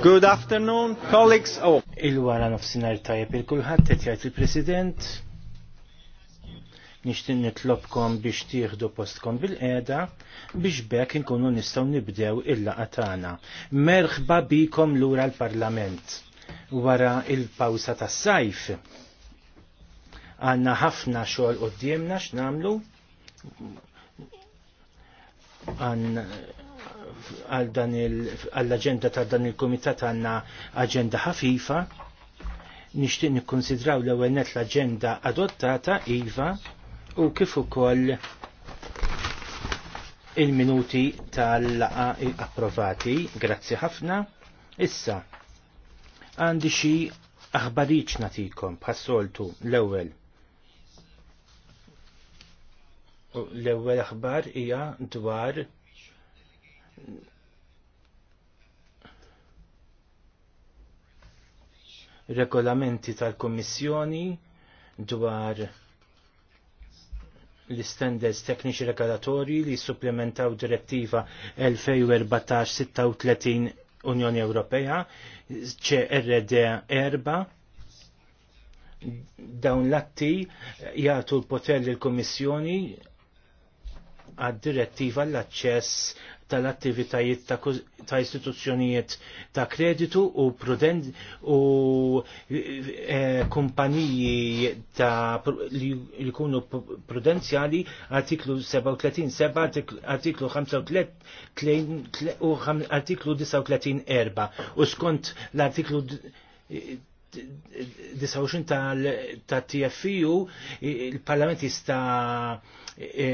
Good afternoon, colleagues. Oh. Il-wara nofsinar tajab il-kulħat, t-tjajt il-President. Nishtin nitlobkom biex tiħdu postkom bil-qeda biex bekk inkunu nistaw nibdew il-laqa tagħna. Merħba bikom lura l-Parlament wara il-pawsa tas-sajf. Għanna ħafna xogħol djemna x'namlu. Għanna għal dan għall ta' dan il-komitat għandna aġenda ħafifa nixtieq nikkonsidraw l-ewwel net l-aġenda adottata iva u kif ukoll il-minuti tal-laqa approvati. Grazzi ħafna. Issa għandi xi aħbarijiet natikom bħas-soltu l-ewwel l-ewwel aħbar hija dwar regolamenti tal-Kommissjoni dwar l-standards tekniċi regolatori li supplementaw direttiva 2014-36 Unjoni Ewropea CRD 4 dawn l-atti jgħatu l-poter l-Kommissjoni għad-direttiva l-aċċess tal-attivitajiet ta', ta istituzzjonijiet ta' kreditu u prudent u kumpaniji ta' li jkunu prudenzjali artiklu 37 artiklu 35 u artiklu 39 u skont l-artiklu 29 tal-TFU il-Parlament jista' E,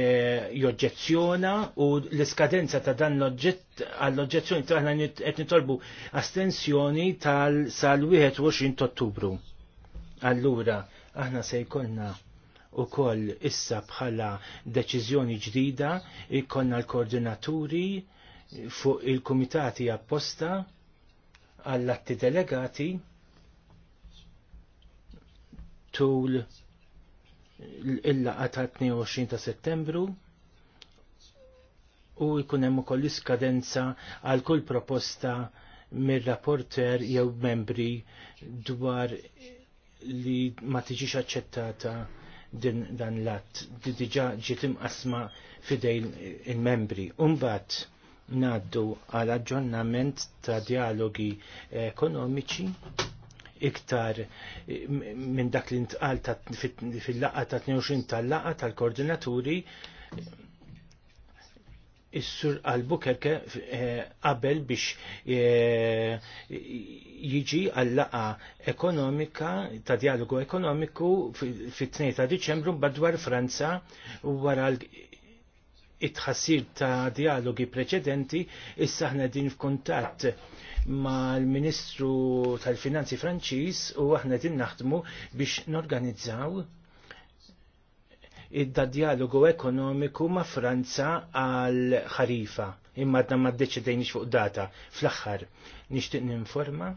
joġġezzjona u l-iskadenza ta' dan l-oġġezzjoni ta' għana qed nitolbu astensjoni tal sal-21 Ottubru. Allura, aħna se jkollna u koll issa bħala deċiżjoni ġdida jkollna l-koordinaturi fuq il-komitati apposta għall-atti delegati tul il-laqa ta' 22 ta' settembru u jkun hemm ukoll iskadenza għal kull proposta mir-rapporter jew membri dwar li ma tiġix aċċettata din dan l-att di diġa ġiet imqasma fidejn il-membri. Umbat naddu għal aġġornament ta' dialogi ekonomiċi iktar eh, minn dak li ntqal fil-laqqa ta' 22 tal-laqqa tal-koordinaturi Is-sur Albuquerque eh, qabel biex eh, jiġi għall laqqa ekonomika ta' dialogu ekonomiku fit-2 ta' Diċembru madwar Franza wara it-ħassir ta' dialogi preċedenti, issa ħna din f'kuntatt ma' l-Ministru tal-Finanzi Franċiż u aħna din naħdmu biex norganizzaw id dialogu ekonomiku ma' Franza għal ħarifa imma għadna ma' d deċedajn fuq data fl-axħar. Nishtiq ninforma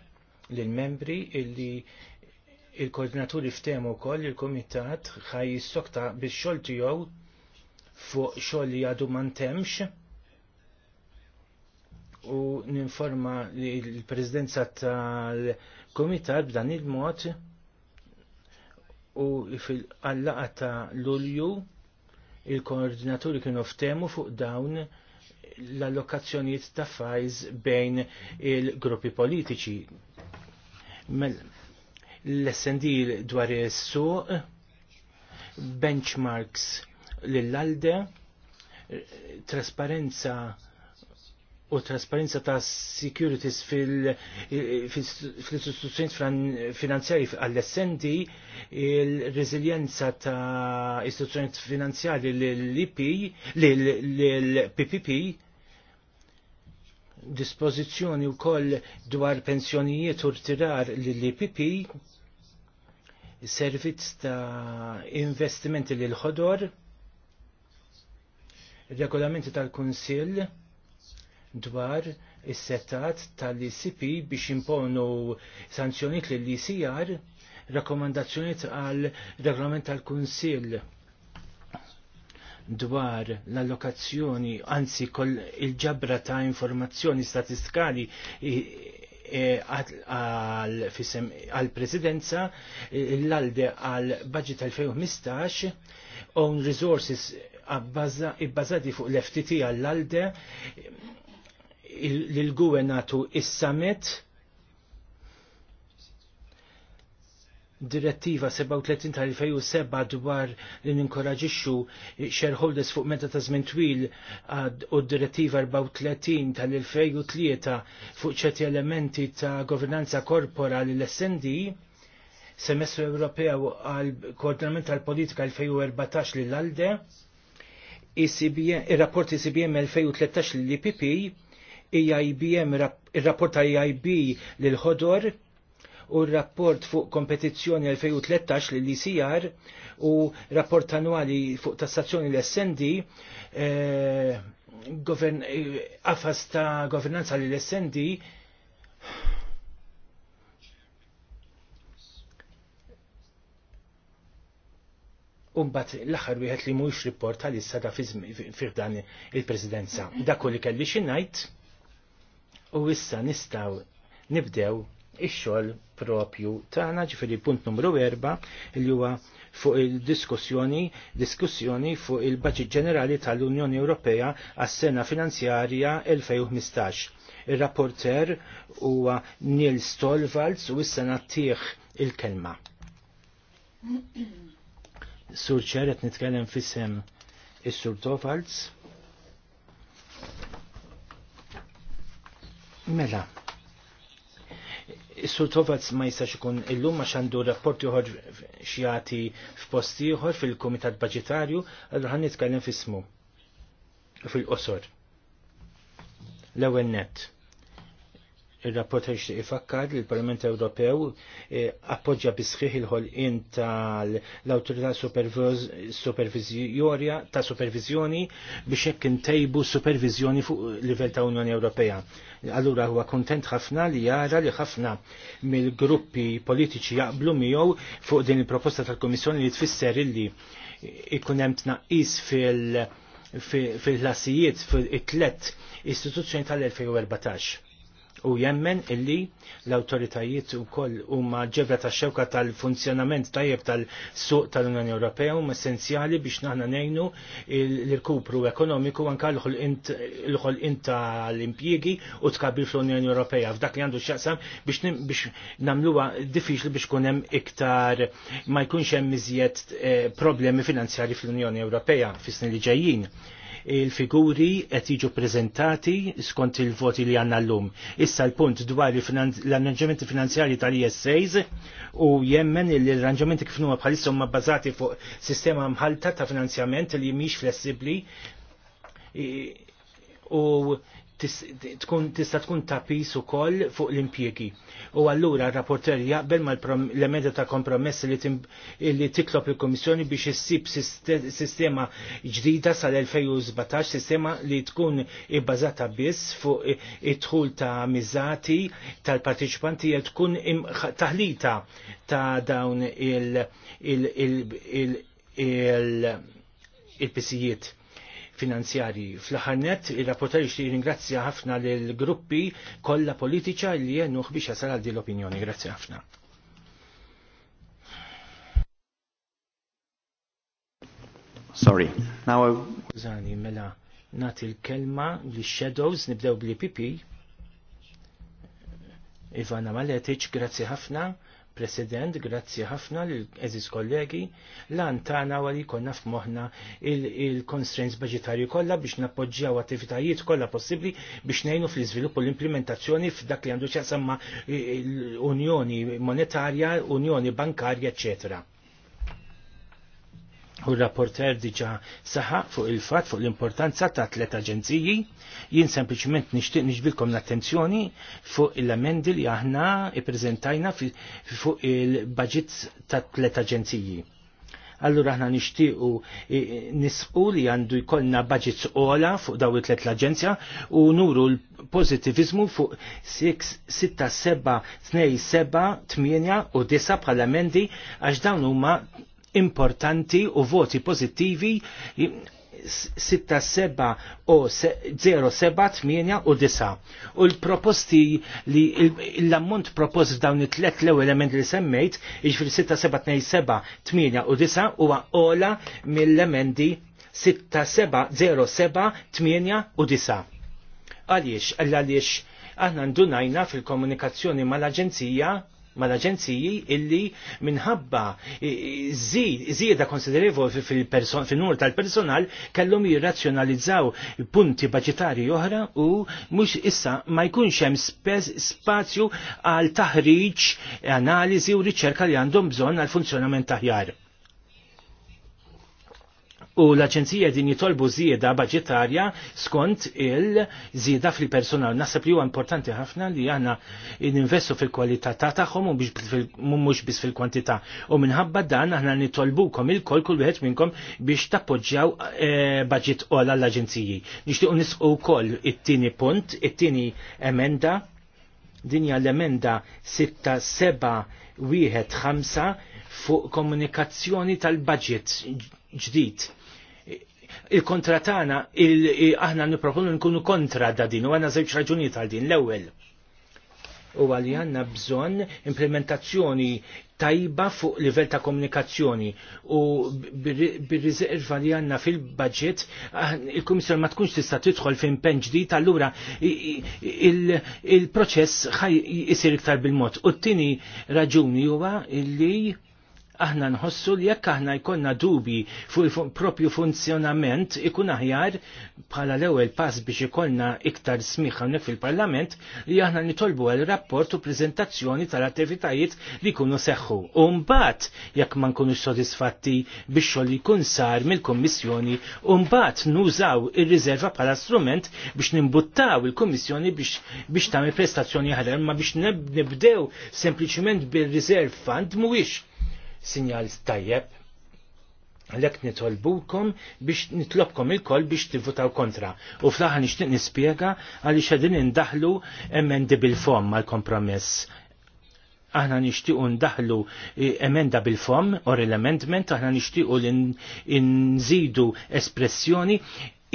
l-membri illi il-koordinaturi ftemu koll il-komitat ħaj jistokta biex xolti jow fuq xogħol li għadu mantemx u ninforma li l prezidenza tal-Komitat b'dan il-mod u fil-qallaqa ta' Lulju il-koordinaturi kienu ftemu fuq dawn l-allokazzjonijiet ta' fajz bejn il-gruppi politiċi. L-SND dwar is-suq, benchmarks l alde trasparenza u trasparenza ta' securities fil-istituzzjoni fil finanzjari għall-essendi il-rezilienza ta' istituzzjoni finanzjari l-IP, l-PPP, dispozizjoni u koll dwar pensjonijiet u rtirar l-IPP, servizz ta' investimenti l-ħodor, regolamenti tal-Kunsill dwar is-setat tal-ICP biex imponu sanzjoniet lill icr e rakkomandazzjoniet għal regolament tal-Kunsill dwar l-allokazzjoni, anzi kol il-ġabra ta' informazzjoni statistikali e, għal-presidenza, l-alde għal-budget 2015, own resources ibbażati fuq l-FTT għall-alde l-gwenatu il summit direttiva 37 tal-2007 dwar li ninkoraġixxu shareholders fuq meta ta' żmien twil u direttiva 34 tal-2003 fuq ċerti elementi ta' governanza korpora l-SND semestru Ewropew għal koordinament tal-politika 2014 l alde E il-rapport ICBM e 2013 l-IPP, e IIBM, il-rapport ta' IIB l-ħodor, u rapport fuq kompetizzjoni 2013 l-ICR u rapport annuali fuq tassazzjoni l-SND eh, eh, għafas ta' governanza l-SND Umbat l-axar wieħed li mhux ripport għalissa sada fiħdan il-presidenza. Dak li kelli xi ngħid u issa nistgħu nibdew ix-xogħol propju tagħna ġifieri punt numru 4 li huwa fuq il-diskussjoni diskussjoni fuq il-Baġit Ġenerali tal-Unjoni Ewropea għas-sena finanzjarja 2015. Ir-rapporter huwa Nils Tolvalds u issa nattieħ il-kelma. Sur ċeret nitkellem fissem is-sur Tofalz. Mela, Is-sur Tofalz ma jistax ikun illum għax għandu rapporti uħor xjati f'posti uħor fil-Kumitat Baġitarju, allura għan nitkellem f'ismu fil-qosor. L-ewwel nett. Il-rapport ixtiq ifakkar li l-Parlament Ewropew eh, appoġġja bisħiħ il-ħolqien tal-Awtorità Supervizjorja ta' Supervizjoni biex hekk intejbu supervizjoni fuq livell ta' Unjoni Ewropea. Allura huwa kontent ħafna li jara li ħafna mill-gruppi politiċi jaqblu miegħu fuq din il-proposta tal kummissjoni li tfisser illi ikun hemm tnaqqis fil- ħlasijiet fil tlet istituzzjoni tal-2014 u jemmen illi l-autoritajiet u koll u ġebra ta' xewka tal-funzjonament tajjeb tal-suq tal-Unjoni Ewropea u essenzjali biex naħna nejnu l-rkupru ekonomiku anka l inta tal-impjiegi u tkabir fl-Unjoni Ewropea. F'dak li għandu xaqsam biex, biex namluwa diffiċli biex kunem iktar ma jkunx hemm iżjed eh, problemi finanzjari fl-Unjoni Ewropea fis-snin li ġejjin il-figuri qed jiġu preżentati skont il-voti li għandna llum. Issa l-punt dwar l-arranġamenti finanzjari tal-ISAs u jemmen li l-arranġamenti kif huma bħalissa huma bbażati fuq sistema mħalta ta' finanzjament li mhix flessibbli u tista' tkun tapis ukoll fuq l-impjiegi. U allura r-rapporter jaqbel ma l-emenda ta' kompromess li tiklop il-Komissjoni biex issib sistema ġdida sal-2017, sistema li tkun ibbażata biss fuq id-dħul ta' miżati tal-partiċipanti jgħid tkun taħlita ta' dawn il-pisijiet finanzjari. fl ħannet il-rapportarix li ringrazzja ħafna l-gruppi kolla politiċa li jenuħ biex jasal għaldi l-opinjoni. Grazzi ħafna. Sorry. Now I... Zani, mela, nati l-kelma li shadows nibdew bli pipi. Ivana Maletic, grazzi ħafna President, grazzi ħafna l eżis kollegi, lan tana għalli konna f'moħna il-constraints il budgetari kolla biex nappoġġjaw attivitajiet kolla possibli biex nejnu fl-izvilupp u l-implementazzjoni f'dak li għandu ċaqsamma l-Unjoni Monetarja, Unjoni Bankarja, eccetera U rapporter diġa saħaq fuq il-fat fuq l-importanza ta' tlet aġenziji, jien sempliciment nixtieq nixbilkom l-attenzjoni fuq il-amendi li aħna ippreżentajna fuq il-budget ta' tlet aġenziji. Allura aħna nixtiequ nisqu li għandu jkollna budget ola fuq daw it-tlet l-aġenzja u nuru l-pozitivizmu fuq 6, 6, 7, 2, 7, 8 u 9 bħala amendi għax dawn huma importanti u voti pozittivi 6-7 u 0-7-8 u 9 u l-proposti li l-ammont propost dawn it-tlet l element li semmejt iġfri 6-7-2-7-8 u 9 u għola mill-emendi 6-7-0-7-8 u 9 għaliex għaliex aħna ndunajna fil-komunikazzjoni mal-Aġenzija mal-aġenziji illi minħabba zieda konsiderevoli fil-nur tal-personal kellhom jirrazzjonalizzaw punti budgetari oħra u mhux issa ma jkunx hemm spazju għal taħriġ, analiżi u riċerka li għandhom bżonn għal funzjonament taħjar u l-Aġenzija din jitolbu zieda budgetarja skont il-zieda fil-personal. Nasab li huwa importanti ħafna li aħna ninvestu fil-kwalità tagħhom u mhux biss fil-kwantità. U minħabba dan aħna nitolbukom il-kol kull wieħed minnkom biex tappoġġjaw eh, budget ola l-aġenziji. Nixtiequ nisqu wkoll it-tieni punt, it-tieni emenda dinja l-emenda 6-7-1-5 fuq komunikazzjoni tal-budget ġdid il-kontratana, aħna niproponu nkunu kontra da din, u għanna zewċ raġunijiet għal din, l-ewel. U għalli għanna bżon implementazzjoni tajba fuq livell ta' komunikazzjoni u bir rizerva li għanna fil-budget il-Komissjoni ma tkunx tista' tidħol fin pen ġdid allura il-proċess ħaj isir iktar bil-mod. U t-tieni raġuni huwa li Aħna nħossu li jekk aħna jkollna dubi fuq il-propju funzjonament ikun aħjar bħala l-ewwel pass biex ikollna iktar smiħ hawnhekk fil-Parlament li aħna nitolbu għal rapport u preżentazzjoni tal-attivitajiet li jkunu seħħu. U mbagħad jekk ma nkunux sodisfatti biex xogħol jkun sar mill-Kummissjoni u mbagħad nużaw ir-riserva bħala strument biex nimbuttaw il-Kummissjoni biex biex tagħmel prestazzjoni ħadar ma biex nibdew sempliċiment bil-reserve fund mhuwiex sinjal tajjeb ek nitolbukom biex nitlobkom il-koll biex tivvutaw kontra. U flaħan aħħar nixtieq nispjega għaliex qegħdin indaħlu emendi bil-fom mal-kompromess. Aħna nixtiequ ndaħlu e, emenda bil-fom or l-amendment, aħna nixtiequ nżidu espressjoni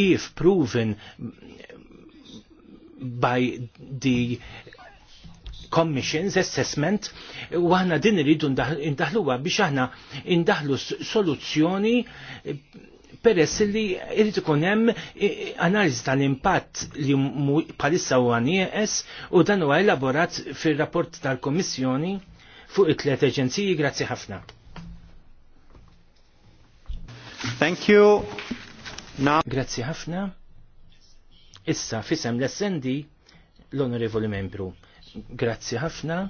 if proven by the commissions assessment u aħna din iridu indaħluha biex aħna indaħlu soluzzjoni peress li irrid ikun hemm analiżi tal-impatt li palissa huwa nieqes u dan huwa elaborat fir-rapport tal-Kommissjoni fuq it-tliet eġenziji. Grazzi ħafna. Thank you. Now... Grazzi ħafna. Issa fisem l snd l-onorevoli membru. Grazie ħafna.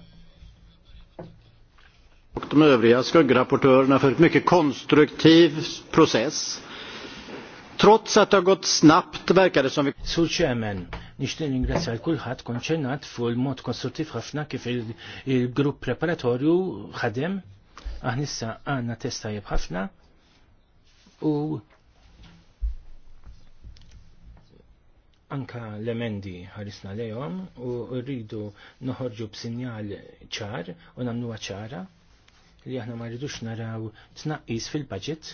Och de övriga skuggrapportörerna för ett mycket konstruktiv process. Trots att det har gått snabbt verkar det som vi... Sur Chairman, nishtin ringrazzja l-kulħat konċernat fu full mot konstruktiv hafna kif il-grupp preparatorju hadem. Ahnissa anna testa hafna. Och... anka l-emendi ħarisna lejom u rridu noħorġu b'sinjal ċar u nagħmluha ċara li aħna ma rridux naraw tnaqqis fil-budget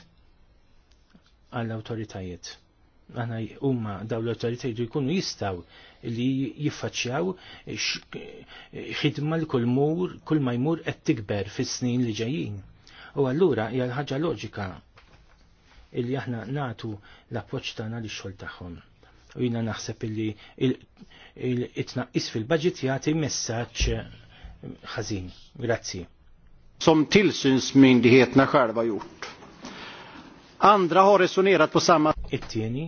għall-awtoritajiet. Aħna huma daw l-awtoritajiet jkunu jistaw li jiffaċċjaw xidma l kull mur kull ma jmur qed tikber fis-snin li ġejjin. U allura hija l-ħaġa loġika li aħna natu l-appoċ tagħna li xogħol tagħhom u jina naħseb illi il-itnaqqis fil-budget jagħti messaġġ ħażin. Grazzi. Som tillsynsmyndigheterna själva gjort. Andra har resonerat på samma It-tieni,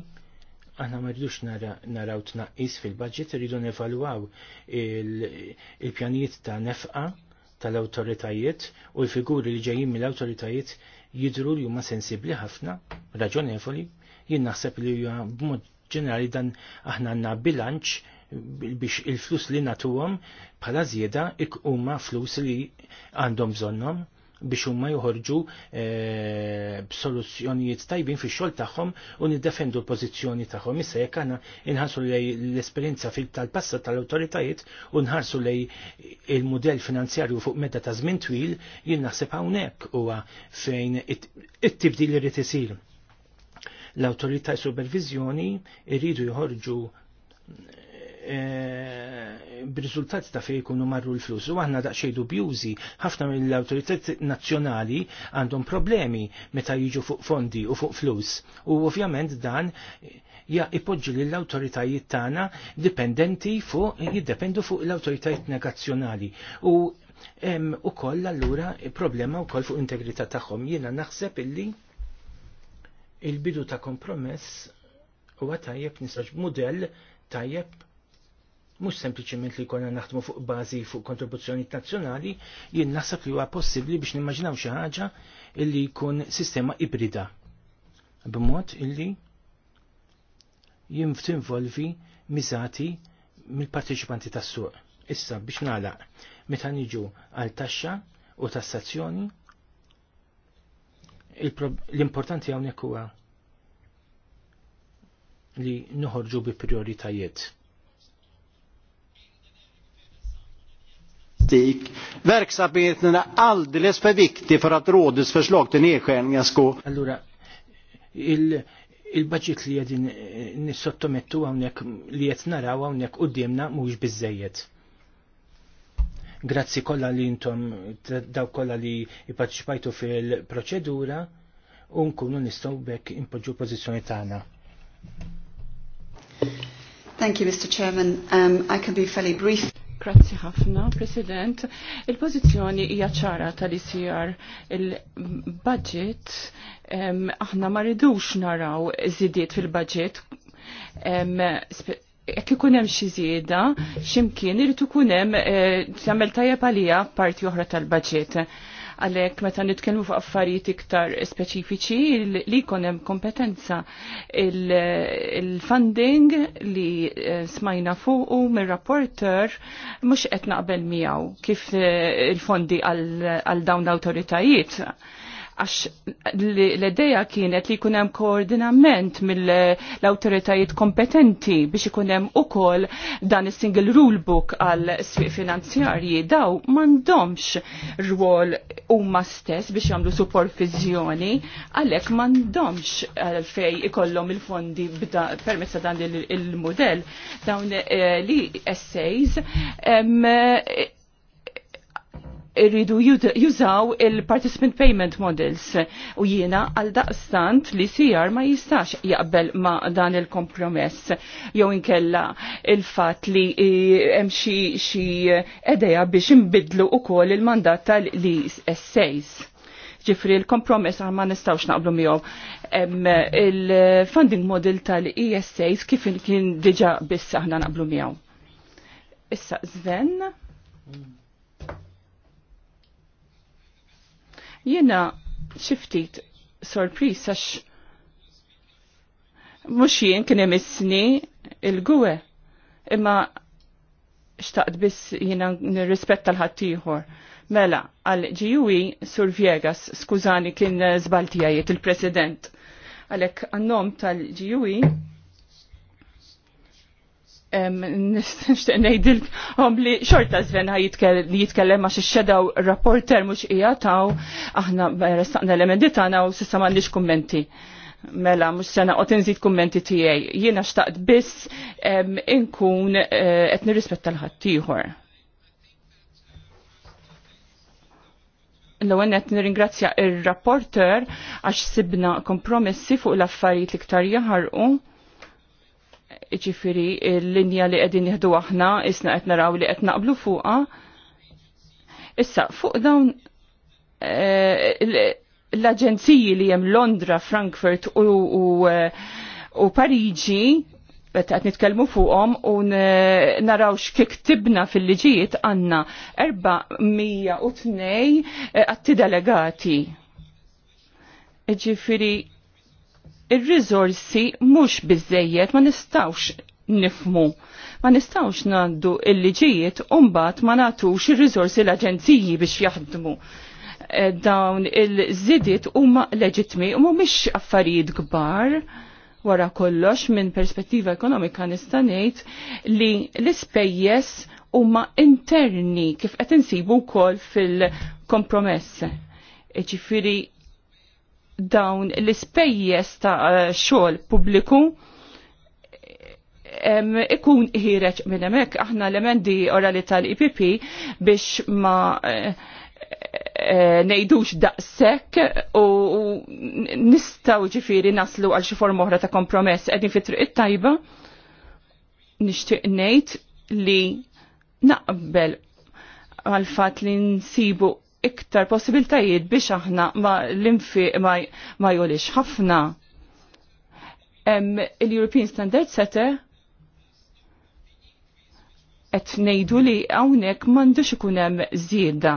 aħna ma rridux naraw tnaqqis fil-budget, rridu nevaluaw il-pjanijiet ta' nefqa tal-autoritajiet u l-figuri li ġejjin mill-autoritajiet jidru li huma sensibbli ħafna, raġonevoli, jien naħseb li huwa b'mod ġenerali dan aħna għandna bilanċ biex il-flus li natuwom bħala żieda ik huma flus li għandhom bżonnhom biex huma joħorġu e, b'soluzzjonijiet tajbin fix-xogħol tagħhom u niddefendu l-pożizzjoni tagħhom. Issa jekk aħna inħarsu lej l fil tal-passat tal-awtoritajiet u nħarsu lej il-mudell finanzjarju fuq meta ta' żmien twil jien naħseb hawnhekk huwa fejn it-tibdil irid isir l autorita e supervizjoni irridu jħorġu eh, b-rizultat ta' fej jkunu marru l-flus. U għanna xejdu dubjużi, ħafna mill-autoritet nazzjonali għandhom problemi meta jiġu fuq fondi u fuq flus. U ovvjament dan ja ipoġġi l autoritajiet tagħna dipendenti fuq jiddependu fuq l-autoritajiet negazzjonali. U em, u allura problema u koll fuq integrità tagħhom. Jiena naħseb illi il-bidu ta' kompromess huwa tajjeb nistax mudell tajjeb mhux sempliċement li jkollna naħdmu fuq bażi fuq kontribuzzjoni nazzjonali, jien naħseb li huwa possibbli biex nimmaġinaw xi ħaġa illi jkun sistema ibrida. B'mod illi tinvolvi miżati mill-parteċipanti tas-suq. Issa biex nagħlaq meta niġu għal taxxa u tassazzjoni l-importanti hawnhekk huwa li nħorġu bi prioritajiet. politik. Verksamheten är alldeles för viktig för att rådets förslag till nedskärningar ska... Allora, il il-budget li għedin eh, nissottomettu għawnek li jett naraw għawnek u d-diemna mux bizzejiet. Grazzi kollha li intom daw kollha li jipaċipajtu fil-proċedura u nkunu nistgħu bekk impoġu pożizzjoni tagħna. Thank you, Mr. Chairman. Um, I can be fairly brief. Grazzi ħafna, President. Il-pozizjoni hija ċara tal-ICR. Il-budget, aħna ma ridux naraw zidiet fil-budget, jekk ikun hemm xi x'imkien irid ikun hemm eh, tagħmel tajjeb għalija parti oħra tal-baġġett. Għalhekk meta nitkellmu fuq affarijiet iktar speċifiċi li jkun hemm kompetenza il-funding li eh, smajna fuqu mir-rapporter mhux qed naqbel miegħu kif eh, il-fondi għal dawn l-awtoritajiet għax l-ideja kienet li kunem koordinament mill-autoritajiet kompetenti biex ikunem u kol dan is single rule book għal sfiq finanzjarji daw mandomx rwol u stess biex jamlu supervizjoni għalek mandomx eh, fej ikollom il-fondi permessa dan il model dawn eh, li essays irridu jużaw il-participant payment models u jiena għal daqstant li sijar ma jistax jaqbel ma dan il-kompromess jew inkella il-fat li hemm xi edeja biex imbidlu ukoll il-mandat tal-li essays ġifri l-kompromess ma nistawx naqblu miegħu. Il-funding model tal-ESAs kif kien diġa biss aħna naqblu miegħu. Issa Sven. Mm. Jena xiftit sorpris għax mux jien kien emissni il-gwe imma xtaqt biss jiena nirrispet tal ħattijħor Mela, għal ġiwi e, Sur Viegas, skużani kien zbaltijajiet il-president. Għalek għannom tal-ġiwi nishtiq nejdilk għom li xorta zven li jitkellem għax xedaw rapporter mhux hija taw aħna eh, restaqna l-emendi għana u s'issa m'għandix kummenti. Mela, mhux se noqgħod inżid kummenti tiegħi. Jiena xtaqt biss inkun eh, qed nirrispetta l-ħadd ieħor. l-ewwel qed nirringrazzja ir-rapporter għax sibna kompromessi fuq l-affarijiet li iktar jaħarqu ġifiri l-linja li qegħdin jihdu aħna isna qed naraw li qed naqblu fuqa. Issa fuq dawn eh, l-aġenziji li hemm Londra, Frankfurt u, u, eh, u Pariġi qed nitkellmu fuqhom u eh, naraw tibna fil-liġijiet għandna 402 għatti delegati. Ġifiri ir rizorsi mhux bizzejiet ma nistawx nifmu. Ma nistawx nandu il-liġijiet umbat ma natux il-rizorsi l-aġenziji biex jaħdmu. Eh, dawn il-zidiet huma leġitmi u mhumiex affarijiet kbar wara kollox minn perspettiva ekonomika nista' ngħid li l-ispejjeż huma interni kif qed insibu wkoll fil-kompromess. Ġifieri dawn l-ispejjeż ta' eh, xogħol pubbliku ikun ħireċ minn hemmhekk aħna l-emendi orali tal-IPP biex ma eh, eh, nejdux daqsek u nistaw ġifiri naslu għal xi forma oħra ta' kompromess qegħdin fi triq it-tajba nixtieq ngħid li naqbel għal fatt li nsibu iktar possibiltajiet biex aħna ma l-infi ma, ma jolix ħafna. Il-European Standard Setter qed ngħidu li hawnhekk m'għandux ikun hemm żieda.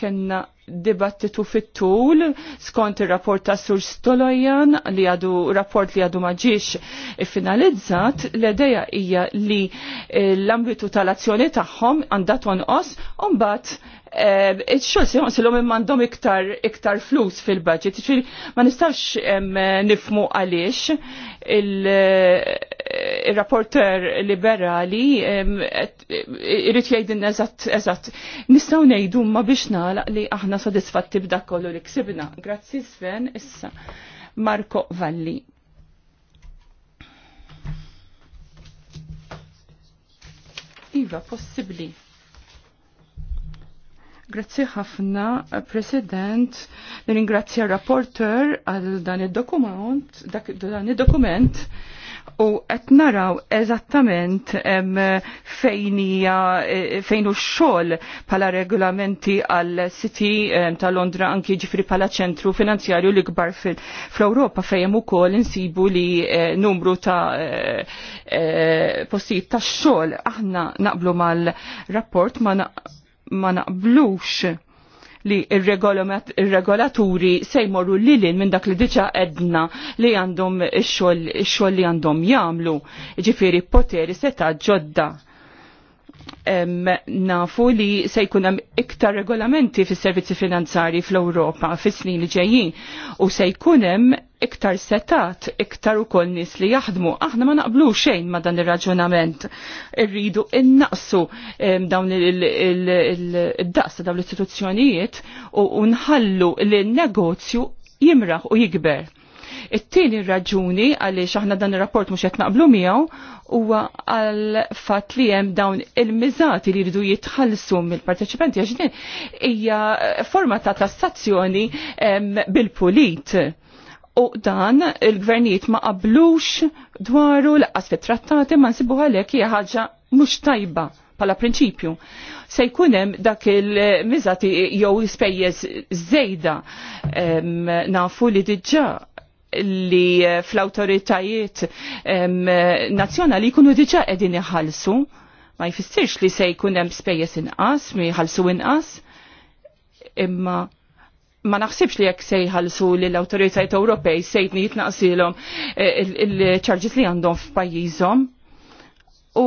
Kenna dibattitu fit-tul skont ir-rapport ta' Sur Stolojan li għadu rapport li għadu maġiex finalizzat l-edeja hija li eh, l-ambitu tal-azzjoni tagħhom għandha tonqos u mbagħad eh, Iċxol se jonsilom mandom iktar iktar flus fil-budget, ma nistax nifmu għaliex il-rapporter liberali irrit jgħidin eżatt eżatt. Nistaw ngħidu ma biex nagħlaq li aħna sodisfatti b'dak kollu li ksibna. Grazzi Sven issa Marco Valli. Iva, possibli. Grazzi ħafna, President. Ringrazzja rapporter għal dan dokument dan id-dokument u qed naraw eżattament fejn hija e, fejn x-xogħol bħala regolamenti għal City ta' Londra anki ġifri bħala ċentru finanzjarju li kbar fl-Ewropa fejn hemm ukoll insibu li e, numru ta' e, postijiet ta' xogħol aħna naqblu mal-rapport ma naqblux li il-regolaturi se jmorru lilin minn dak li diċa edna li għandhom xoll li għandhom jamlu, ġifiri poteri seta ġodda nafu li se jkun hemm iktar regolamenti fis-servizzi finanzari fl-Ewropa fis-snin li ġejjin u se jkun hemm iktar setat, iktar ukoll nies li jaħdmu. Aħna ma naqblu xejn ma dan ir-raġunament. Irridu innaqsu dawn il-daqs dawn l-istituzzjonijiet u nħallu li n-negozju jimraħ u jikber It-tieni raġuni għaliex aħna dan ir-rapport mhux qed naqblu miegħu huwa għal fatt li hemm dawn il-miżati li jridu jitħallsu mill-parteċipanti għax din hija forma ta' tassazzjoni bil-pulit. U dan il-gvernijiet ma qablux dwaru laqas fit-trattati ma nsibu għalhekk hija ħaġa mhux tajba pala prinċipju. Se jkun hemm dak il-miżati jew spejjeż żejda nafu li diġà li eh, fl-autoritajiet nazzjonali jkunu diġa qegħdin iħallsu ma jfissirx li se jkun hemm spejjeż inqas, mi jħallsu inqas, imma ma naħsibx li jekk se jħallsu li l-awtoritajiet Ewropej sejtni jitnaqsilhom eh, il-ċarġis li għandhom f'pajjiżhom u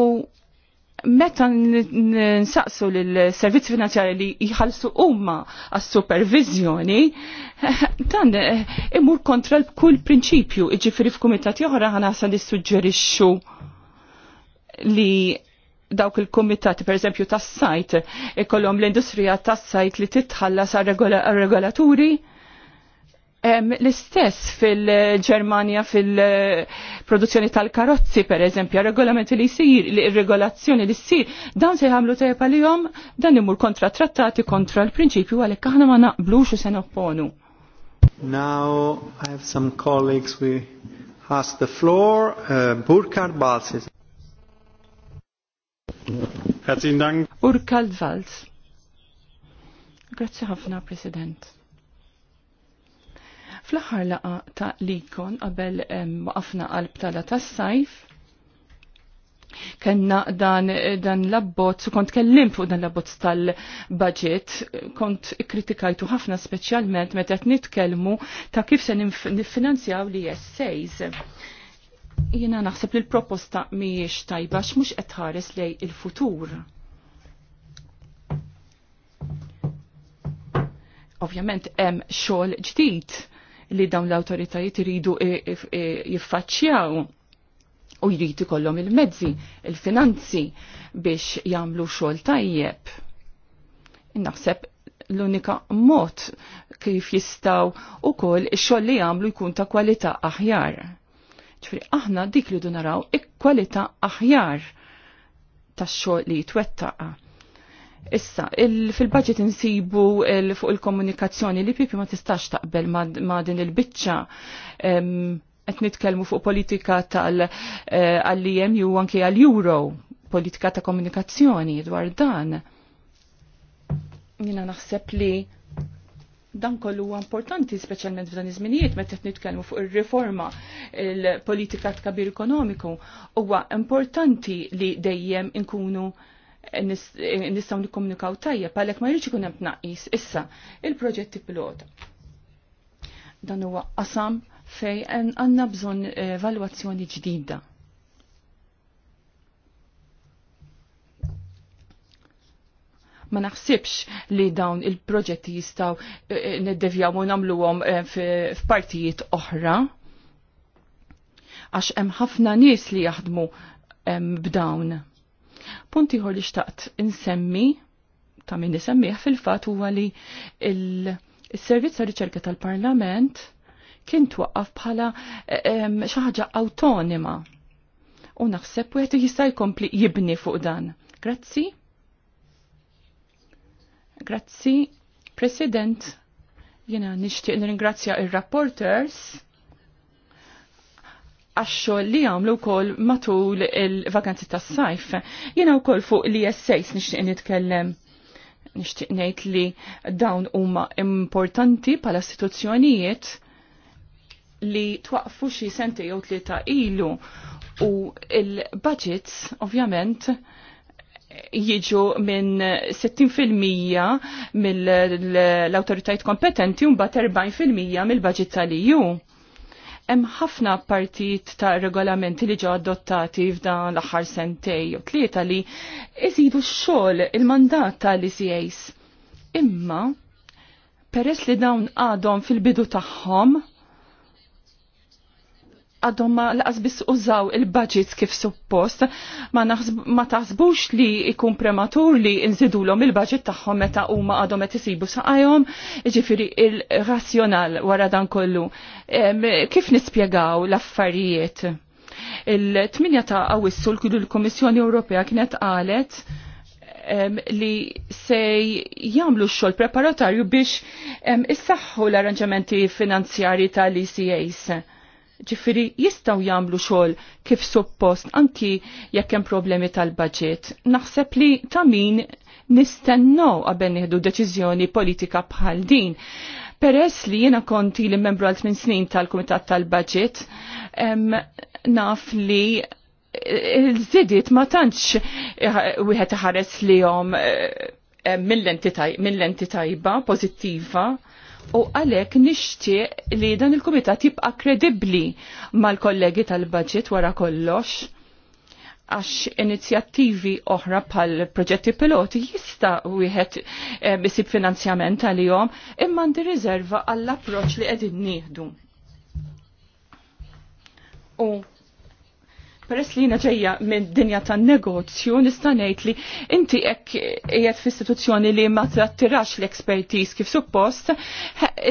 meta nsaqsu l-servizzi finanzjari li jħalsu umma għas-supervizjoni, dan eh, imur kontra l-kull prinċipju, iġifiri f'kumitat joħra ħanasa nissuġġerixxu li dawk il-komitati, per eżempju, tas-sajt, ikollhom l-industrija tas-sajt li titħallas għal-regolaturi, -regola L-istess fil ġermania fil-produzzjoni tal-karozzi, per eżempju, regolamenti li jisir, regolazzjoni li jisir, dan se jgħamlu tajpa li jom, dan imur kontra trattati, kontra l-prinċipju, għalek kħana ma naqblux u se nopponu. Now I have some colleagues we ask the floor. Uh, Burkhard Balsis. Grazie Dank. Urkald Walz. Grazie ħafna, President. Fl-aħħar laqa ta' likon qabel waqafna qalb tala tas-sajf, kenna dan, dan l-abbozz, kont kellim fuq dan l-abbozz tal-budget, kont kritikajtu ħafna speċjalment meta qed nitkellmu ta' kif se niffinanzjaw li essays. Jiena naħseb li l-proposta mhijiex tajba x mhux qed ħares lej il-futur. Ovvjament hemm xogħol ġdid li dawn l-autoritajiet iridu jiffaċċjaw u jrid ikollhom il-mezzi, il-finanzi biex jagħmlu xogħol tajjeb. Naħseb l-unika mod kif jistaw u koll xogħol li jagħmlu jkun ta' kwalità aħjar. Ġifri aħna dik li naraw ik-kwalità aħjar ta' xogħol li jitwettaqa. Issa, fil-budget insibu fuq il-komunikazzjoni li pipi ma tistax taqbel ma din il-bicċa qed nitkellmu fuq politika tal-IM eh, u anke għal-Euro, politika ta' komunikazzjoni dwar dan. Jina naħseb li dan kollu huwa importanti speċjalment f'dan iż-żminijiet meta qed nitkellmu fuq ir-riforma il-politika ta' kabir ekonomiku huwa importanti li dejjem inkunu nistgħu nikkomunikaw tajjeb għalhekk ma jridx ikun hemm tnaqqis. Issa, il-proġetti pilota. Dan huwa qasam fej għandna bżonn evalwazzjoni eh, ġdida. ma naħsibx li dawn il-proġetti jistaw eh, eh, neddevjaw u namluwom f'partijiet oħra. Għax hemm ħafna nies li jaħdmu b'dawn. Punti li xtaqt insemmi, ta' min nisemmiħ fil-fat huwa li il servizza ta' Riċerka tal-Parlament kien twaqqaf bħala xi ħaġa awtonima. U naħseb wieħed jista' jkompli jibni fuq dan. Grazzi. Grazzi, President. Jena nixtieq il-rapporters. il rapporters għaxxu li għamlu kol matul il-vakanzi tas sajf Jena u kol fuq li jessejs nishtiq nitkellem nishtiq nejt li dawn huma importanti pala istituzzjonijiet li twaqfu xi senti jew tlieta ilu u il-budgets ovvjament jiġu minn 60% mill-autoritajt kompetenti un bat 40% mill-budget tal-EU Hemm ħafna partijiet ta' regolamenti li ġew adottati f'dan l-aħħar sentej u tlieta li iżidu x-xogħol il-mandat tal-ICAs. Imma peress li dawn għadhom fil-bidu tagħhom għadhom ma laqas biss użaw il-budgets kif suppost, ma, ma taħsbux li ikun prematur li nżidulhom il-budget tagħhom meta huma għadhom qed isibu saqajhom, jiġifieri il-razzjonal wara dan kollu. E, kif nispjegaw l-affarijiet? Il-8 ta' Awwissu l-Kummissjoni Ewropea kienet qalet li se jamlu xol preparatorju biex issaħħu l-arranġamenti finanzjari tal-ECAs ġifiri jistaw jamlu xol kif suppost anki jekk hemm problemi tal-budget. Naħseb li ta' min nistennow qabel nieħdu deċiżjoni politika bħal din. Peress li jiena konti li membru għal 8 snin tal-Kumitat tal-Budget, naf li il-żidiet ma tantx eh, wieħed ħares jom eh, eh, mill-enti tajba, pozittiva u għalek nixtieq li dan il-Kumitat jibqa' kredibbli mal-kollegi tal-budget wara kollox għax inizjattivi oħra bħal proġetti piloti jista wieħed e, eh, bisib finanzjament għalihom imma di riserva għall-approċċ li qegħdin nieħdu. U Peress li jina ġejja minn dinja tan negozju nista' ngħid li inti hekk qiegħed f'istituzzjoni li ma trattirax l-expertise kif suppost,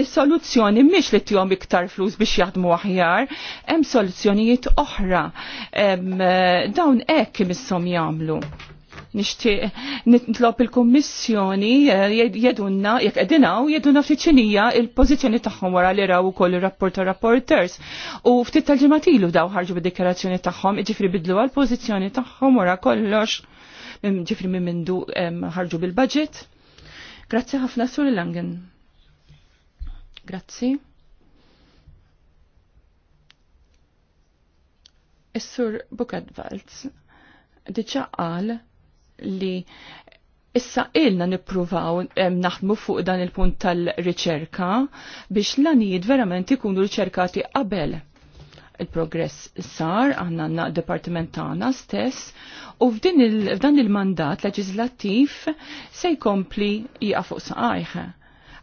is-soluzzjoni mhix li tihom iktar flus biex jaħdmu aħjar, hemm soluzzjonijiet oħra. Dawn hekk imisshom jagħmlu nixtieq nitlop il-Kummissjoni eh, jedunna jekk u jedunna fiċinija il-pożizzjoni tagħhom wara li raw ukoll ir il-rapporta rapporters u ftit tal ġematilu daw ħarġu bid-dikjarazzjoni tagħhom, iġifri bidlu għal-pożizzjoni tagħhom wara kollox ġifri minn mindu ħarġu bil-budget. Grazzi ħafna sur Langen. Grazzi. Is-sur Bukadvalz diċa qal li issa ilna nippruvaw naħdmu fuq dan il-punt tal-riċerka biex l-anijiet verament ikunu riċerkati qabel il-progress sar, għanna għanna departimentana stess, u f'dan il-mandat il se jkompli jgħafuq saqajħa.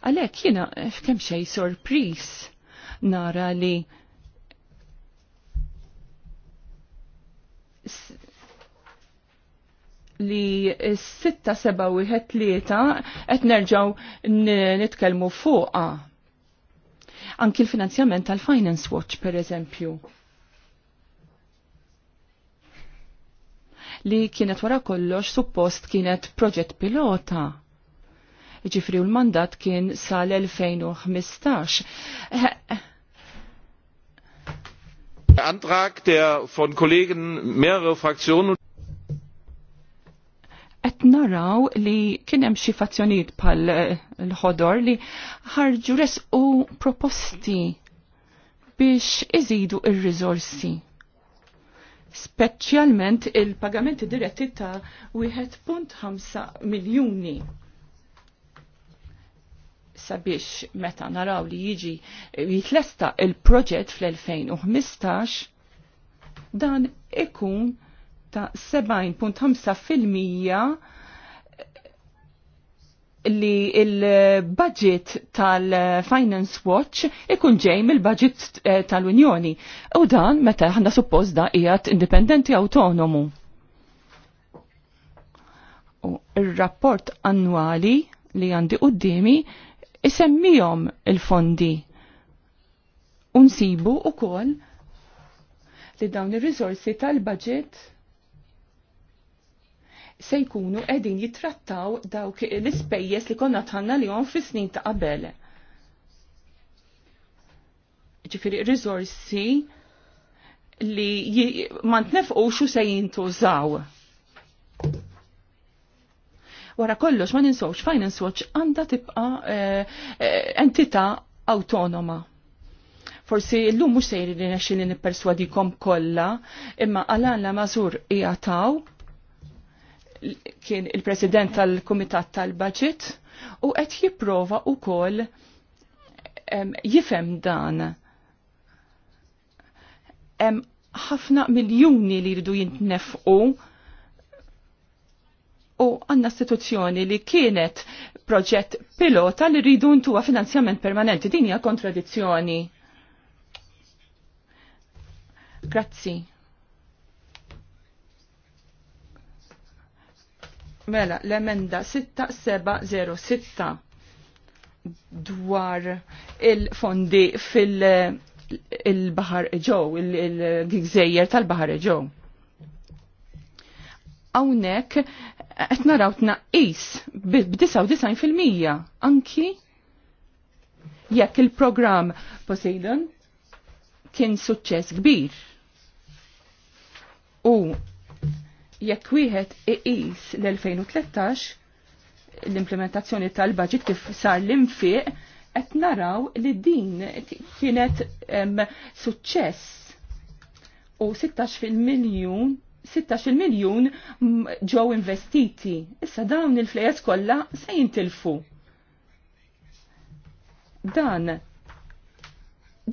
Għalek jina f'kem xej sorpris nara li li s-sitta seba u tlieta qed nerġgħu nitkellmu fuqha. Anki l-finanzjament tal-Finance Watch per eżempju. Li kienet wara kollox suppost kienet proġett pilota ġifri u l-mandat kien sal-2015. Antrag, der von Kollegen mehrere Fraktionen qed naraw li kien hemm xi fazzjonijiet bħal eh, l-ħodor li ħarġu resqu proposti biex iżidu ir-riżorsi. Speċjalment il-pagamenti diretti ta' 1.5 miljuni sabiex meta naraw li jiġi eh, jitlesta il-proġett fl-2015 dan ikun ta' 70.5% li il-budget tal-Finance Watch ikun ġej mill-budget eh, tal-Unjoni. U dan meta ħanna supposta qiegħed indipendenti autonomu. U ir-rapport annwali li għandi qudiemi isemmihom il-fondi. Unsibu kol li dawn ir-riżorsi tal-budget se jkunu edin jitrattaw dawk l-ispejjes li konna tħanna li għon fis-snin ta' qabel. Ġifiri, rizorsi li ma ntnefqu xu se jintużaw. Wara kollox ma ninsawx Finance Watch għandha tibqa eh, eh, entità autonoma forsi l-lum mux sejri li nexin li nipperswadikom kolla, imma għalan la mażur jgħataw kien il-president tal-Kumitat tal-Budget u qed jipprova wkoll jifhem dan. Hemm ħafna miljuni li jridu jintnefqu u għanna istituzzjoni li kienet proġett pilota li rridu ntuwa finanzjament permanenti. Din hija kontradizzjoni. Grazzi. Mela, l-emenda 6706 dwar il-fondi fil-Bahar Eġow, il-gżejjer tal-Bahar Eġow. Hawnhekk qed naraw tnaqqis 99 anki jekk il-programm Poseidon kien suċċess kbir. U jekk wieħed iqis l-2013 l-implementazzjoni tal-budget kif sar l-infiq qed naraw li din kienet suċċess u 16 miljun 16 miljun ġew investiti. Issa dawn il-flejes kollha se jintilfu. Dan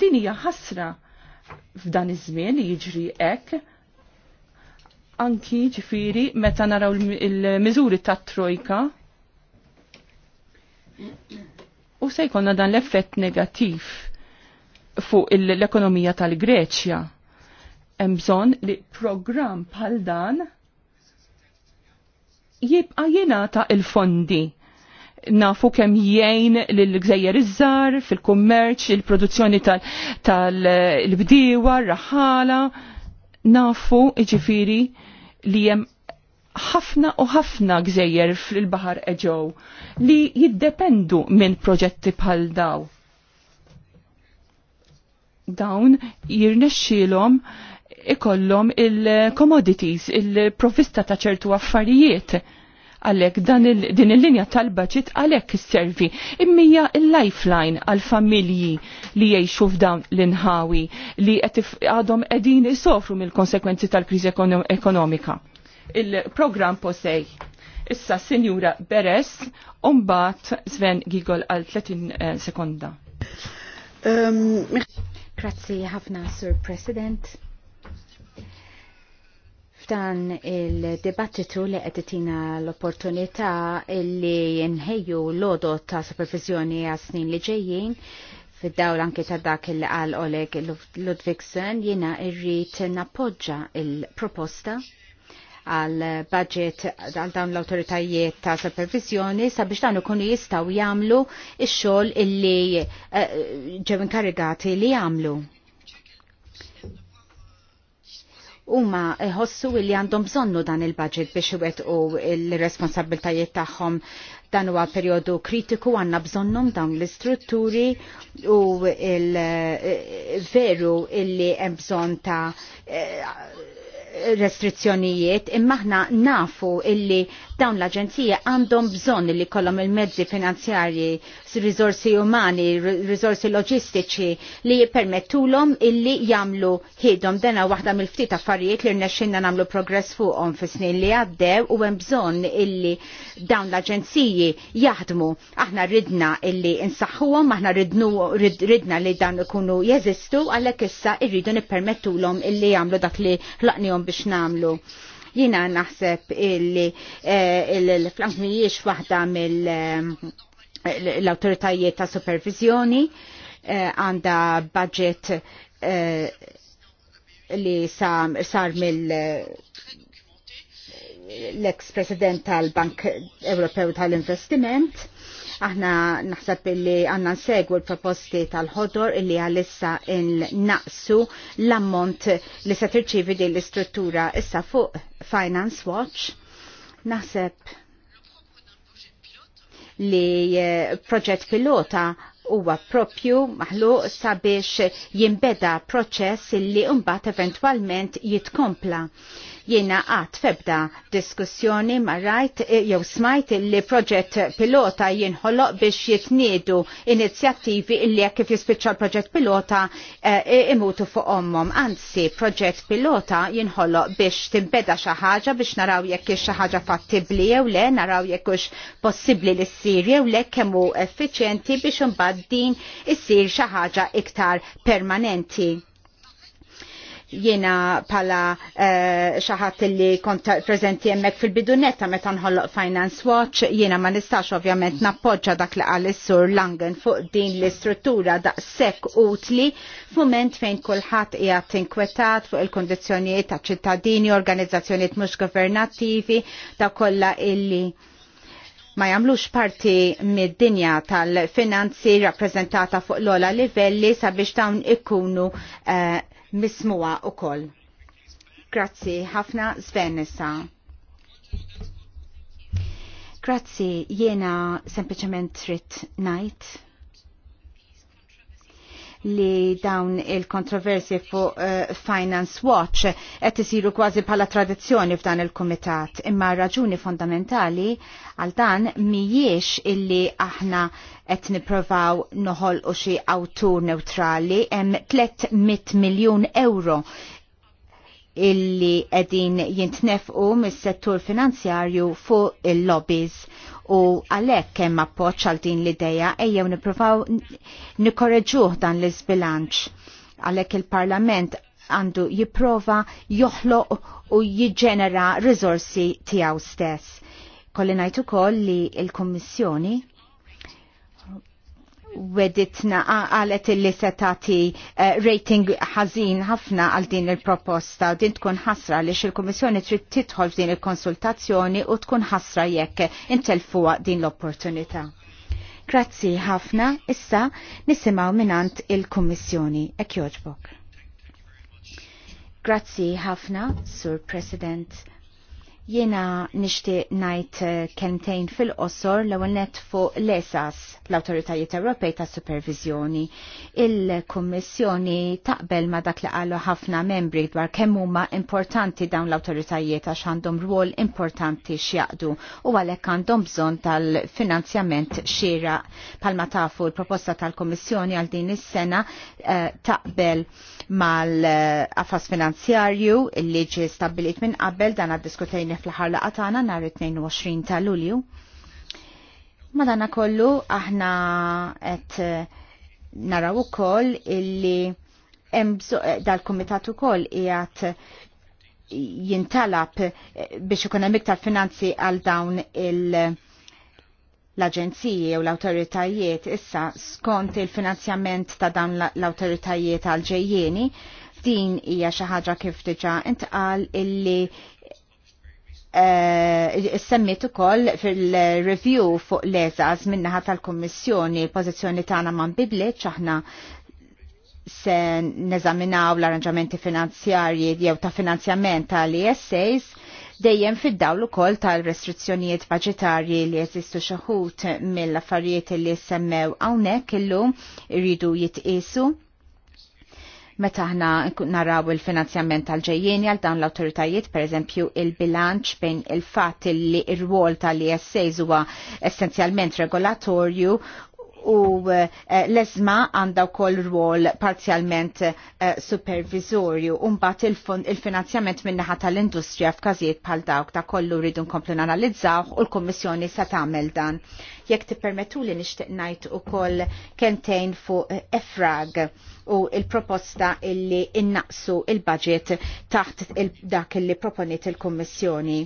din hija ħasra f'dan iż-żmien li jiġri hekk anki ġifiri meta naraw il-miżuri ta' trojka u se jkonna dan l-effett negativ fuq l-ekonomija tal-Greċja. Hemm bżonn li programm bħal dan jibqa' jingħata il-fondi nafu kemm jgħin lill-gżejjer iż-żar, fil-kummerċ, il-produzzjoni tal-bdiewa, tal, tal raħala, nafu iġifiri li jem ħafna u ħafna gżejjer fil-Bahar Eġew li jiddependu minn proġetti bħal daw. Dawn jirnexxilhom ikollhom il-commodities, il-provista ta' ċertu affarijiet Għalek din il-linja tal-budget għalek servi immija il-lifeline għal-familji li jiexu f'dawn l-inħawi li għadhom edin isofru mill-konsekwenzi tal-krizi ekonomika. Il-program posej. Issa Signora Beres, umbat Sven Gigol għal 30 eh, sekonda. Ehm, Grazie ħafna, Sir President f'dan il-dibattitu li għedetina l-opportunità li nħejju l-odot ta' supervizjoni għas snin li ġejjin fid-dawl anke ta' dak il għal Oleg Ludvigsen jiena irrit nappoġġa il-proposta għal budget għal dawn l-autoritajiet ta' supervizjoni sabiex dan ikunu jistaw jagħmlu ix-xogħol illi eh, ġew inkarigati li jagħmlu. huma ħossu li għandhom bżonnu dan il-budget biex iwettqu l-responsabiltajiet tagħhom dan huwa perjodu kritiku għandna bżonnhom dawn l-istrutturi u il-veru eh, illi hemm bżonn ta' eh, restrizzjonijiet imma aħna nafu illi dawn l-aġenzija għandhom bżonn li kollom il-mezzi finanzjarji, risorsi umani, risorsi loġistiċi li jippermettulhom illi jagħmlu hidom dena waħda mill-ftit affarijiet li rnexxinna nagħmlu progress fuqhom fis-snin li għaddew u hemm bżonn illi dawn l-aġenziji jaħdmu. Aħna ridna illi insaħħuhom, aħna ridnu ridna li dan ikunu jeżistu għalhekk issa irridu nippermettulhom illi jagħmlu dak li ħlaqnihom biex nagħmlu. Jina naħseb illi eh, l-flank mhijiex waħda mill-autoritajiet eh, ta' supervizjoni eh, għanda budget li sar mill l-ex-president tal-Bank Ewropew tal-Investiment Aħna naħseb li għanna nsegwu l-proposti tal-ħodor illi għalissa naqsu l-ammont li se tirċivi din l-istruttura issa fuq Finance Watch. Naħseb li eh, proġett pilota huwa propju maħluq sabiex jimbeda proċess illi umbat eventwalment jitkompla. Jiena għat febda diskussjoni ma rajt e, jew smajt li proġett pilota jinħoloq biex jitniedu inizjattivi illi kif jispiċċa proġett pilota e, e, imutu fuq ommom. Anzi, proġett pilota jinħoloq biex timbeda xi ħaġa biex naraw jekk xi ħaġa fattibbli jew le, naraw jekk hux possibbli li ssir jew le kemm hu effiċjenti biex imbagħad din issir xi ħaġa iktar permanenti Jiena pala uh, eh, xaħat li kont prezenti jemmek fil-bidunetta meta nħolloq Finance Watch, jiena ma nistax ovvjament nappoġġa dak li għal sur Langen fuq din l-istruttura da' sekk utli fument fejn kulħadd hija tinkwetat fuq il-kondizzjonijiet ta' ċittadini, organizzazzjonijiet mhux governattivi, ta' kollha illi ma jamlux parti mid-dinja tal-finanzi rappresentata fuq l-ola livelli sabiex dawn ikkunu uh, mismuwa u koll. Grazzi, ħafna Sven Grazzi, jena sempliciment trit najt li dawn il-kontroversi fuq uh, Finance Watch qed isiru kważi bħala tradizzjoni f'dan il-kumitat. Imma raġuni fondamentali għal dan mhijiex illi aħna qed nipprovaw noħol u xi awtur neutrali hemm 300 miljun euro illi edin jintnefqu mis-settur finanzjarju fuq il-lobbies u għalhekk kemm appoċ għal din l-idea ejjew nippruvaw nikorreġuħ dan l-iżbilanċ għalhekk il-Parlament għandu jipprova joħloq u jiġġenera riżorsi tiegħu stess. Kolli ngħid ukoll li l-Kummissjoni weditna għalet illi se tagħti eh, rating ħażin ħafna għal din il-proposta u din tkun ħasra li il-Kummissjoni trid tidħol f'din il-konsultazzjoni u tkun ħasra jekk intelfuha din l-opportunità. Grazzi ħafna, issa nisimgħu minant il-Kummissjoni. Ek joġbok. Grazzi ħafna, Sur President. Jena nishti najt eh, kentejn fil-qossor l net fuq l-ESAS, l-Autoritajiet Ewropej ta' Supervizjoni. Il-Kommissjoni taqbel ma dak li qalu ħafna membri dwar kemm huma importanti dawn l-autoritajiet għax għandhom rwol importanti x'jaqdu u għalhekk għandhom bżonn tal-finanzjament xira palma tafu l-proposta tal-Kommissjoni għal din is-sena eh, taqbel mal-qafas eh, finanzjarju, il-liġi stabbilit minn qabel dan għad diskutejni fl-ħar laqatana nar 22 ta' Lulju. Madana kollu aħna qed eh, naraw ukoll illi eh, dal-kumitat ukoll qiegħed jintalab eh, biex ikun hemm iktar finanzi għal dawn l-aġenziji u l-awtoritajiet issa skont il-finanzjament ta' dawn l-awtoritajiet għal ġejjieni din hija xi ħaġa kif diġà intqal illi E, semmiet ukoll fil-review fuq l-eżas minnaħa tal-Kommissjoni l-pożizzjoni tagħna ma nbidlet aħna se neżaminaw l-arranġamenti finanzjarji jew ta' finanzjament tal-ESAs dejjem fid-dawl ukoll tal-restrizzjonijiet budgetarji li jeżistu xaħut mill-affarijiet li semmew hawnhekk illum iridu jitqisu meta aħna naraw il-finanzjament tal-ġejjeni għal dawn l-autoritajiet, per eżempju il-bilanċ bejn il-fat li ir-rwol tal-ISAs huwa essenzjalment regolatorju u eh, l-ezma għanda wkoll rwol parzjalment eh, supervizorju u mbagħad il-finanzjament min-naħa tal-industrija f'każijiet bħal dawk ta' kollu rridu nkomplu nanalizzaw u l-Kummissjoni se tagħmel dan. Jekk tippermettu li nixtieq ngħid ukoll kentejn fuq eh, EFRAG u il-proposta illi innaqsu il-budget taħt il dak illi proponiet il-Kommissjoni.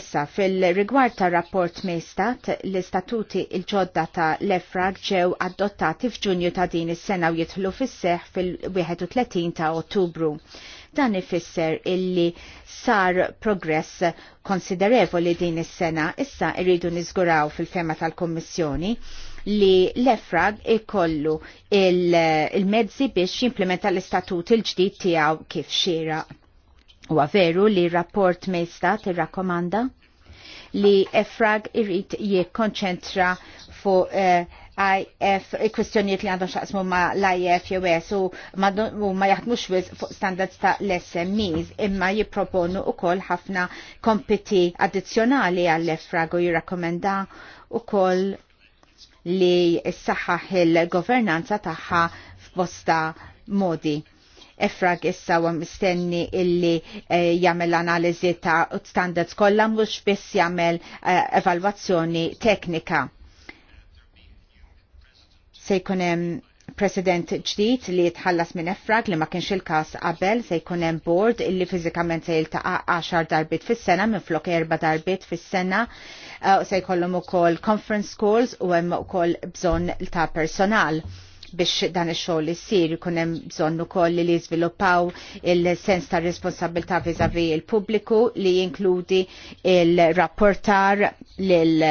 Issa, fil-rigward ta' rapport mestat, l-istatuti il-ġodda ta' l-EFRAG ġew adottati f'ġunju ta' din is-sena u jitħlu fis-seħ fil-31 ta' Ottubru. Dan ifisser illi sar progress konsiderevoli din is-sena, issa irridu niżguraw fil-fema tal-Kommissjoni li l-EFRAG ikollu il-mezzi biex jimplementa l-istatut il-ġdid tiegħu kif xira. Huwa veru li rapport me Mejstat irrakkomanda li EFRAG irrid jikkonċentra fuq uh, eh, IF, kwestjoniet li għandhom xaqsmu ma l-IF jew u ma jaħdmux wis fuq standards ta' l-SMEs imma jipproponu u koll ħafna kompiti addizjonali għall-EFRAG u jirrakkomenda u koll li s-saħħaħ il-governanza tagħha f'bosta modi. Efrag issa u mistenni illi eh, jagħmel analiżi ta' standards kollha mhux biss jagħmel eh, evalwazzjoni teknika. Se jkun hemm president ġdid li tħallas minn effrag li ma kienx il-kas qabel se jkun hemm board illi fiżikament se jiltaqa' 10 darbit fis-sena minn flok erba' darbit fis-sena uh, se jkollhom ukoll conference calls u hemm ukoll bżonn ta' personal biex dan ix-xogħol issir ikun hemm bżonn ukoll li jiżviluppaw il-sens ta' responsabilità viżavi il-pubbliku li jinkludi il-rapportar lil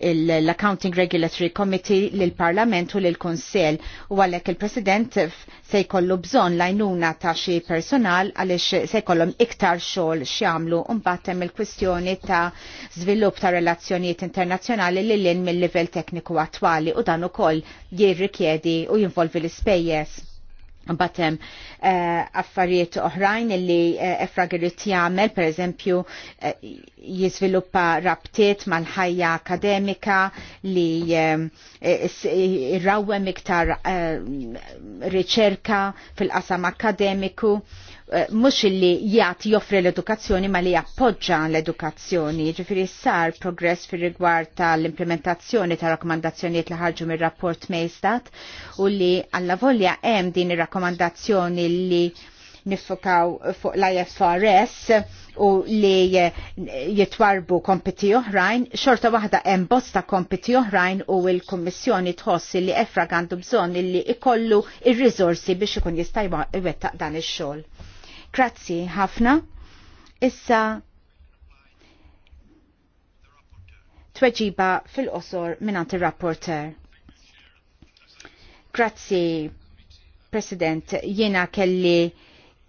l-Accounting Regulatory Committee l-Parlament u l-Konsel u għalek il-President se jkollu bżon lajnuna ta' xi personal għalix se jkollhom iktar xogħol x'jagħmlu mbagħad il-kwistjoni ta' żvilupp ta' relazzjonijiet internazzjonali li lin mill-livell tekniku attwali u dan ukoll jirrikjedi u jinvolvi l-ispejjeż batem uh, eh, affarijiet oħrajn illi uh, eh, Efragirit jagħmel, per eżempju, uh, eh, jiżviluppa rabtiet mal-ħajja akademika li irrawwem uh, iktar uh, riċerka fil-qasam akademiku Eh, mux illi jgħat joffri l-edukazzjoni ma li jappoġġa l-edukazzjoni. Ġifiri sar progress fir rigward tal-implementazzjoni ta' rakkomandazzjoniet li ħarġu mir rapport Mejstat u li għalla volja hemm din ir-rakkomandazzjoni li nifokaw fuq l-IFRS u li jitwarbu kompiti oħrajn, xorta waħda hemm bosta kompiti oħrajn u l-Kummissjoni tħoss li efrag għandu bżonn li ikollu ir-riżorsi biex ikun jista' jwettaq dan ix-xogħol. Grazzi ħafna. Issa tweġiba fil-qosor minnant il-rapporter. Grazzi, President, jiena kelli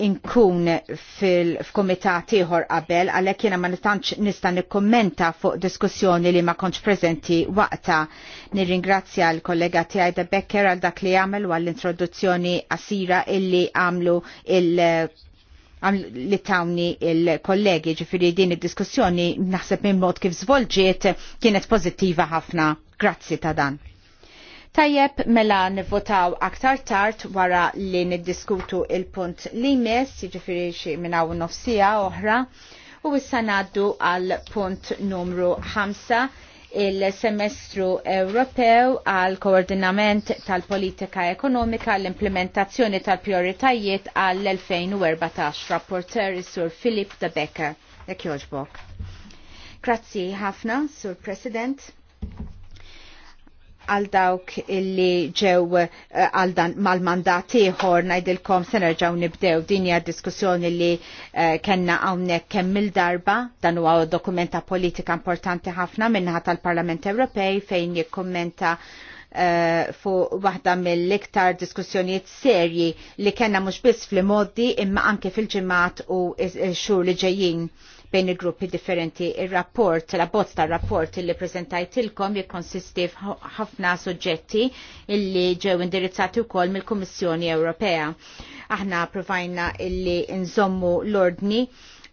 inkun fil-komitat ieħor qabel għalhekk jiena ma nistanċ nista' nikkommenta fuq diskussjoni li ma kontx prezenti waqta. Nirringrazzja l-kollega Tjajda Becker għal dak li għamel u għall-introduzzjoni qasira illi għamlu il- li tawni il-kollegi ġifiri din id-diskussjoni naħseb minn mod kif zvolġiet kienet pozittiva ħafna. Grazzi ta' dan. Tajjeb mela nivvotaw aktar tard wara li niddiskutu il-punt li mes, ġifiri xie minna u nofsija oħra, u issa għal punt numru 5 il-semestru Ewropew għal koordinament tal-politika ekonomika l-implementazzjoni tal-prioritajiet għal-2014. Rapporter Sur Filip de Becker. Jek Grazzi ħafna, Sur President għal dawk illi ġew eh, għal dan mal-mandat ieħor ngħidilkom se nerġgħu nibdew din hija diskussjoni li eh, kellna hawnhekk kemm il-darba dan huwa dokumenta politika importanti ħafna minnaħa tal-Parlament Ewropej fejn jikkummenta uh, waħda mill-iktar diskussjonijiet serji li kellna mhux biss fl-modi imma anke fil-ġimgħat u x-xhur li ġejjin bejn il-gruppi differenti. Il-rapport, la bozz tal-rapport li prezentajtilkom jikkonsisti ħafna suġġetti illi ġew indirizzati wkoll mill-Kummissjoni Ewropea. Aħna provajna illi nżommu l-ordni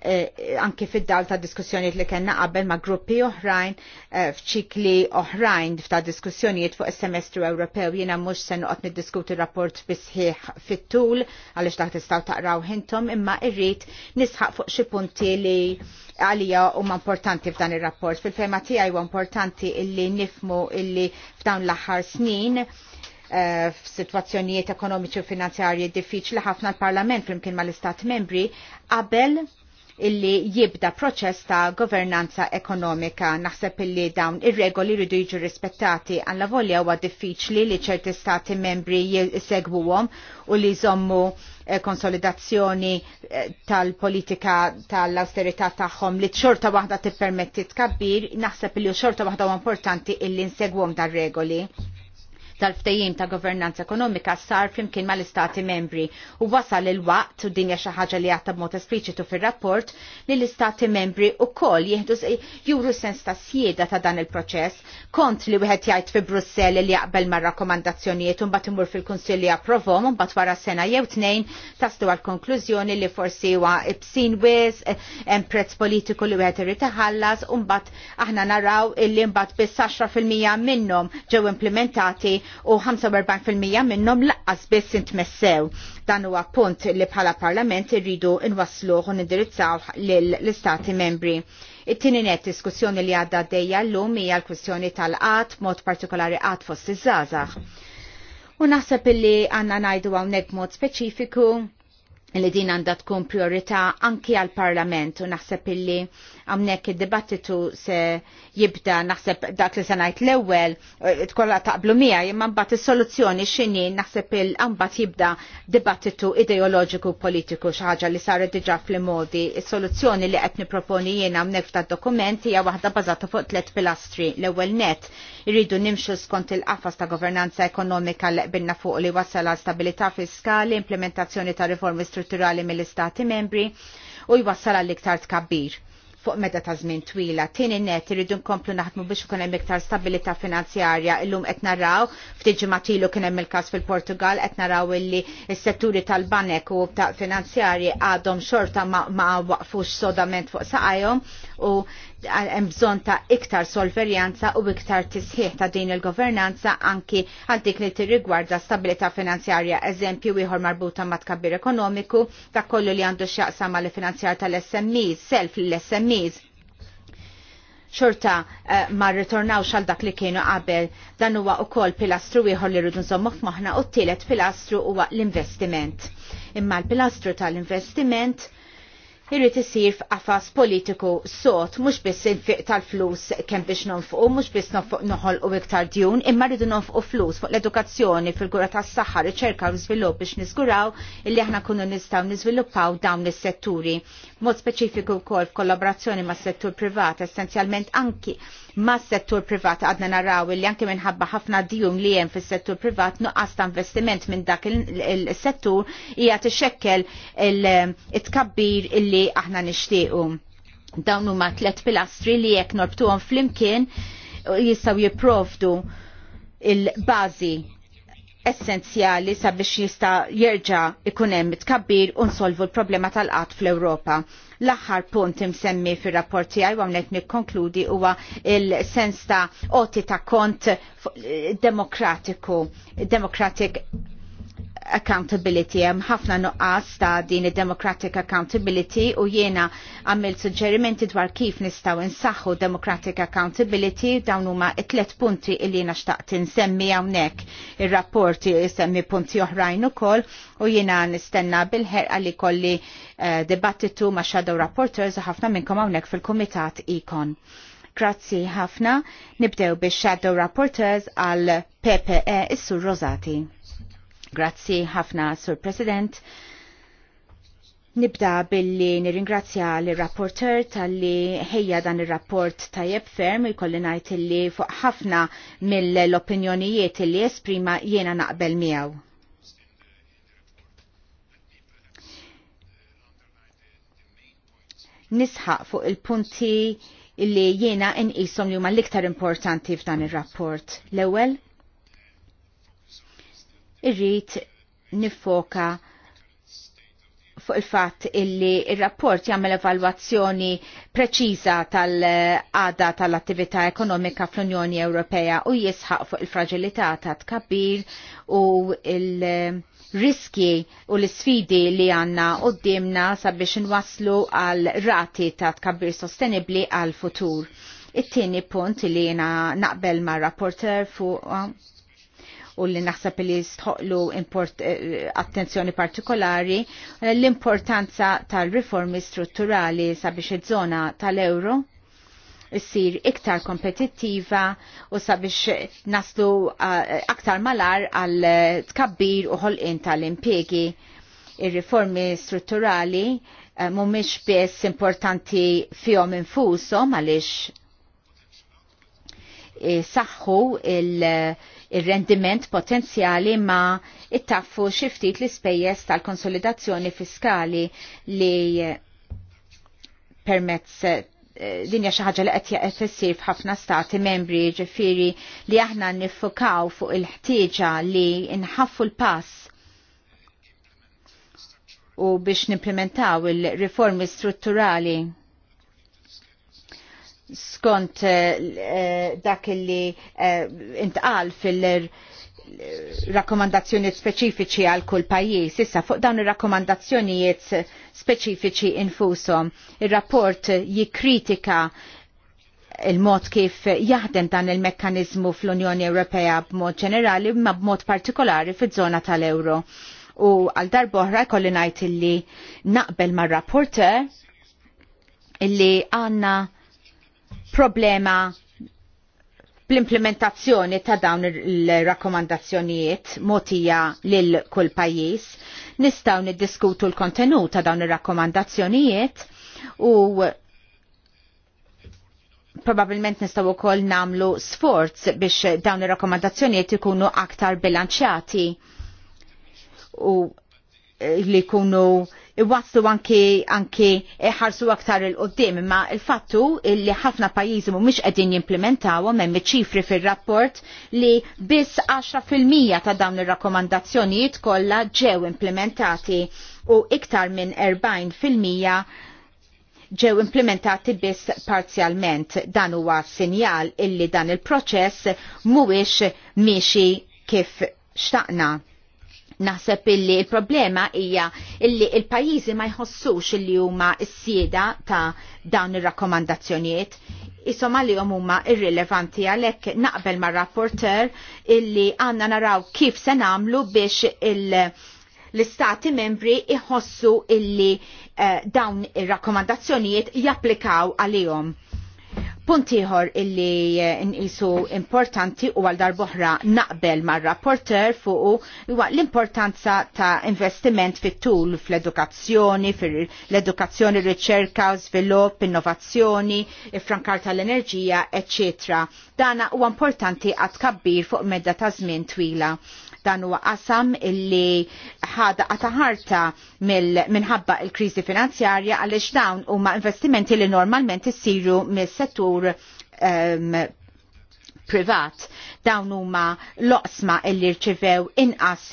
Eh, anki fid-dal ta' diskussjonijiet li kellna qabel ma' gruppi oħrajn eh, f'ċikli oħrajn ta' diskussjonijiet fuq is-semestru Ewropew jiena mhux se noqgħod niddiskuti rapport bisħiħ fit-tul għaliex taħt tistgħu taqraw hintom, imma irrid nisħaq fuq xi punti li għalija huma importanti f'dan ir-rapport. Fil-fema tiegħi huwa importanti illi nifmu illi f'dawn l-aħħar snin eh, f'sitwazzjonijiet ekonomiċi u finanzjarji diffiċli ħafna l-Parlament flimkien mal-Istat membri qabel illi jibda proċess ta' governanza ekonomika. Naħseb illi dawn ir-regoli rridu jiġu rispettati la volja huwa diffiċli li ċerti stati membri jisegwuhom u li jżommu eh, konsolidazzjoni eh, tal-politika tal-austerità tagħhom li xorta waħda tippermetti tkabbir, naħseb illi xorta waħda importanti illi nsegwhom dar-regoli tal-ftejjim ta' governanza ekonomika sar flimkien mal-istati membri u wasal il-waqt u dinja xi ħaġa li għatta mod espliċitu fir-rapport li l-istati membri wkoll jieħdu juru sens ta' sjeda ta' dan il-proċess kont li wieħed jgħid fi Brussell li jaqbel ma' rakkomandazzjonijiet u mbagħad imur fil-Kunsill li approvhom u mbagħad wara sena jew tnejn taslu għal-konklużjoni li forsi huwa bsin wis hemm prezz politiku li wieħed irid iħallas u mbagħad aħna naraw illi mbagħad biss 10% minnhom ġew implementati u 45% minnhom laqqas biss intmessew. Dan huwa punt li bħala Parlament irridu nwassluh u nindirizzaw lill-Istati membri. It-tieni net diskussjoni li għadda dejja llum hija l-kwistjoni tal-qatt, mod partikolari qatt fost iż-żgħażagħ. U naħseb illi għandna ngħidu hawnhekk mod speċifiku li din għandha tkun priorità anki għal parlament u naħseb illi għamnek id-dibattitu se jibda naħseb dak li sanajt l-ewel eh, tkolla taqblu mija jimman bat is-soluzzjoni x'inhi naħseb il mbagħad jibda dibattitu ideologiku politiku xi ħaġa li sarri diġà fl-modi. Is-soluzzjoni li qed proponi jiena għamnek f'dad dokumenti hija waħda bażata fuq tliet pilastri. L-ewwel net irridu nimxu skont il-qafas ta' governanza ekonomika li qbinna fuq li wassal stabilita stabilità fiskali, implementazzjoni ta' riformi strutturali mill-Istati membri u jwassal għall-iktar tkabbir fuq meta ta' żmien twila. Tieni net irridu nkomplu naħdmu biex ikun hemm iktar stabilità finanzjarja illum qed naraw ftit ġimgħatilu kien hemm il-każ fil-Portugal qed naraw illi s-setturi tal-banek u ta' finanzjarji għadhom xorta ma, ma waqfux sodament fuq saqajhom u hemm bżonn ta' iktar solverjanza u iktar tisħiħ ta' din il-governanza anki għal dik li tirrigwarda stabilita' finanzjarja eżempju ieħor marbuta ma' tkabbir ekonomiku ta' kollu li għandu x'jaqsam mal finanzjar tal-SMEs, self l-SMEs xorta eh, ma rritornawx għal dak li kienu qabel dan huwa ukoll pilastru ieħor li rridu nżommu f'moħħna u t-tielet pilastru huwa l-investiment. Imma l-pilastru tal-investiment irrid isir f'qafas politiku sot mhux biss il-fiq tal-flus kemm biex nonfuq, mhux biss noħolqu iktar djun, imma rridu nonfuq flus fuq l-edukazzjoni fil gura tas-saħħa, riċerka u żvilupp biex niżguraw illi aħna kunu nistgħu niżviluppaw dawn is-setturi. Mod speċifiku wkoll f'kollaborazzjoni mas-settur privat essenzjalment anki ma' settur privat għadna naraw li anke minħabba ħafna dijum li hemm fis-settur privat nuqqas ta' investiment minn dak il-settur hija tixekkel il-tkabbir illi aħna nixtiequ. Dawn huma tliet pilastri li jekk norbtuhom flimkien jistgħu jipprovdu il-bażi essenzjali sabiex jista jerġa ikunem tkabbir nsolvu l-problema tal-qat fl-Europa. L-aħħar punt imsemmi fir rapporti għaj għamlet nikkonkludi huwa il-sens ta' oti ta' kont demokratiku, democratic accountability, hemm ħafna nuqqas ta' din id-democratic accountability u jiena għamil suġġerimenti dwar kif nistgħu nsaħħu democratic accountability dawn huma t tlet punti li jiena xtaqt insemmi hawnhekk ir-rapporti jsemmi punti oħrajn ukoll u jiena nistenna bil-ħerqa li kolli uh, dibattitu ma' shadow rapporters u ħafna minnkom hawnhekk fil-kumitat ikon. Grazzi ħafna, nibdew bix shadow rapporters għal PPE is-Sur Rosati. Grazzi ħafna, Sur President. Nibda billi nirringrazzja l-rapporter tal-li ħejja dan il-rapport tajjeb ferm u jkolli najt li fuq ħafna mill-opinjonijiet li esprima jiena naqbel miegħu. Nisħaq fuq il-punti li jiena inqishom li huma l-iktar importanti f'dan ir-rapport. L-ewwel irrit nifoka fuq il-fatt illi il-rapport jagħmel evalwazzjoni preċiża tal-għada tal-attività ekonomika fl-Unjoni Ewropea u jisħaq fuq il-fragilità ta' tkabbir u il- riski u l-sfidi li għanna u d-dimna sabiex nwaslu għal rati ta' tkabbir sostenibli għal futur. It-tieni punt li jena naqbel ma' rapporter fuq u li naħseb li stħoqlu eh, attenzjoni partikolari eh, l-importanza tal-riformi strutturali sabiex iż-żona tal-euro issir iktar kompetittiva u sabiex naslu eh, aktar malar għal tkabbir u ħolqin tal-impiegi. Ir-riformi strutturali mumiex biss importanti fihom infushom għaliex saħħu il- ir-rendiment potenzjali ma ittaffu xiftit l-ispejjeż tal-konsolidazzjoni fiskali li eh, permezz eh, dinja xi ħaġa li qed qed issir f'ħafna stati membri ġifiri li aħna niffokaw fuq il-ħtieġa li nħaffu l-pass u biex nimplementaw il-riformi strutturali skont eh, eh, dak li eh, intqal fil- rakkomandazzjoni speċifiċi għal kull pajjiż. Issa fuq dawn ir-rakkomandazzjonijiet speċifiċi infushom, ir-rapport jikkritika il-mod kif jaħdem dan il-mekkanizmu fl-Unjoni Ewropea b'mod ġenerali imma b'mod partikolari fiż-żona tal-euro. U għal darboħra jkolli ngħid illi naqbel mar-rapporter illi għandna problema bl-implementazzjoni ta' dawn il-rakkomandazzjonijiet motija lil kull pajjiż. Nistgħu niddiskutu l-kontenut ta' dawn ir-rakkomandazzjonijiet u probabilment nistgħu wkoll nagħmlu sforz biex dawn ir-rakkomandazzjonijiet ikunu aktar bilanċjati u li jkunu iwasslu anki anki ħarsu aktar il-qoddim imma il-fattu li ħafna pajjiżi mhumiex qegħdin jimplementawhom hemm ċifri fir-rapport li biss 10% ta' dawn ir-rakkomandazzjonijiet kollha ġew implementati u iktar minn 40% ġew implementati biss parzjalment. Dan huwa sinjal illi dan il-proċess mhuwiex miexi kif xtaqna Naħseb illi il-problema hija illi il-pajjiżi ma jħossux illi huma s-sieda ta' dawn ir-rakkomandazzjonijiet. Isom għalihom huma irrilevanti għalhekk naqbel mar-rapporter illi għandna naraw kif se nagħmlu biex l-istati membri iħossu illi uh, dawn ir-rakkomandazzjonijiet japplikaw għalihom Punt ieħor illi eh, nqisu importanti u għal darboħra naqbel mar rapporter fuq huwa l-importanza ta' investiment fit-tul fl-edukazzjoni, fl-edukazzjoni, riċerka, svilupp, innovazzjoni, frankar tal-enerġija, eccetera. Dana huwa importanti għat kabbir fuq medda ta' żmien twila Dan huwa qasam illi ħada ħarta minħabba il-kriżi finanzjarja għaliex dawn huma investimenti li normalment issiru mis-settur um, privat dawn huma loqsma illi rċivew inqas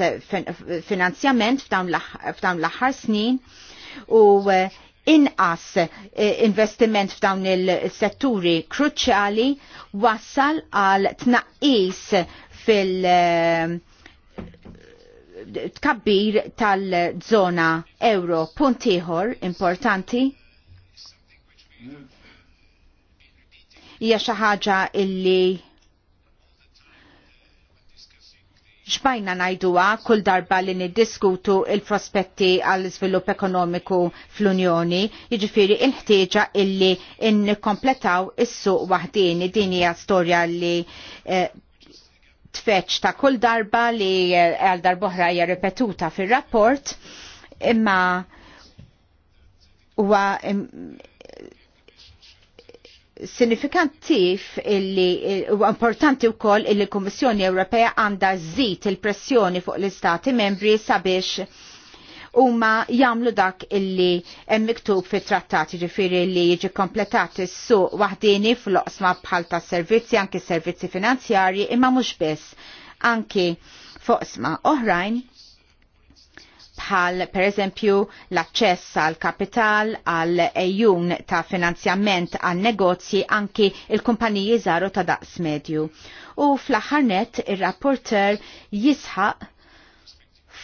finanzjament f'dawn l-aħħar snin u e, inqas e, investiment f'dawn il-setturi kruċjali wassal għal tnaqqis fil- tkabbir tal-zona euro. Punt ieħor importanti hija xi ħaġa illi xbajna najduwa kull darba li niddiskutu il-prospetti għall iżvilupp ekonomiku fl-Unjoni, jiġifieri il-ħtieġa illi in-kompletaw is-suq wahdini, din hija storja li eh, tfeċ ta' kull darba li eh, għal darbohra hija ripetuta fir-rapport imma huwa sinifikantif illi u importanti u koll l kommissjoni Ewropea għanda zit il-pressjoni fuq l-Istati membri sabiex huma jagħmlu dak illi hemm miktub fit-trattat ġifiri li jiġi kompletat is-suq waħdini fl-oqsma bħal ta' servizzi anki servizzi finanzjarji imma mhux biss anki fuqsma oħrajn bħal per eżempju l-aċċess għal kapital għal ejjun ta' finanzjament għal negozji anki il-kumpaniji żaru ta' daqs medju. U fl-aħħar il ir-rapporter jisħaq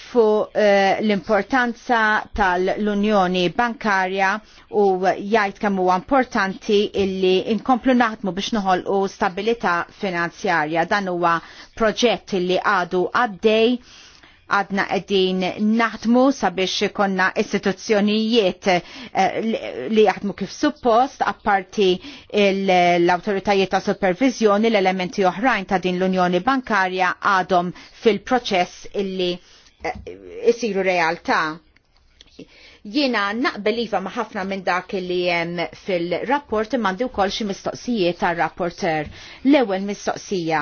Fu eh, l-importanza tal-Unjoni Bankarja u jgħid kemm huwa importanti illi inkomplu naħdmu biex noħolqu stabilità finanzjarja. Dan huwa proġett illi għadu għaddej għadna għedin naħdmu sabiex konna istituzzjonijiet eh, li jaħdmu kif suppost, apparti l-autoritajiet ta' supervizjoni, l-elementi oħrajn ta' din l-Unjoni Bankarja għadhom fil-proċess illi isiru realtà. Jiena naqbel iva ma' ħafna minn dak li hemm fil-rapport għandi wkoll xi mistoqsijiet tar-rapporter. L-ewwel mistoqsija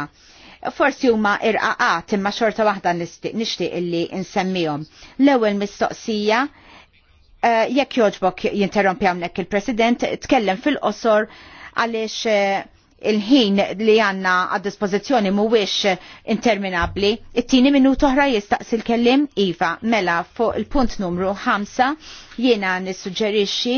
forsi huma irqaqat imma xorta waħda nixtieq illi nsemmihom. L-ewwel mistoqsija eh, jekk jogħġbok jinterrompi hawnhekk il-President tkellem fil-qosor għaliex eh, il-ħin li għanna għad dispożizzjoni mhuwiex interminabli. It-tieni minuta oħra jistaqsi l-kellim Iva mela fuq il-punt numru 5 jiena nissuġġerixxi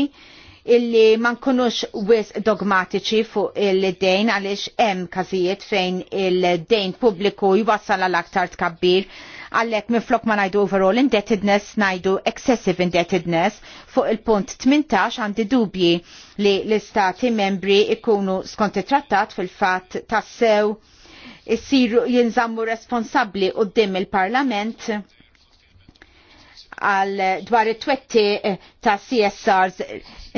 illi ma nkunux wis dogmatiċi fuq il-dejn għaliex hemm każijiet fejn il-dejn pubbliku jwassal għal aktar tkabbir għallek minflok ma najdu overall indebtedness najdu excessive indebtedness fuq il-punt 18 għandi dubji li l-istati membri ikunu skont trattat fil-fat tassew jissiru jinżammu responsabli qoddim il-parlament għal dwar it-twetti ta' CSRs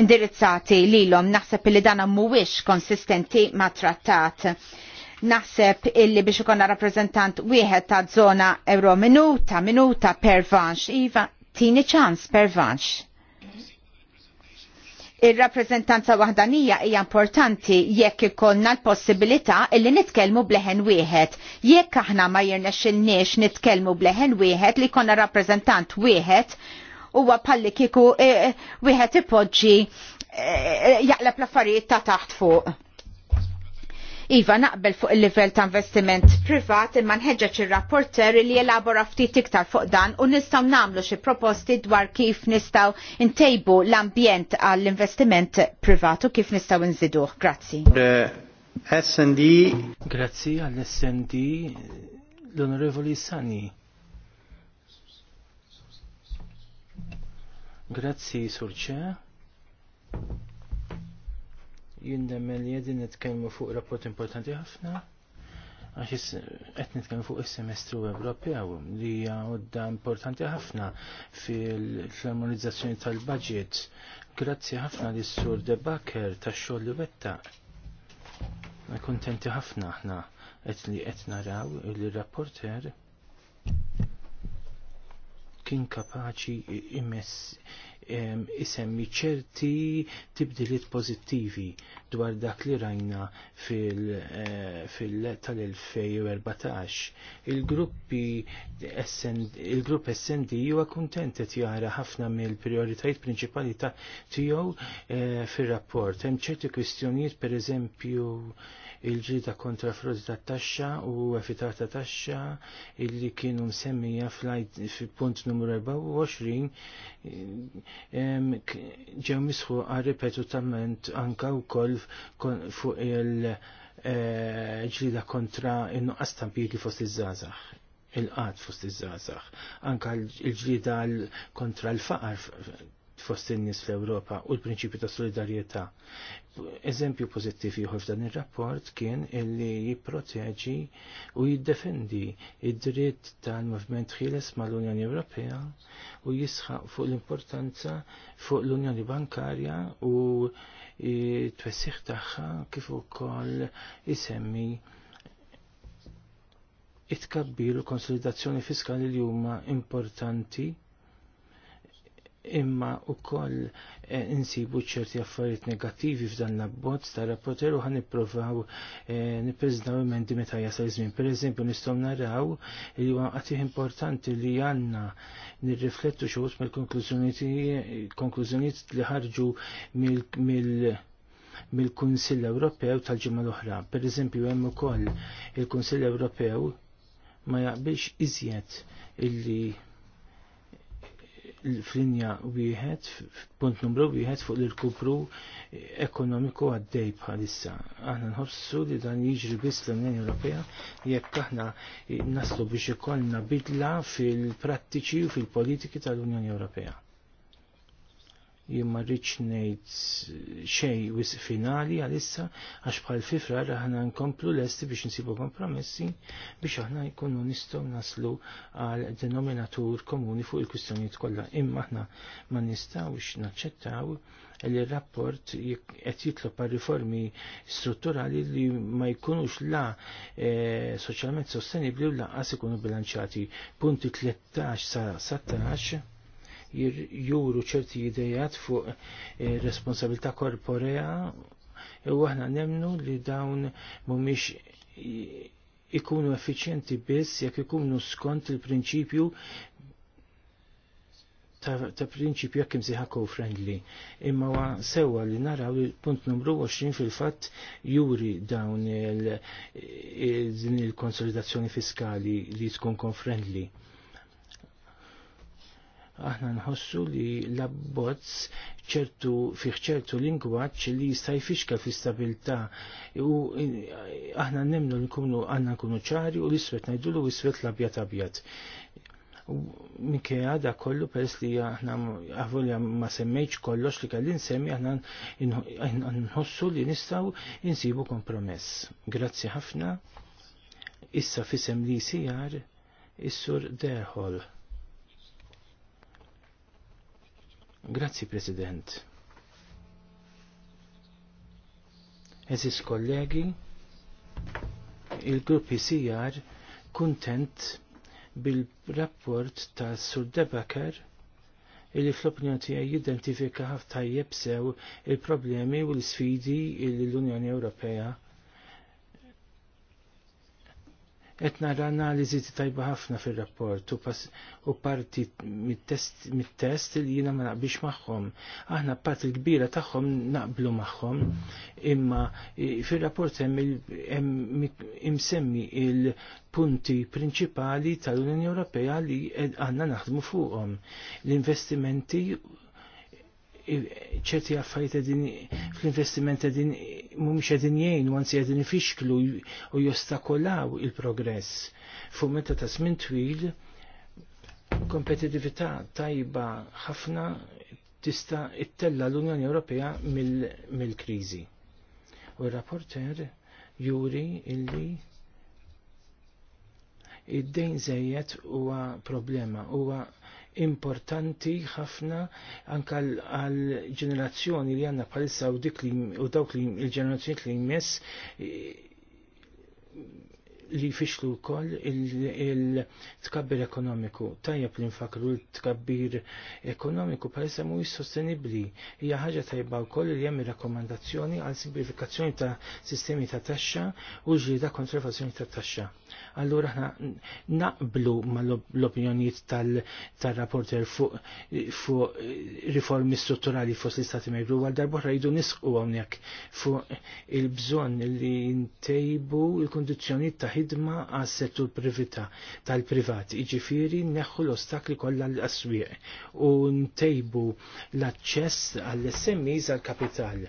indirizzati lilhom naħseb li dan mhuwiex konsistenti ma' trattat Naħseb illi biex ikonna rappreżentant wieħed ta' żona euro minuta, minuta per vanx. Iva, tini ċans per vanx. Ir-rappreżentanza waħdanija hija importanti jekk ikollna l-possibilità illi nitkellmu bleħen wieħed. Jekk aħna ma jirnexxilniex nitkellmu bleħen wieħed li jkollna rappreżentant wieħed huwa palli kiku eh, eh, wieħed ipoġġi eh, jaqleb l-affarijiet ta' taħt fuq Iva naqbel fuq il-livell ta' investiment privat imma nħeġġeġ ir-rapporter li jelabora ftit iktar fuq dan u nistgħu nagħmlu xi proposti dwar kif nistgħu ntejbu l-ambjent għall-investiment privat u kif nistgħu nżiduh. Grazzi. Eh, SND. Grazzi għall-SND l-Onorevoli Sani. Grazzi, Surċe jindemmel li jedin nitkelmu fuq rapport importanti ħafna għax qed nitkellmu fuq is-semestru Ewropew li hija għodda importanti ħafna fil-armonizzazzjoni tal-budget. Grazzi ħafna li sur Debaker tax-xogħol li wetta. Kontenti ħafna aħna qed li qed naraw li rapporter kien kapaċi immess isemmi ċerti tibdiliet pozittivi dwar dak li rajna fil-tal-2014. Eh, il il-grupp SND huwa kuntent qed jara ħafna mill-prioritajiet prinċipali ta' tiegħu eh, fir-rapport. Hemm ċerti kwistjonijiet pereżempju il ġita kontra frodi ta' taxxa u għafitar ta' taxxa illi kienu msemmija fil-punt numru 24 ġew misħu ripetutament anka wkoll fuq il-ġlida eh, kontra in-nuqqas tampiri fost iż żazax il-qad fost iż żazax anka l-ġlida kontra l-faqar fost in-nies fl-Ewropa u l-prinċipju ta' solidarjetà. Eżempju pozittiv juħu f'dan ir-rapport kien illi jipproteġi u jiddefendi id-dritt tal-Movement Ħieles mal-Unjoni Ewropea u jisħaq fuq l-importanza fuq l-Unjoni Bankarja u t wessiħ tagħha kif ukoll isemmi it-kabbir u konsolidazzjoni fiskali li huma importanti imma u koll eh, insibu ċerti affarijiet negativi f'dan l-abbozz ta' rapporteru ħan nipprovaw eh, nippreżentaw emendi meta jasal żmien. Pereżempju nistgħu naraw li huwa qatih importanti li għandna nirriflettu xi mill-konklużjonijiet li ħarġu mill mill-Kunsill Ewropew tal-ġimgħa l-oħra. Pereżempju hemm ukoll il-Kunsill Ewropew ma jaqbilx iżjed illi l linja wieħed, punt numru wieħed fuq l-kupru ekonomiku għaddej bħalissa. Aħna nħossu li dan jiġri biss l-Unjoni Ewropea jekk aħna naslu biex ikollna bidla fil-prattiċi u fil-politiki tal-Unjoni Ewropea jien ma rridx ngħid wisq finali għalissa għax bħal fifra aħna nkomplu lesti biex nsibu kompromessi biex aħna jkunu nistgħu naslu għal denominatur komuni fuq il-kwistjonijiet kollha. Imma aħna ma nistgħux naċċettaw li rapport qed jitlob riformi strutturali li ma jkunux la e, soċjalment sostenibli u laqqas ikunu bilanċati. Punti 13 sa 17 juru ċerti idejat fuq eh, responsabilità korporea u e aħna nemnu li dawn mhumiex ikunu effiċjenti biss jekk ikunu skont il-prinċipju ta', ta prinċipju jekk imsiħa co-friendly. Imma wa sewa li naraw il-punt numru 20 fil-fatt juri dawn il il-konsolidazzjoni fiskali li tkun kon friendly aħna nħossu li l-abbozz ċertu fiħ ċertu lingwaġġ li jista' jfixka fi istabilità u eh, aħna nemnu li nkunu għandna nkunu ċari u l-iswed ngħidulu u iswed l-abjad abjat. Mikke għada kollu peress li aħna għavolja ma semmejċ kollox li kallin semmi aħna nħossu li nistaw insibu kompromess. Grazzi ħafna. Issa fisem li sijar is-sur Grazzi, President. Eżis kollegi, il-grupp ICR kuntent bil-rapport ta' Sur Debaker illi fl-opinjoni tiegħi jidentifika ħafna tajjeb sew il-problemi u l-sfidi li l-Unjoni Ewropea qed nara analiżi tajba ħafna fir-rapport u, u parti mit-test mit li jiena ma naqbix magħhom. Aħna parti l-kbira tagħhom naqblu magħhom, imma fil rapport jem imsemmi il-punti prinċipali tal-Unjoni Ewropea li għandna naħdmu fuqhom. L-investimenti ċerti affarijiet edin fl-investiment edin mhumiex għedin jgħin u anzi għedin ifixklu u jostakolaw il-progress fuq meta ta' smin twil kompetitivita tajba ħafna tista' ittella l-Unjoni Ewropea mill-kriżi. Mil u r-rapporter juri illi id-dejn zejjed huwa problema, huwa importanti ħafna anka għal ġenerazzjoni li għanna palissa u dik li u dawk li il-ġenerazzjoni li jmess li fixlu wkoll il-tkabbir il ekonomiku. Tajjeb li nfakru l-tkabbir ekonomiku palissa mu sostenibbli. Hija ħaġa tajba wkoll li hemm rakkomandazzjoni għal simplifikazzjoni ta' sistemi ta' taxxa u ġlieda kontra ta' taxxa. Allura ħna naqblu mal-opinjonijiet tal-rapporter fuq fu riformi strutturali fost l-Istati Membru għal darbohra jridu nisqu hawnhekk fuq il-bżonn li ntejbu l-kundizzjonijiet ta' ħidma għas settur privita tal-privat, iġifiri neħħu l-ostakli kollha l-aswieq u ntejbu l-aċċess għall-SMEs għal-kapital.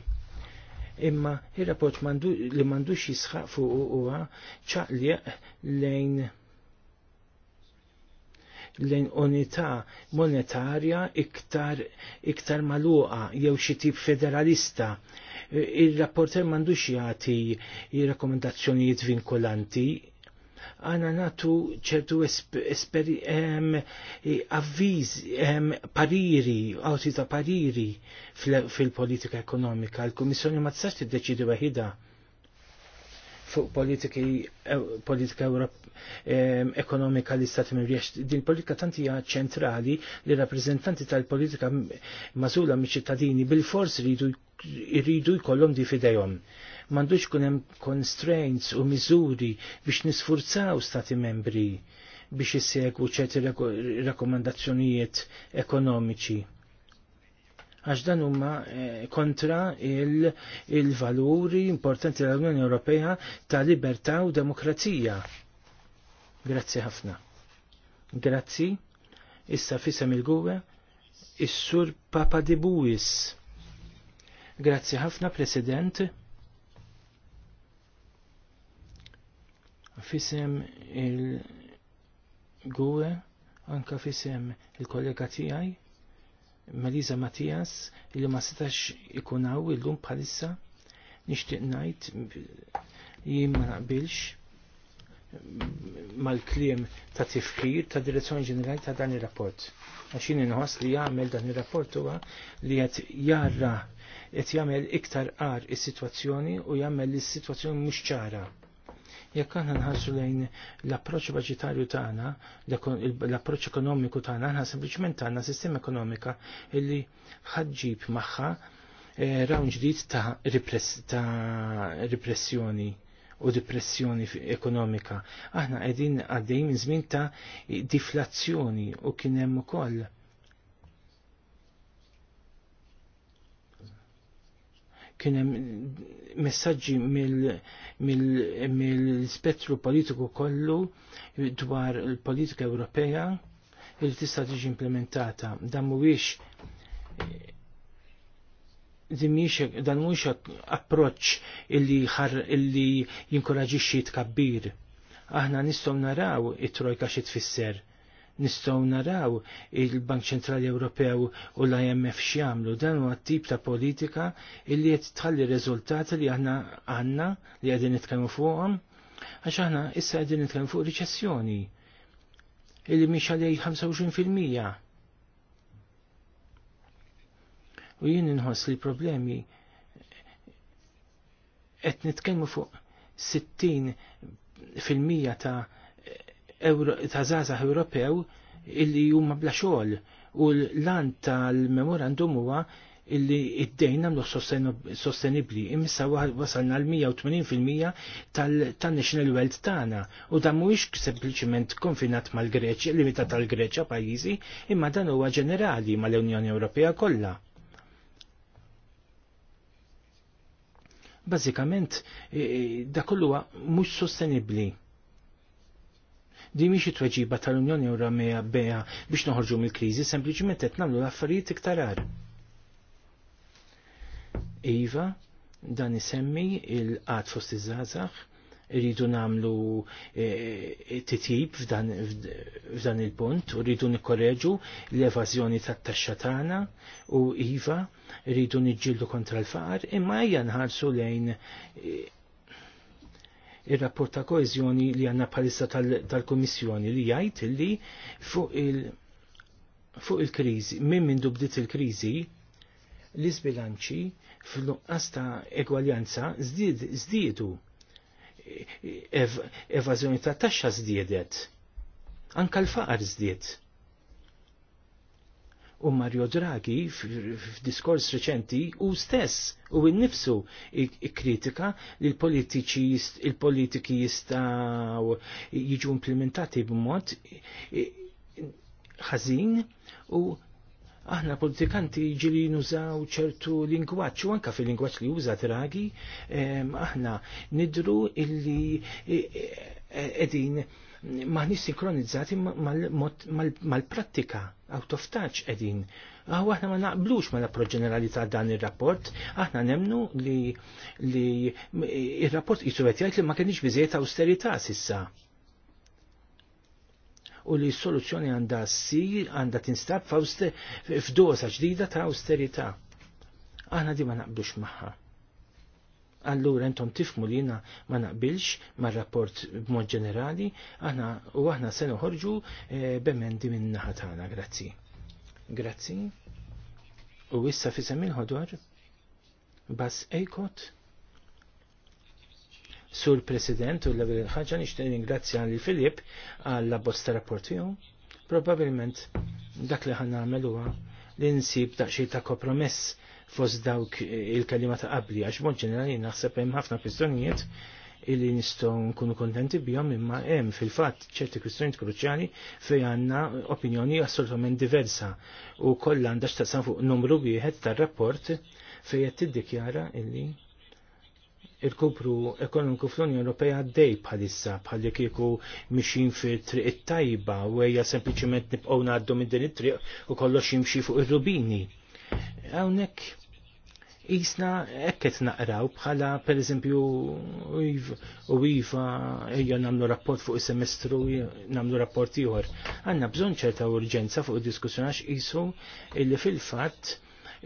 Imma ir-rapport li mandux jisħaq fuq huwa ċaqliq lejn lejn unità monetarja iktar, iktar maluqa jew xi tip federalista il-rapporter mandux jagħti rekomendazzjonijiet vinkolanti għana natu ċertu avviz, pariri, għawti pariri fil-politika ekonomika. L-Komissjoni ma tistax tiddeċidi waħida fuq politiki politika ekonomika li stati membri din politika tanti hija ċentrali li rappreżentanti tal-politika mażula miċ-ċittadini bil-fors jridu jkollhom di fidejhom. M'għandux kun hemm constraints u miżuri biex nisfurzaw stati membri biex jissegwu ċerti rakomandazzjonijiet ekonomiċi għax dan huma eh, kontra il-valuri il importanti tal-Unjoni Ewropea ta' libertà u demokrazija. Grazzi ħafna. Grazzi. Issa fisem il-gwe is-sur Papa de Buis. Grazzi ħafna, President. Fisem il-gwe anka fisem il-kollega tijaj Marisa Mattias illi ma setax ikunaw illum bħalissa nixtieq ngħid jien ma naqbilx mal-kliem ta' tifkir ta' direzzjoni ġenerali ta' dan ir-rapport. Għaxin jien inħoss li jagħmel dan ir-rapport huwa li qed jarra qed jagħmel iktar qar is-sitwazzjoni u jagħmel li s-sitwazzjoni mhux ċara Jekk aħna nħarsu lejn l-approċċ budġetarju tagħna, l-approċċ ekonomiku tagħna, aħna sempliċement għandna sistema ekonomika li ħaġġib magħha eh, rawn ġdid ta' ripressjoni u depressjoni ekonomika. Aħna qegħdin għaddej minn żmien ta' deflazzjoni u kien hemm ukoll kien hemm messaġġi mill-spettru politiku kollu dwar il-politika Ewropea li tista' tiġi implementata. Dan mhuwiex dan mhuwiex approċċ illi ħar illi jinkoraġixxi tkabbir. Aħna nistgħu naraw it-trojka xi tfisser nistgħu naraw il-Bank Ċentrali Ewropew u l-IMF x'jagħmlu dan huwa tip ta' politika illi qed tħalli riżultati li aħna għandna li qegħdin nitkellmu fuqhom għax aħna issa qegħdin nitkellmu fuq riċessjoni illi mhix għalej 25%. U jien inħoss li problemi qed nitkellmu fuq 60 fil-mija ta' ta' zazah Ewropew illi huma bla xogħol u l-lan tal-memorandum huwa illi id-dejn għamlu sostenibli. Imissa wasalna l-180% tal-national wealth tagħna u dan mhuwiex sempliċement konfinat mal-Greċja, limitat tal-Greċja pajjiżi, imma dan huwa ġenerali mal-Unjoni Ewropea kollha. Bażikament, e, e, da kollu mhux sostenibbli Di miexi tweġiba tal-Unjoni Ewropea beha biex noħorġu mill-kriżi, sempliċiment qed nagħmlu l-affarijiet iktar Iva, dan isemmi il-qat fost iż-żgħażagħ, rridu nagħmlu e, e, titjib f'dan il-punt u rridu nikkoreġu l-evażjoni tat-taxxa tagħna u iva rridu niġġieldu kontra l-faqar imma hija nħarsu lejn e, il-rapport ta' koezjoni li għanna palissa tal-Komissjoni li jgħid li fuq il- fuq il-krizi, minn minn dubdit il-krizi, li sbilanċi fl-nuqqas ta' egwaljanza zdiedu. E- evażjoni ta' taxxa zdiedet. Anka l-faqar zdied U Mario Draghi f'diskors reċenti u stess u innifsu kritika li l-politiki jistaw jiġu implementati b'mod ħażin u aħna politikanti ġili nużaw ċertu lingwaċ, u anka fil-lingwaċ li uża Draghi, aħna nidru illi e, e, e, edin maħni sinkronizzati mal-prattika out of touch edin. Għaw aħna ma naqblux ma l-approċ ta' dan il-rapport, aħna nemnu li, il-rapport jisuvet li ma kienx biżiet austerita sissa. U li soluzzjoni għanda si għanda tinstab f'dosa ġdida ta' austerita. Aħna di ma naqblux maħħa allura intom tifmu li jina ma naqbilx ma rapport b'mod ġenerali, aħna u aħna se noħorġu eh, b'emendi minn naħatana, grazzi. Grazzi. U issa fi semmin ħodor, bas ejkot. Sur President u l l-ħagġan nixtieq ringrazzja lil Filip għall bosta rapport tiegħu. Probabilment dak li ħan nagħmel huwa li nsib daqsxejn ta' kompromess fost dawk eh, il-kalima ta' qabli, għax mod ġenerali naħseb hemm ħafna kwistjonijiet illi nistgħu nkunu kontenti bihom imma hemm fil-fatt ċerti kwistjonijiet kruċjali fejn għandna opinjoni assolutament diversa u kollha għandha x'taqsam fuq numru wieħed tar-rapport fejn qed tiddikjara illi il-kubru ekonomiku fl-Unjoni Ewropea għaddej bħalissa bħalli kieku mixin fi triq it tajba u hija sempliċement nibqgħu ngħaddu minn din it-triq u kollox jimxi fuq ir-rubini. Hawnhekk jisna ekket naqraw bħala per eżempju u iva ejja namlu rapport fuq semestru namlu rapport ieħor. Għanna bżon ċerta urġenza fuq id-diskussjonax isu illi fil-fatt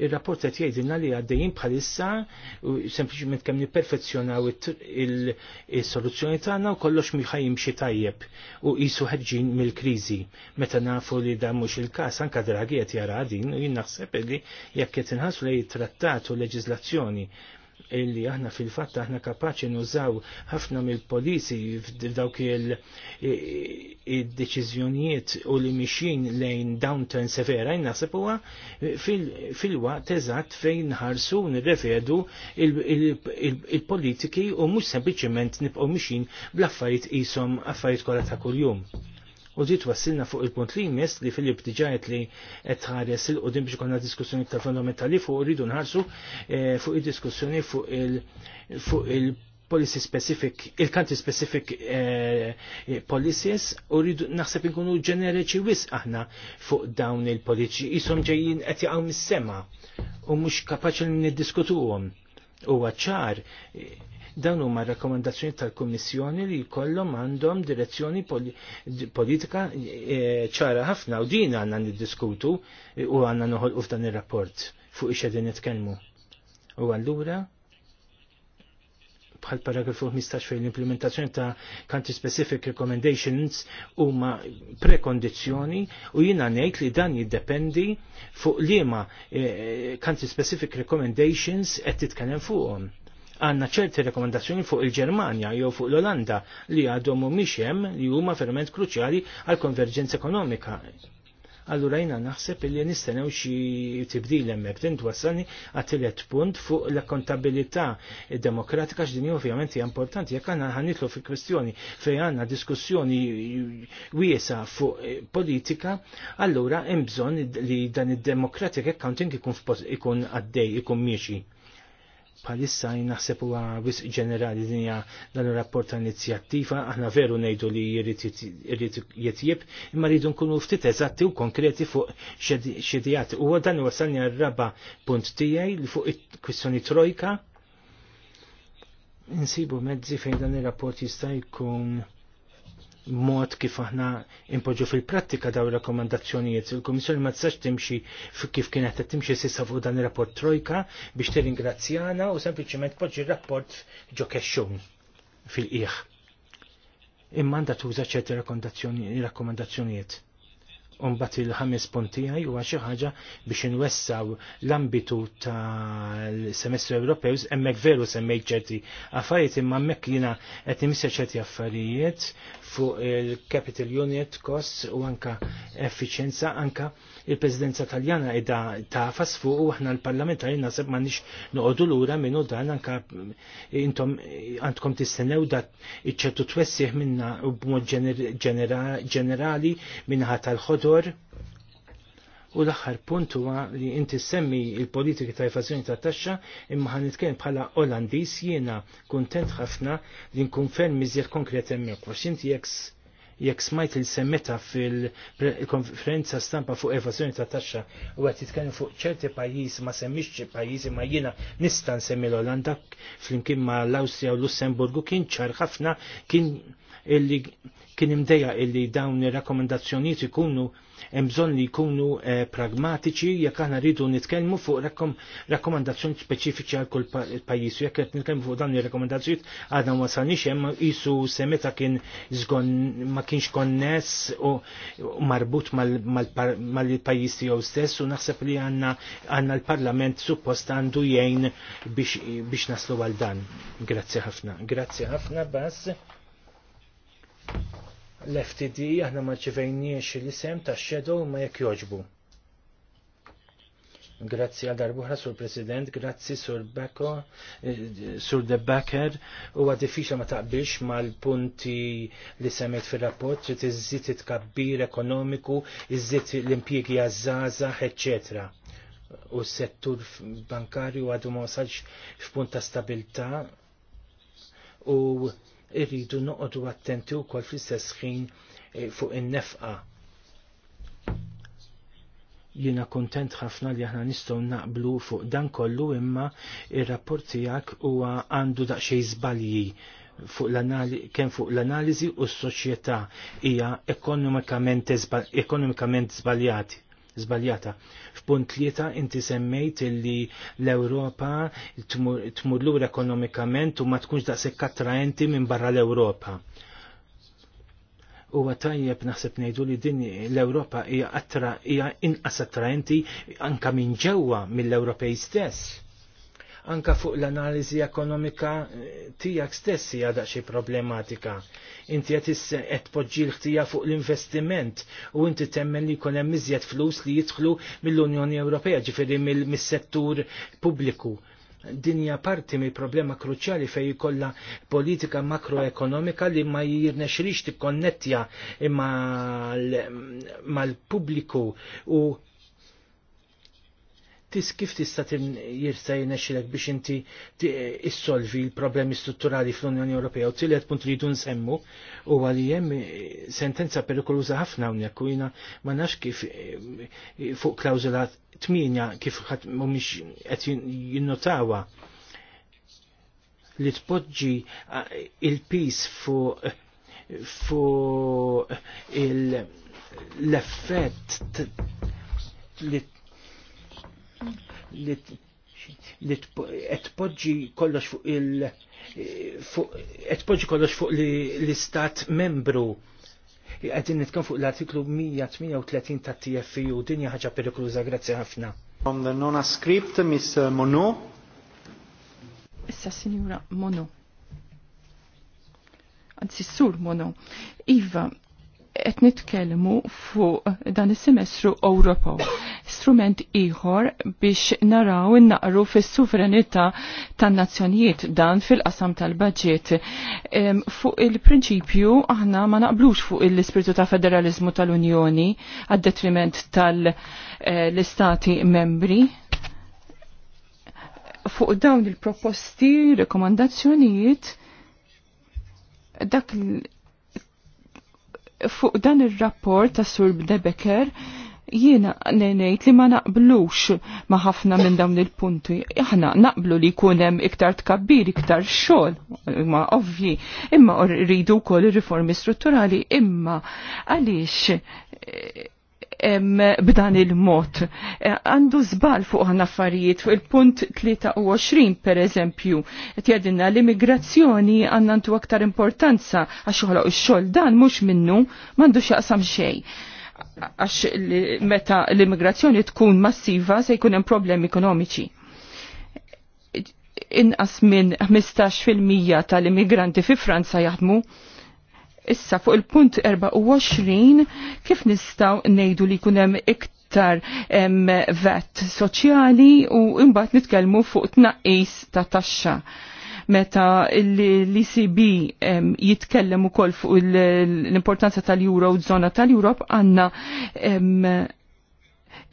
il-rapport qed jgħidilna li għaddejjin bħalissa u sempliċiment kemm nipperfezzjonaw is-soluzzjoni tagħna u kollox miħaj jimxi tajjeb u qisu ħerġin mill-kriżi. Meta nafu li dan mhux il-każ anke Draghi qed jara din u jien naħseb li jekk qed inħassu li trattat u leġiżlazzjoni illi aħna fil-fatt aħna kapaċi nużaw ħafna mill-polisi f'dawk il-deċiżjonijiet u li mixin lejn downturn severa jnaħseb huwa fil-waqt eżatt fejn nħarsu nirrevedu il-politiki u mhux sempliċement nibqgħu mixin bl-affarijiet qishom affarijiet kollha ta' kuljum. U ġiet wassilna fuq il-punt li jmiss li Filip diġajet li qed ħares il-qudiem biex konna diskussjoni iktar fundamentali fuq rridu nħarsu eh, fuq id-diskussjoni fuq il- policy specific, il-country specific eh, policies u rridu naħseb inkunu ġeneriċi wis aħna fuq dawn il-politiċi isom ġejjin qed jaqgħu mis-sema u mhux kapaċi li niddiskutuhom. Huwa ċar Dan huma rakkomandazzjoni tal-Kummissjoni li jkollhom għandhom direzzjoni politika e, ċara ħafna u din għandna niddiskutu e, u għandna noħolqu f'dan ir-rapport fuq ix-xedin nitkellmu. U allura bħal paragrafu 15 fejn l-implementazzjoni ta' country specific recommendations huma prekondizzjoni u jiena ngħid li dan jiddependi fuq liema e, country specific recommendations qed titkellem fuqhom għanna ċerti rekomendazzjoni fuq il-Germania jew fuq l-Olanda li għadhom mhumiex hemm li huma verament kruċjali għal konverġenza ekonomika. Allura jina naħseb li nistenew xi tibdil hemmhekk din twassalni għat-tielet punt fuq l-akkontabilità demokratika x'din ovvjament hija importanti jekk għandna ħanitlu fi kwestjoni fejn għandna diskussjoni wiesa fuq politika, allura hemm bżonn li dan id-democratic accounting ikun ikun għaddej, ikun miexi palissa naħseb huwa wisq ġenerali dinja dan ir-rapport ta' inizjattiva, aħna veru ngħidu li jrid jitjib, imma rridu nkunu ftit eżatti u konkreti fuq xedijati. U dan wasalni għar-raba punt tiegħi li fuq il-kwistjoni trojka. Insibu mezzi fejn dan ir-rapport jista' jkun mod kif aħna impoġġu fil-prattika daw rakkomandazzjonijiet. Il-Kummissjoni ma tistax timxi kif kienet qed timxi s'issa fuq dan ir-rapport Trojka biex tirringrazzjana u sempliċement poġġi r-rapport ġo kexxun fil-qiegħ. Imma għandha tuża ċerti rakkomandazzjonijiet unbat il-ħames punti għaj u xi ħaġa biex inwessaw l-ambitu tal-semestru Ewropew, emmek veru semmejt ċerti affarijiet imma emmek jina qed nimissa ċerti affarijiet fuq il-Capital Unit cost u anka effiċenza anka il-Presidenza Taljana edha tafas fuq u aħna l-parlamentari nasib ma nix noqogħdu lura minnu dan anka intom għandkom tistennew da iċċertu twessih minna u b'mod ġenerali minnaħa tal-ħodor U l-axħar punt huwa li inti semmi il-politika ta' evażjoni ta' taxxa imma ħan nitkellem bħala Olandiż jiena kuntent ħafna li nkun ferm miżjed konkret hemmhekk għax inti jekk jekk smajt il semmeta fil-konferenza stampa fuq evazjoni ta' taxxa u għat jitkellem fuq ċerti pajjiż ma semmix pajjiżi ma jiena nista' nsemmi l-Olanda flimkien ma l-Awstrija u Lussemburgu kien ċar ħafna kien illi kien imdejja illi dawn ir-rakkomandazzjonijiet ikunu hemm bżonn li jkunu eh, pragmatiċi jekk aħna rridu nitkellmu fuq rakkomandazzjoni speċifiċi għal kull pajjiż jekk qed nitkellmu fuq dan ir-rakkomandazzjonijiet għadha ma wasalniex hemm se semeta kien żgon ma kienx konness u marbut mal-pajjiż tiegħu stess u naħseb li għandna għandna l-Parlament suppost għandu jgħin biex naslu għal dan. Grazzi ħafna. Grazzi ħafna bass l-FTD aħna ma ċivejniex l-isem ta' shadow ma jekk joġbu. Grazzi għal darbuħra sur President, grazzi sur Beko, sur De Becker, u għadifiċa ma taqbilx mal-punti li semmet fil-rapport, trid iżżid it-kabbir ekonomiku, iżżid l-impjiegi għazzaza, etc. u s-settur bankarju għadu ma wasalx f'punt ta' stabilta u irridu noqodu attenti u kol fl-istess ħin eh, fuq in-nefqa. Jiena kontent ħafna li aħna nistgħu naqblu fuq dan kollu imma ir-rapport tiegħek huwa għandu daqsxejn żbalji kemm fuq l-analiżi u s-soċjetà hija ekonomikament zbaljati zbaljata. F'punt tlieta inti semmejt illi l-Ewropa tmur lura ekonomikament u ma tkunx daqshekk attraenti minn barra l-Ewropa huwa tajjeb naħseb ngħidu li din l-Ewropa hija attra hija inqas attraenti anka minn ġewwa mill-Ewropej stess anka fuq l-analiżi ekonomika eh, tiegħek stess hija xi problematika. Inti qed qed poġġil l-ħtija fuq l-investiment u inti temmen li jkun hemm iżjed flus li jidħlu mill-Unjoni Ewropea ġifieri mis-settur pubbliku dinja parti mill problema kruċjali fej jkollha politika makroekonomika li ma jirnexrix tikkonnettja mal-pubbliku u tis kif tista' jirsa jinexilek biex inti issolvi l-problemi strutturali fl-Unjoni Ewropea u tiliet punt li dun nsemmu u għali hemm eh, sentenza perikoluża ħafna hawnhekk u jiena ma nafx kif eh, fuq klawżula tminja kif mhumiex qed jinnotawa li tpoġġi eh, il-pis fuq fuq l-effett li li tpoġġi kollox fuq il tpoġġi kollox fuq l-istat membru. Għedin nitkan fuq l-artiklu 138 ta' TFI u dinja ħaġa perikluza, grazzi ħafna. From the nona script, Miss uh, Monu. Issa, Signora Monu. Anzi, Sur Monu. Iva, qed nitkellmu fuq dan is-semestru Ewropew. Strument ieħor biex naraw innaqru fis suverenità tan-nazzjonijiet dan fil-qasam tal-baġġiet. Fuq il-prinċipju aħna ma naqblux fuq l-ispirtu ta' federalizmu tal-Unjoni għad-detriment tal-istati eh, membri fuq dawn il-proposti, rekomandazzjonijiet, dak fuq dan il-rapport ta' Sur Debeker jiena nenejt li ma naqblux ma ħafna minn dawn il-punti. Aħna naqblu li kunem iktar tkabbir, iktar xol, imma ovvji, imma rridu kol riformi strutturali, imma għaliex b'dan il-mod. Eh, għandu zbal fuq għan affarijiet fuq il-punt 23 per eżempju. Tjedinna l-immigrazzjoni għanna għandu aktar importanza għax uħloq il-xol dan mux minnu mandu xaqsam xej għax meta l-immigrazzjoni tkun massiva se jkun hemm problemi ekonomiċi. Inqas minn 15% tal-immigranti fi Franza jaħdmu Issa fuq il-punt 24 kif nistaw nejdu li kunem iktar vet soċjali u imbat nitkelmu fuq tnaqqis ta' taxxa. Meta l-ECB jitkellem ukoll fuq l-importanza tal-Euro u zona tal-Europe għanna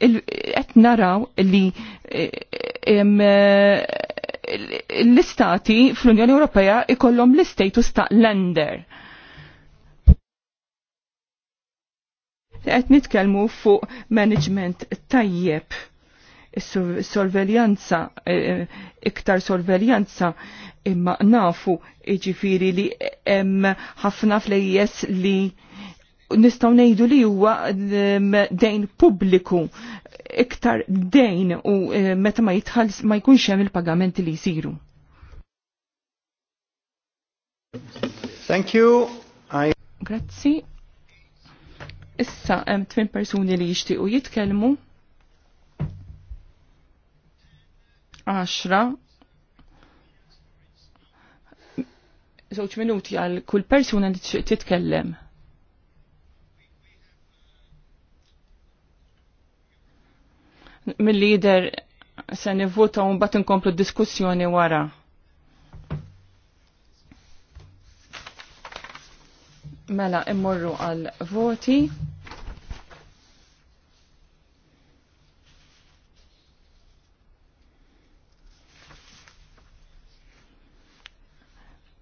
qed naraw li l-istati fl-Unjoni Ewropea ikollhom l-istatus ta' lender qed nitkellmu fuq management tajjeb sorveljanza, eh, iktar sorveljanza, imma nafu iġifiri li hemm ħafna flejjes li nistaw nejdu li huwa mm, dejn pubbliku iktar dejn u eh, meta ma jitħalls ma jkunx hemm il-pagamenti li jsiru. Thank you. I... Grazzi. Issa hemm tmien persuni li jixtiequ jitkellmu. Għaxra. Żewġ minuti għal kull persuna li titkellem. Mill-lider se nivvota un bat inkomplu diskussjoni wara. Mela immorru għal voti.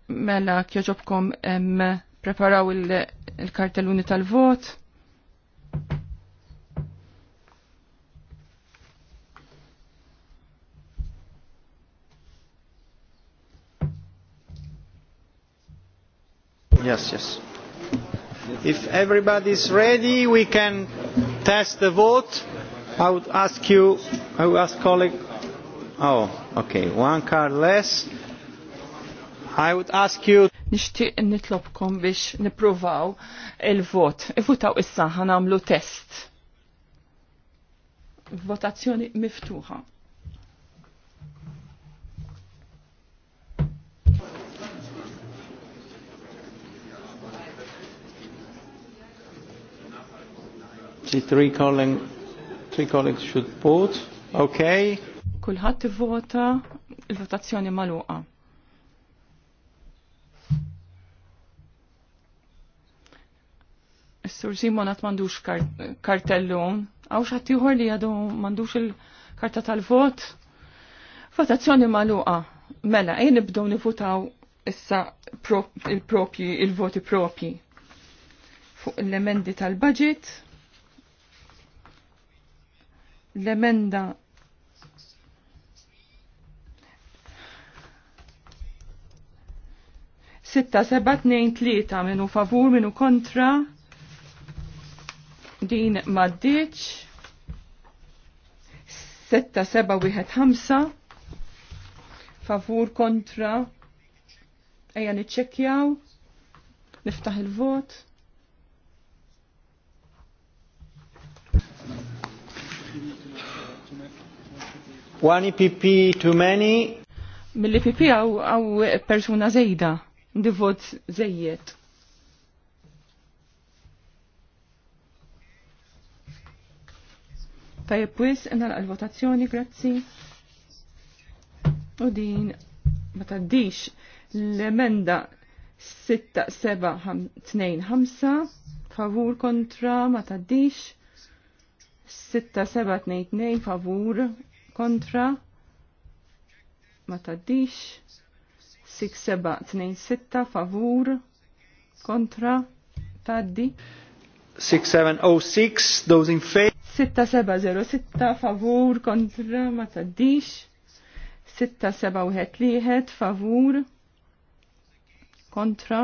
Mela kjoġobkom preparaw il-kartelluni il kartelluni tal vot Yes, yes. If everybody is ready, we can test the vote. I would ask you, I would ask colleague, oh, okay, one card less. I would ask you. Nishtiq nitlobkom biex nipruvaw il-vot. Ivutaw issa ħanamlu test. Votazzjoni miftuħa. see three, calling, three colleagues should vote. Okay. Kulħadd ivvota il-votazzjoni magħluqa. Is-sur Simon għat mandux kartellon. Għaw tiħor li għadu mandux il-karta tal-vot. Votazzjoni maluqa. Mela, jien nibdow nivutaw issa il-voti propji. Fuq l-emendi tal-budget l-emenda Sitta, seba, tnejn, tlieta, minu favur, minu kontra. Din maddiċ. Sitta, seba, wieħed, ħamsa. Favur, kontra. Ejja niċċekjaw. Niftaħ il-vot. One EPP too many. Mill-EPP għaw għaw persuna zejda, divot zejiet. Tajib wis, nalqa l-votazzjoni, grazzi. U din, ma taddix, l-emenda 6725 favur kontra ma taddix 6722 favur kontra ma taddix 6726 favur kontra taddi 6706 those in favor 6706 favur kontra ma taddix 6711 favur kontra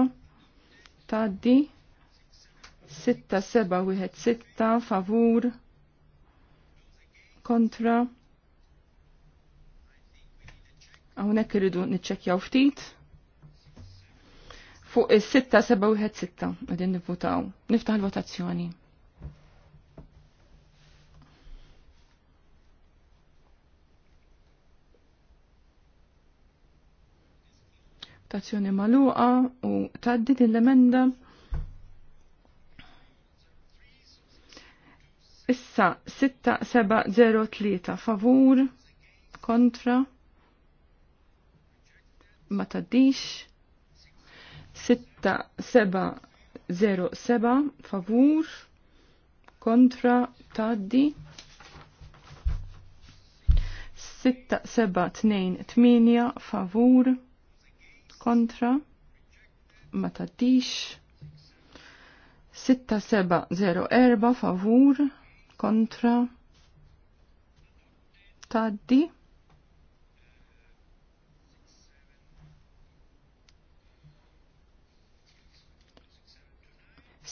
taddi 6716 favur kontra Hawnhekk irridu niċċekkjaw ftit. Fuq is-sitta seba' wieħed sitta qegħdin nivvutaw. Niftaħ l votazzjoni Votazzjoni magħluqa u tgħaddi din l-emenda. Issa 6703 favur kontra ma taddix 6707 favur kontra taddi 6728 favur kontra ma taddix 6704 favur kontra taddi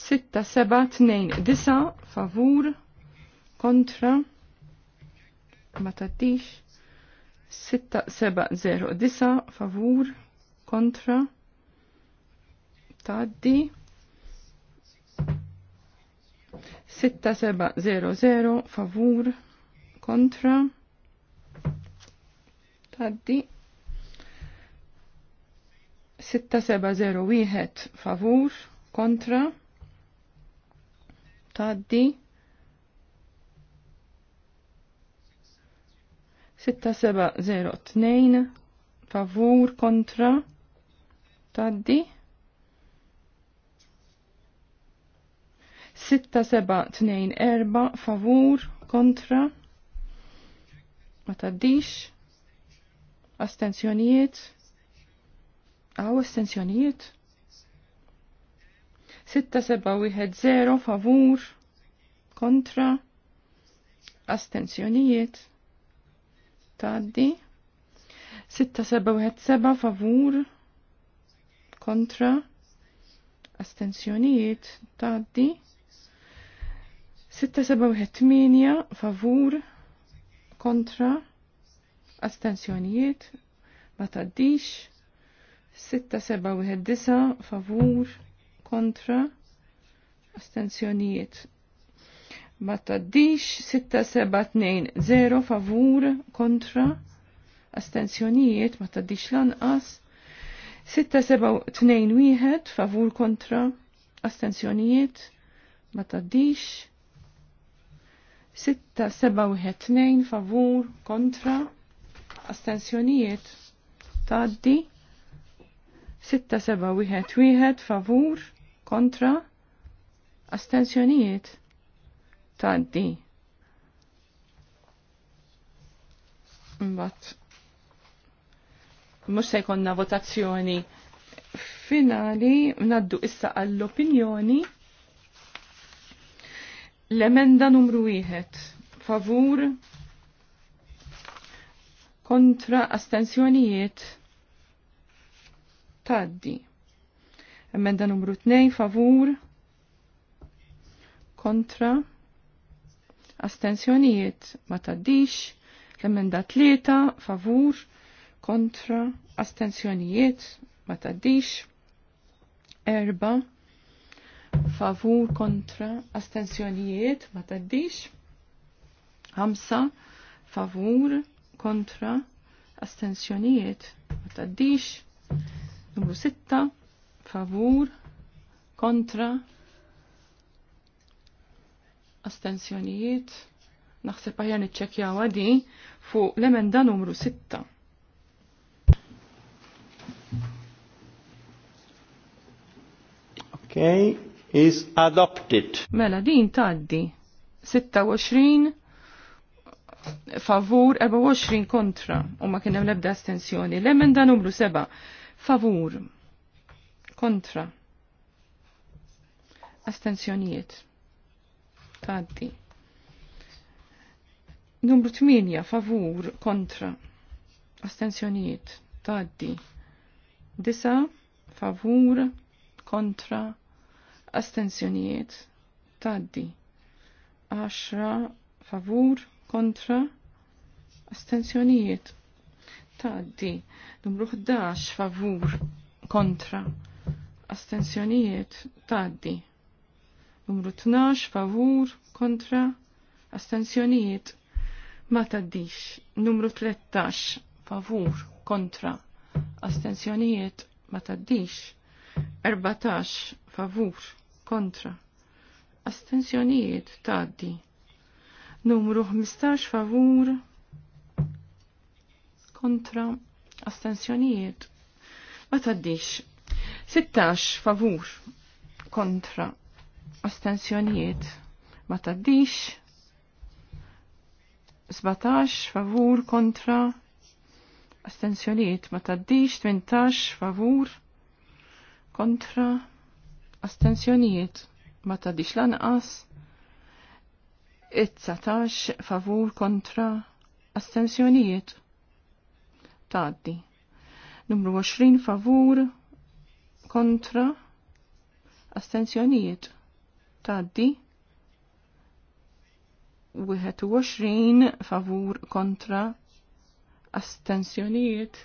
Sitta, seba, tnejn, disa, favur, kontra, ma taddix. Sitta, seba, zero, disa, favur, kontra, taddi. Sitta, seba, zero, zero, favur, kontra, taddi. Sitta wieħed, favur kontra taddi 6702 favur kontra taddi 6724 favur kontra ma taddix astenzjonijiet Aw astenzjonijiet 6-7-1-0 favur kontra astenzjonijiet taddi 6-7-1-7 favur kontra astenzjonijiet taddi 6-7-1-8 favur kontra astenzjonijiet ma taddix 6-7-1-9 favur kontra kontra astenzjonijiet. Ma taddix 6720 favur kontra astenzjonijiet ma taddix lanqas 6721 favur kontra astenzjonijiet ma taddix tnejn, favur kontra astenzjonijiet taddi 6711 favur kontra astensjonijiet taddi. Mbatt, mux se jkonna votazzjoni finali, naddu issa għall-opinjoni l-emenda numru wieħed. favur kontra astensjonijiet taddi. Emenda numru 2 favur kontra astensjonijiet ma taddix. L-emenda 3 favur kontra astensjonijiet ma taddix. Erba favur kontra astensjonijiet ma taddix. Hamsa favur kontra astensjonijiet ma taddix. Numru 6 favur, kontra, astensjonijiet, naħseb għajan iċċekja għadi fuq l-emenda numru 6. Okay, is adopted. Mela din taddi 26 favur 24 kontra u ma kienem lebda astensjoni. L-emenda numru 7 favur kontra astenzjonijiet taddi numru 8 favur kontra astenzjonijiet taddi disa favur kontra astenzjonijiet taddi 10 favur kontra astenzjonijiet taddi numru 11 favur kontra astensjonijiet taddi. Numru 12 favur kontra astensjonijiet ma taddix. Numru 13 favur kontra astensjonijiet ma taddix. 14 favur kontra astensjonijiet taddi. Numru 15 favur kontra astensjonijiet ma taddix 16 favur kontra astensjonijiet ma taddix 17 favur kontra astensjonijiet ma taddix 18 favur kontra astensjonijiet ma taddix lanqas 19 favur kontra astensjonijiet taddi numru 20 favur kontra astenzjonijiet taddi 21 favur kontra astenzjonijiet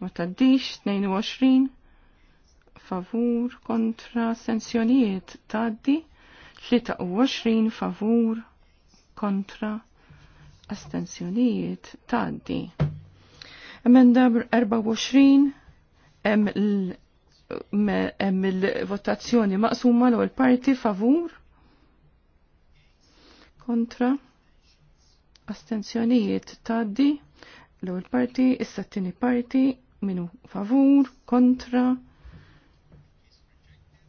ma taddix 22 favur kontra astenzjonijiet taddi 23 favur kontra astenzjonijiet taddi. Emenda 24 hemm hemm il-votazzjoni maqsuma l-ewwel parti favur kontra astenzjonijiet tgħaddi. l-ewwel parti issa t-tieni parti minu favur kontra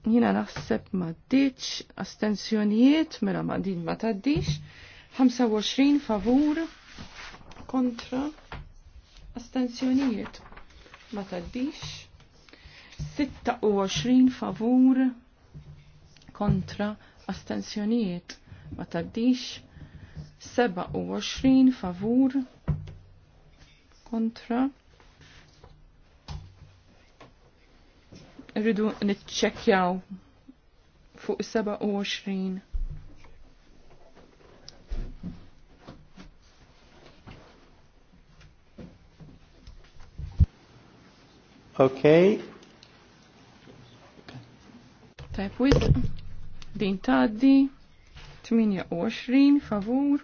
Jiena naħseb ma ddiċ astenzjonijiet mela ma din ma taddix 25 favur kontra astenzjonijiet ma taddix 26 favur kontra astensjonijiet ma taddix 27 favur kontra rridu nitċekjaw fuq 27 Okay, Tajp, wis, din taddi, 28 favur,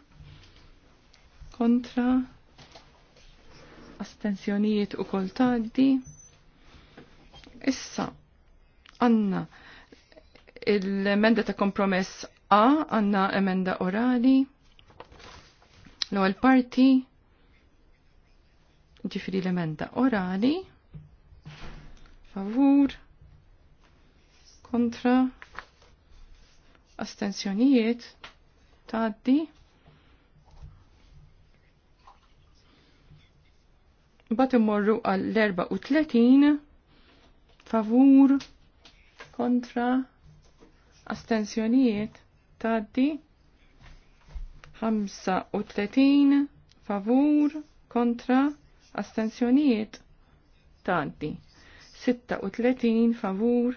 kontra, astensjonijiet u kol taddi. Issa, Anna. il emenda ta' kompromess A, Anna emenda orali, l-għal parti, ġifiri l-emenda orali, favur, kontra astensjonijiet taddi bat immorru għal l-34 favur kontra astensjonijiet taddi 35 favur kontra astensjonijiet taddi 36 favur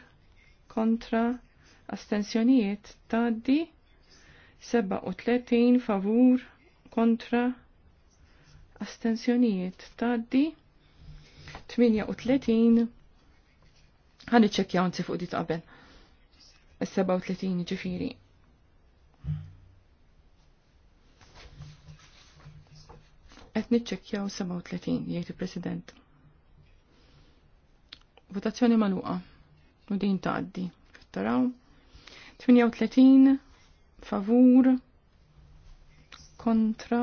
kontra astensjonijiet taddi 37 favur kontra astensjonijiet taddi 38 ħan iċċekjaw nsi fuq di qabel. Is-37 ġifiri. Qed niċċekkjaw 37 jgħid il-President. Votazzjoni magħluqa u din tgħaddi. Taraw. 38 favur kontra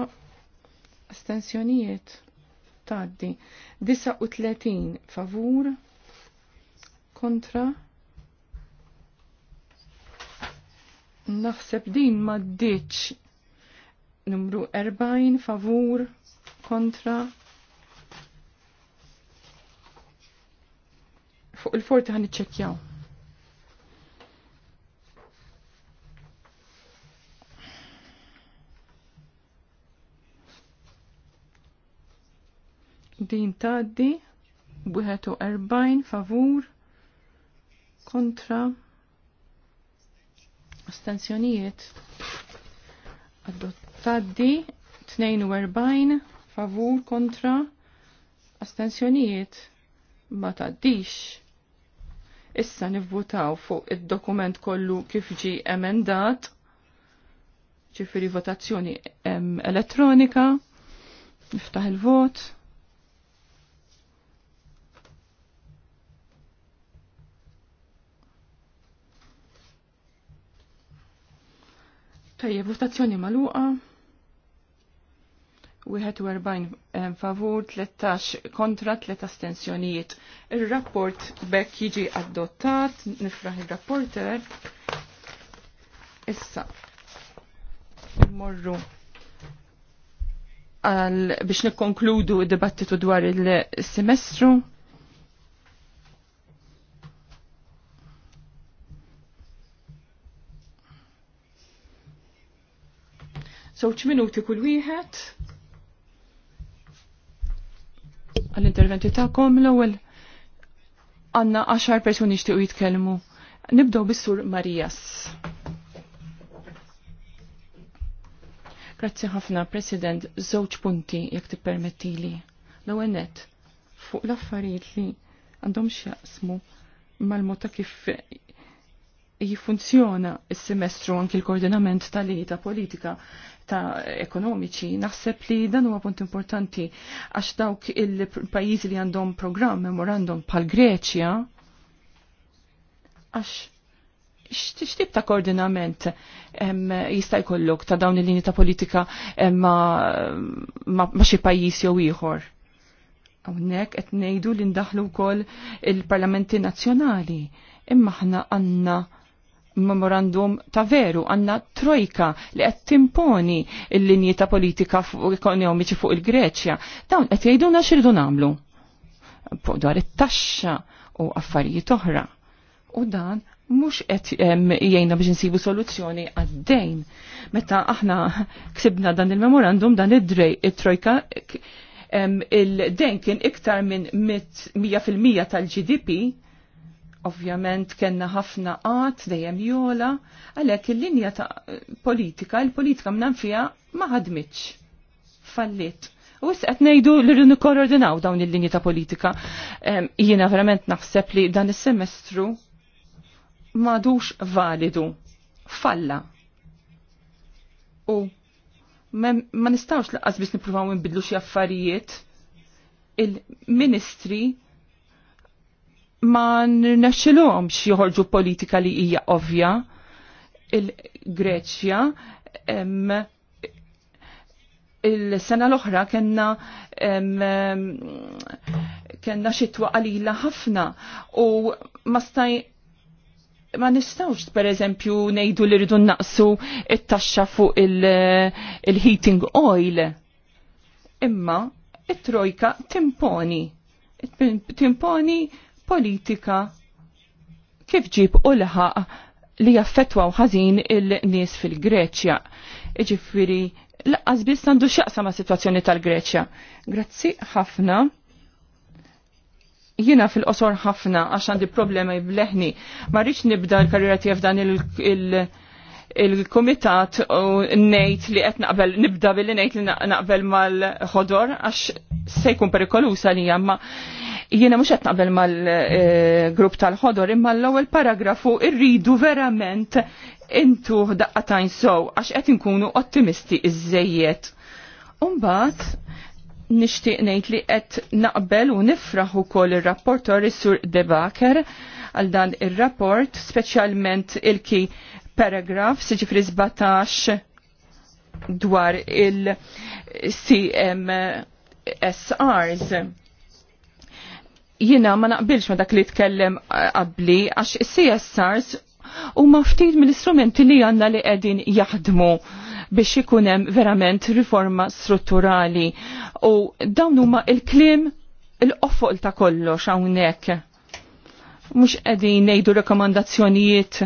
astensjonijiet tgħaddi. 39 favur kontra naħseb din ma ddiċ numru 40 favur kontra Fuq il-forti għan iċċekjaw. Din taddi, erbajn, favur, kontra, astensjonijiet, u 42 favur, kontra, astensjonijiet, ma taddix. Issa nivvutaw fuq id-dokument kollu kif ġi emendat, ċifiri votazzjoni elettronika, niftaħ il-vot. Tajje, votazzjoni maluqa. 41 eh, favur, 13 kontra, 3 astensjonijiet. Il-rapport bekk jiġi adottat, nifraħ il-rapporter. Issa, morru biex nikkonkludu dibattitu dwar il-semestru. 8 minuti kull wieħed għall-interventi ta'kom l-ewwel għandna 10 persuni jixtiequ jitkellmu. Nibdew bis-sur Marijas. Grazzi ħafna, President, żewġ punti jekk tippermettili. L-ewwel net fuq l-affarijiet li għandhom x'jaqsmu mal-mod ta' kif jifunzjona il-semestru anki l-koordinament tal-lieta politika ta' ekonomiċi, naħseb li dan huwa punt importanti għax dawk il-pajjiżi li għandhom programm memorandum pal Greċja għax x'tib ta' koordinament jista' jkollok ta' dawn il-linji ta' politika ma', xi pajjiż jew ieħor. Hawnhekk qed ngħidu li ndaħlu wkoll il-parlamenti nazzjonali imma ħna għandna memorandum ta' veru għanna trojka li qed timponi l-linji ta' politika ekonomiċi fuq il-Greċja. Dawn qed jajduna x'irdu nagħmlu. Dwar it-taxxa u affarijiet oħra. U dan mhux qed jgħinna biex insibu soluzzjoni għad-dejn. Meta aħna ksibna dan il-memorandum dan id-drej trojka il-dejn kien iktar minn 100% tal-GDP Ovvjament kenna ħafna qat dejjem jola, għalhekk il-linja ta' politika, il-politika mnan fija ma ħadmitx. Fallit. U qed ngħidu li rridu nikkoordinaw dawn il-linji ta' politika. Jiena verament naħseb li dan is-semestru madux validu. Falla. U ma nistgħux laqqas biex nippruvaw inbidlu xi affarijiet il-ministri ma nirnexxilhomx joħorġu politika li hija ovvja. Il-Greċja il-sena l-oħra kena kena xitwa qalila ħafna u ma staj ma nistawx per eżempju nejdu li rridu naqsu it-taxxa fuq il-heating il oil. Imma it-trojka timponi. Timponi politika kif ġib u laħaq li jaffetwa ħażin il-nies fil-Greċja. Iġifiri, laqqas biss għandu xaqsa ma' situazzjoni tal-Greċja. Grazzi ħafna. Jina fil-qosor ħafna għax għandi problema jibleħni. Ma rridx nibda l-karriera tiegħi f'dan il-komitat u nejt li qed naqbel nibda billi nejt li naqbel mal-ħodor għax se jkun perikolusa li jamma Jiena mhux qed naqbel mal-grupp tal-ħodor imma l-ewwel paragrafu rridu verament intu daqqatajn sow għax qed inkunu ottimisti iż-żejjed. Umbagħad nixtieq ngħid li qed naqbel u nifraħ ukoll ir-rapportor is-sur Debaker għal dan ir-rapport, speċjalment il-ki paragraf, siġifri 17 dwar il-CMSRs jina ma naqbilx ma dak li tkellem qabli għax CSRs u ftit mill-istrumenti li għanna li qegħdin jaħdmu biex ikun hemm verament riforma strutturali u dawn huma il-kliem il-qofol ta' kollox hawnhekk. Mhux qegħdin ngħidu rekomandazzjonijiet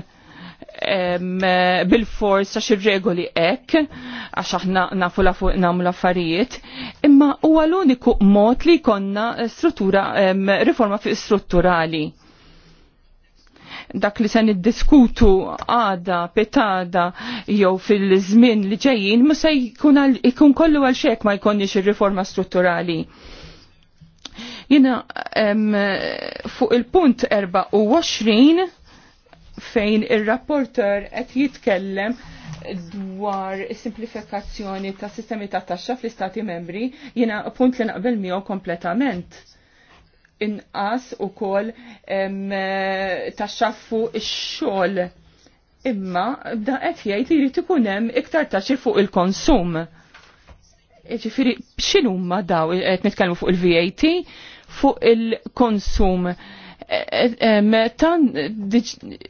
bil-fors għax ir-regoli hekk għax aħna nafu la fuq nagħmlu affarijiet, imma huwa l-uniku mod li jkollna struttura riforma strutturali. Dak li se niddiskutu għada, petada, jew fil-żmien li ġejjin, ma se jkun kollu għal xek ma jkonniex ir-riforma strutturali jina fuq il-punt 24 fejn il-rapporter qed jitkellem dwar simplifikazzjoni ta' sistemi ta' taxxa fl-istati membri jiena punt li naqbel miegħu kompletament inqas ukoll taxxa fuq ix-xogħol imma da qed jgħid irid ikun hemm iktar taxxi fuq il-konsum. Ġifieri x'inhuma daw qed nitkellmu fuq il-VAT fuq il-konsum. E, e,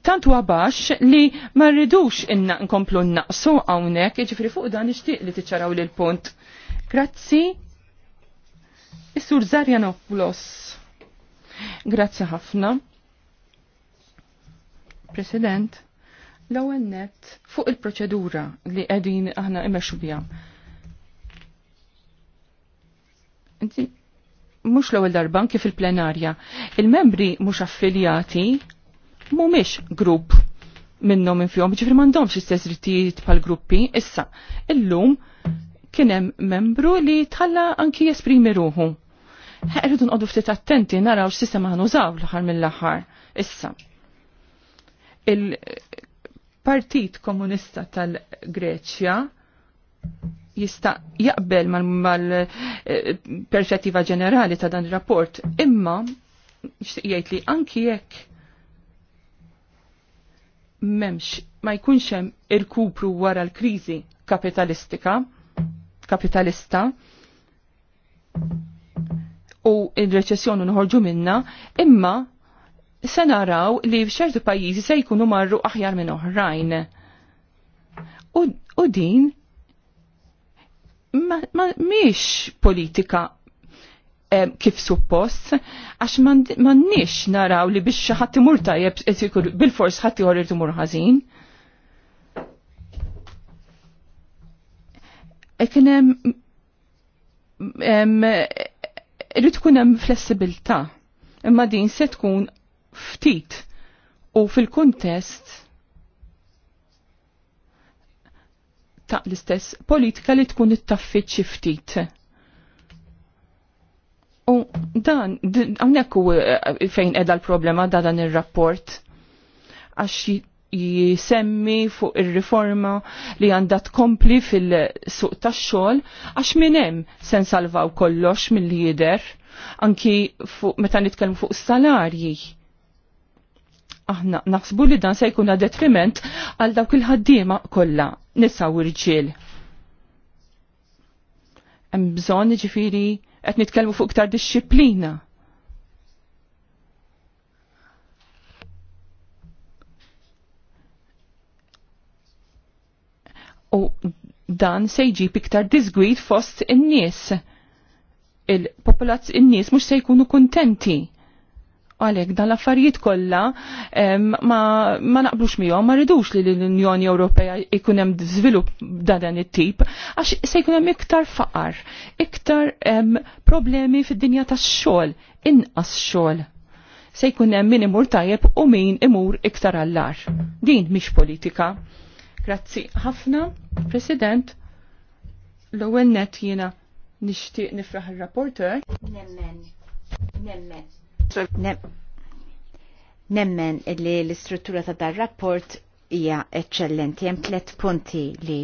tant huwa baxx li ma rridux inna nkomplu naqsu hawnhekk, ġifri fuq dan nixtieq li tiċċaraw l punt. Grazzi. is Zarjanopoulos. Grazzi ħafna. President, l-ewwel net fuq il-proċedura li qegħdin aħna imexxu biha. Inti mhux l-ewwel darban kif il-plenarja. Il-membri mhux affiljati mhumiex grupp minnhom minn fihom, ġifri m'għandhomx istess rittijiet pal gruppi. Issa, illum kien hemm membru li tħalla anki jesprimi ruħu. Ħerridu għadu ftit attenti naraw x'sistema ħanużaw l-aħħar mill-aħħar. Issa, il-Partit Komunista tal-Greċja jista jaqbel mal-perspettiva eh, ġenerali ta' dan il-rapport, imma jgħid li anki jekk memx ma jkunx hemm irkupru wara l-kriżi kapitalistika kapitalista u il-reċessjoni nħorġu minna, imma se naraw li f'ċertu pajjiżi se jkunu marru aħjar minn oħrajn. U, u din ma, ma miex politika Eh, kif suppost, għax mannix naraw li biex ħatti timur tajjeb, bil-fors ħat jħor timur ħazin. Ekenem, rrit kunem flessibilta, imma din se tkun ftit u fil-kontest ta' l-istess politika li tkun it taffiċi ftit U dan, għonek u eh, fejn edha l-problema da dan il-rapport, għax jisemmi fuq il-riforma li għandha tkompli fil-suq tax-xogħol għax minn hemm se nsalvaw kollox mill jidher anki fuq meta nitkellmu fuq salarji. Aħna naħsbu li dan se jkun detriment għal dawk il-ħaddiema kollha nisa u rġiel. Hemm bżonn ġifieri qed nitkellmu fuq iktar disċiplina. U dan se jġib iktar disgwid fost in-nies. Il-popolazz in-nies mhux se jkunu kuntenti Għalek, dan l-affarijiet kollha ma, ma naqblux miegħu, ma ridux li l-Unjoni Ewropea jkun hemm żvilupp dan it-tip, għax se jkun hemm iktar faqar, iktar problemi fid-dinja tax-xogħol, inqas xogħol se jkun hemm min imur tajjeb u min imur iktar allar. Din mhix politika. Grazzi ħafna, President. L-ewwel net jiena nixtieq nifraħ ir-rapporter. Nemmen. Nemmen. Nemmen li l-istruttura ta' dar rapport hija eċċellenti. Hemm tliet punti li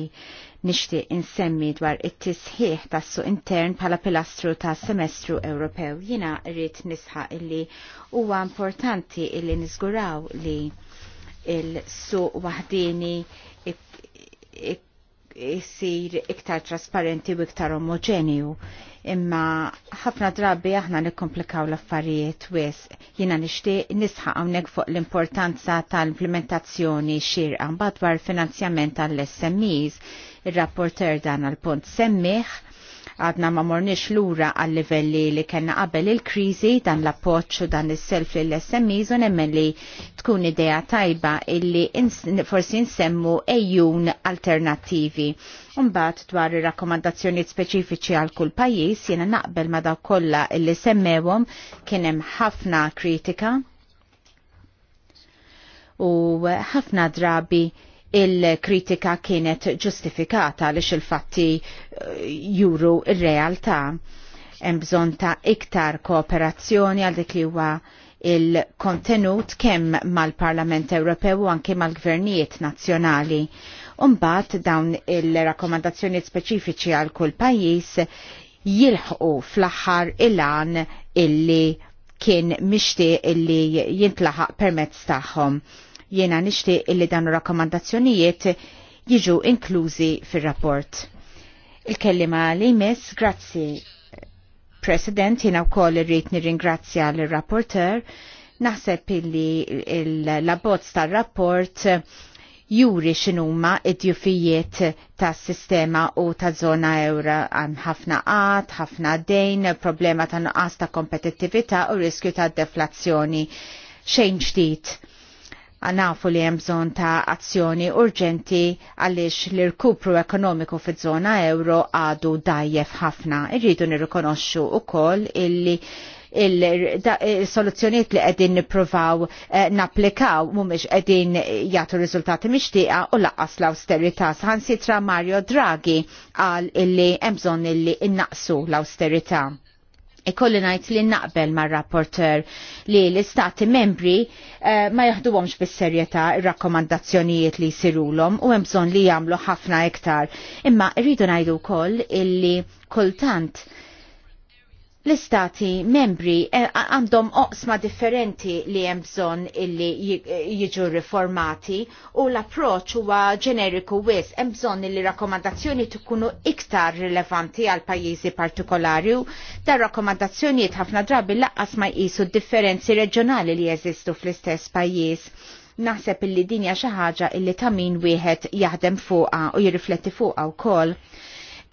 nixtieq insemmi dwar it-tisħiħ tas-suq intern bħala pilastru ta' semestru Ewropew. Jiena rrid nisħaq illi huwa importanti illi niżguraw li il-suq waħdini jisir iktar trasparenti u iktar omogenju. Imma ħafna drabi aħna nikkomplikaw l-affarijiet wis jina nixtieq nisħaq hawnhekk fuq l-importanza tal-implementazzjoni xirqa mbagħad dwar finanzjament tal-SMEs. Ir-rapporter dan għal-punt semmiħ Għadna ma morniex lura għal livelli li kena qabel il-krizi dan l appoċu dan il-self li l-SMEs un emmen li tkun idea tajba illi forsi nsemmu ejjun alternativi. Umbat dwar rakkomandazzjoni speċifiċi għal kull pajjiż jiena naqbel ma daw kollha illi semmewhom kien hemm ħafna kritika u ħafna drabi il-kritika kienet ġustifikata li il-fatti eh, juru il-realtà. Hemm bżonn ta' iktar kooperazzjoni għal dik li huwa il-kontenut kemm mal-Parlament Ewropew u anke mal-gvernijiet nazzjonali. Umbat dawn il-rakkomandazzjoni speċifiċi għal kull pajjiż jilħqu fl-aħħar il-għan illi kien mixtieq illi jintlaħaq permezz tagħhom Jena nishtiq illi dan rakkomandazzjonijiet jiġu inklużi fil-rapport. Il-kellima li mis, grazzi President, jena u koll irrit nirringrazzja l-rapporter. Naħseb illi l-abbozz tal-rapport juri xinuma id-djufijiet ta' sistema u ta' zona ewra għan ħafna għat, ħafna dejn, problema ta' nuqqas ta' kompetittivita u riskju ta' deflazzjoni. Xejn ġdid Għanafu li jemżon ta' azzjoni urġenti għalix l-irkupru ekonomiku fi zona euro għadu dajjef ħafna. Irridu nirrikonoxxu u koll illi il-soluzzjoniet li qegħdin nippruvaw eh, napplikaw mhumiex qegħdin jagħtu riżultati mixtieqa u laqqas l-awsterità. Saħansitra Mario Draghi qal illi hemm bżonn illi innaqsu l-awsterità Ikolli najt li naqbel ma' rapporter li l-istati membri eh, ma jaħduwomx bis-serjetà ir-rakkomandazzjonijiet li jsirulhom u hemm bżonn li jagħmlu ħafna iktar. Imma rridu ngħidu wkoll illi kultant l-istati membri eh, għandhom oqsma differenti li hemm bżonn illi eh, jiġu riformati u l-approċ huwa ġeneriku wis hemm bżonn li rakkomandazzjoni tkunu iktar rilevanti għal pajjiżi partikolari u dar rakkomandazzjonijiet ħafna drabi laqqas ma jqisu differenzi reġjonali li jeżistu fl-istess pajjiż. Naħseb illi dinja xi ħaġa illi ta' min wieħed jaħdem fuqha u jirrifletti fuqha wkoll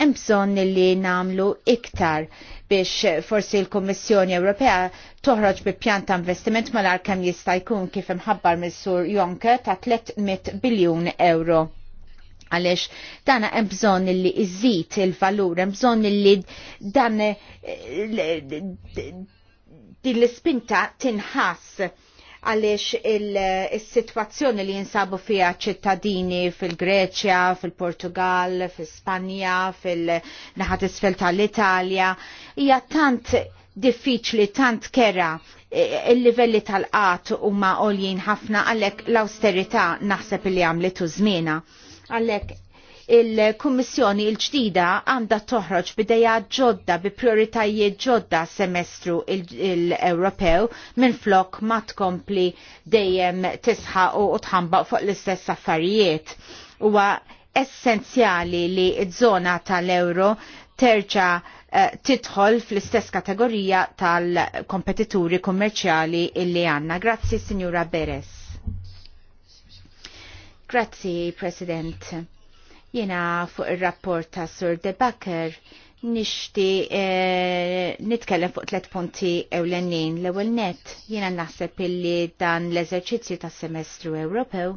hemm bżonn li nagħmlu iktar biex forsi l-Kommissjoni Ewropea toħroġ bi pjan ta' investiment malar ar jista' jkun kif imħabbar mis-sur Jonke ta' 300 biljun euro. Għalix dana hemm bżonn li iżid il-valur, hemm bżonn li dan eh, din l-ispinta tinħass għaliex il-situazzjoni il li jinsabu fija ċittadini fil-Greċja, fil-Portugal, fil-Spanja, fil-naħat isfel tal-Italja, hija tant diffiċli tant kera e, il-livelli tal-qat huma għoljin ħafna għalhekk l austerita naħseb li għamlitu żmiena. Għalhekk il-Kummissjoni il-ġdida għandha toħroġ bidejja ġodda bi prioritajiet ġodda semestru il-Ewropew minn flok ma tkompli dejjem tisħa u tħamba fuq l-istess affarijiet. Huwa essenzjali li ż-żona tal-euro terġa eh, titħol fl-istess kategorija tal-kompetituri kummerċjali illi għanna. Grazzi, Signora Beres. Grazzi, President Jena fuq il-rapport ta' Sur De Bakker nishti eh, nitkellem fuq tlet punti ewlenin l ewwel net jiena naħseb illi dan l-eżerċizzju tas semestru Ewropew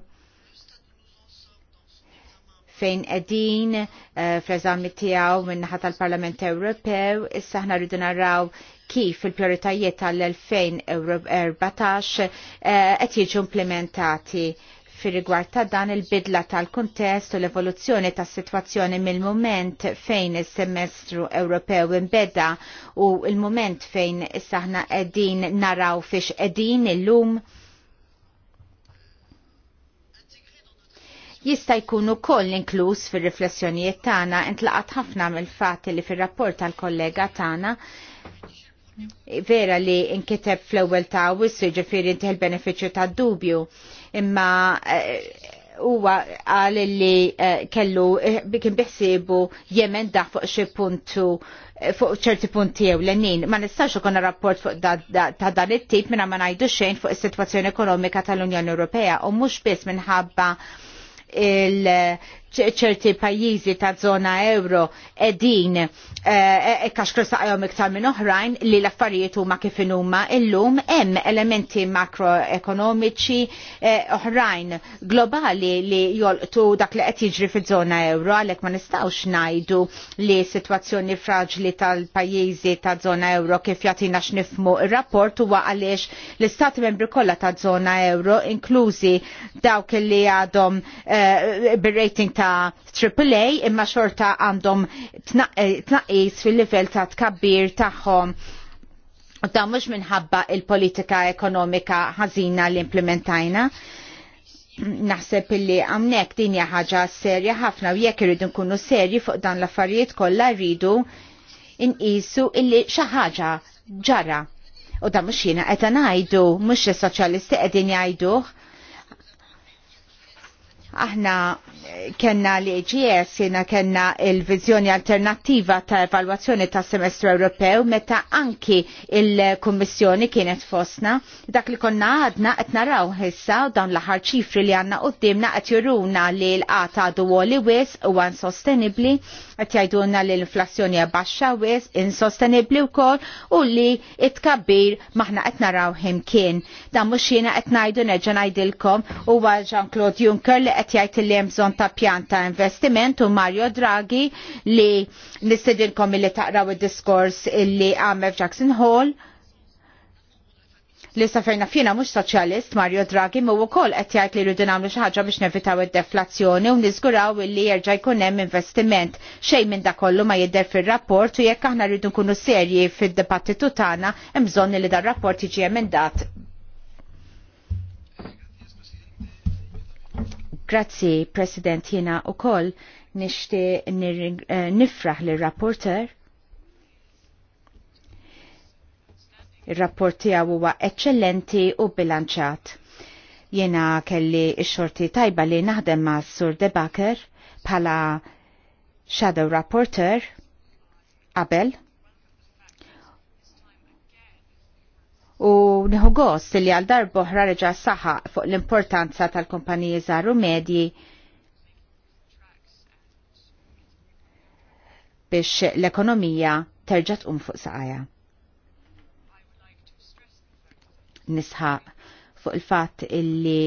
fejn edin eh, fl-eżami tiegħu tal-Parlament Ewropew issa aħna rridu naraw kif il-prioritajiet tal-2014 eh, qed jiġu implementati fir rigward ta' dan il-bidla tal-kontest u l-evoluzzjoni tas situazzjoni mill-moment fejn is-semestru Ewropew imbeda u il-moment fejn saħna qegħdin naraw fiex qegħdin illum jista' jkun ukoll inkluż fir-riflessjonijiet tagħna intlaqat ħafna mill-fatt li fir-rapport tal-kollega tagħna vera li inkiteb fl-ewwel ta' wissu ġifieri inti l-benefiċċju tad-dubju imma eh, huwa għal li eh, kellu eh, kien biħsibu jemen da fuq xi puntu fuq ċerti punti jew l-nin. Ma nistax ikun rapport fuq ta' dan it-tip minna ma ngħidu xejn fuq is-sitwazzjoni ekonomika tal-Unjoni Ewropea u mhux biss minħabba il ċerti pajjiżi ta' zona euro edin ekkax eh, e krosaqjom iktar minn oħrajn li l-affarijiet huma kif huma illum hemm elementi makroekonomiċi eh, oħrajn globali li jolqtu dak li qed jiġri fiż-żona euro għalhekk ma nistgħux ngħidu li sitwazzjoni fraġli tal-pajjiżi ta' zona euro kif jagħtina x'nifmu r rapport huwa għaliex l-istati membri kollha ta' zona euro inklużi dawk li għadhom eh, bir-rating ta' AAA imma xorta għandhom eh, tnaqis fil-livell ta' tkabbir tagħhom. U ta' mhux minħabba il-politika ekonomika ħażina li implementajna. Naħseb illi għamnek din hija ħaġa serja ħafna u jekk irridu nkunu serji fuq dan l-affarijiet kollha rridu inqisu illi xi ħaġa ġara. U da mux qed ngħidu, mhux is soċjalisti qegħdin jgħiduh. Aħna kena l-EGS, jena kena il-vizjoni alternativa ta' evalwazzjoni ta' semestru Ewropew, meta anki il-Kommissjoni kienet fosna. Dak li konna għadna qed naraw hissa u dawn l-aħħar ċifri li għandna qudiemna qed juruna li l-qata duwoli wis u għan sostenibli, qed jgħidulna li l-inflazzjoni hija baxxa wis, insostenibli wkoll u li it-kabbir maħna qed naraw ħimkien. Dan mhux jiena qed ngħidu neġa' ngħidilkom huwa Jean-Claude Juncker li qed qed jgħid li hemm bżonn ta' pjanta investiment u Mario Draghi li nistedilkom li taqraw id-diskors illi għamel Jackson Hall li saferna fina mux soċjalist Mario Draghi mu wkoll qed jgħid li rridu nagħmlu xi ħaġa biex nevitaw id-deflazzjoni u niżguraw li jerġa' jkun hemm investiment. Xejn minn dak kollu ma jidher fir-rapport u jekk aħna rridu nkunu serji fid-dibattitu tagħna hemm bżonn li dan rapport jiġi emendat Grazzi, President, jena u koll nishti eh, nifraħ li rapporter. Il-rapport tijaw huwa eccellenti u bilanċat. Jena kelli xorti tajba li naħdem ma' Sur Debaker bħala Shadow Rapporter Abel, u nħu gost li għal darboħra reġa saħa fuq l-importanza tal-kumpaniji żaru medji biex l-ekonomija terġa tqum fuq saqajja. Nisħaq fuq il-fatt illi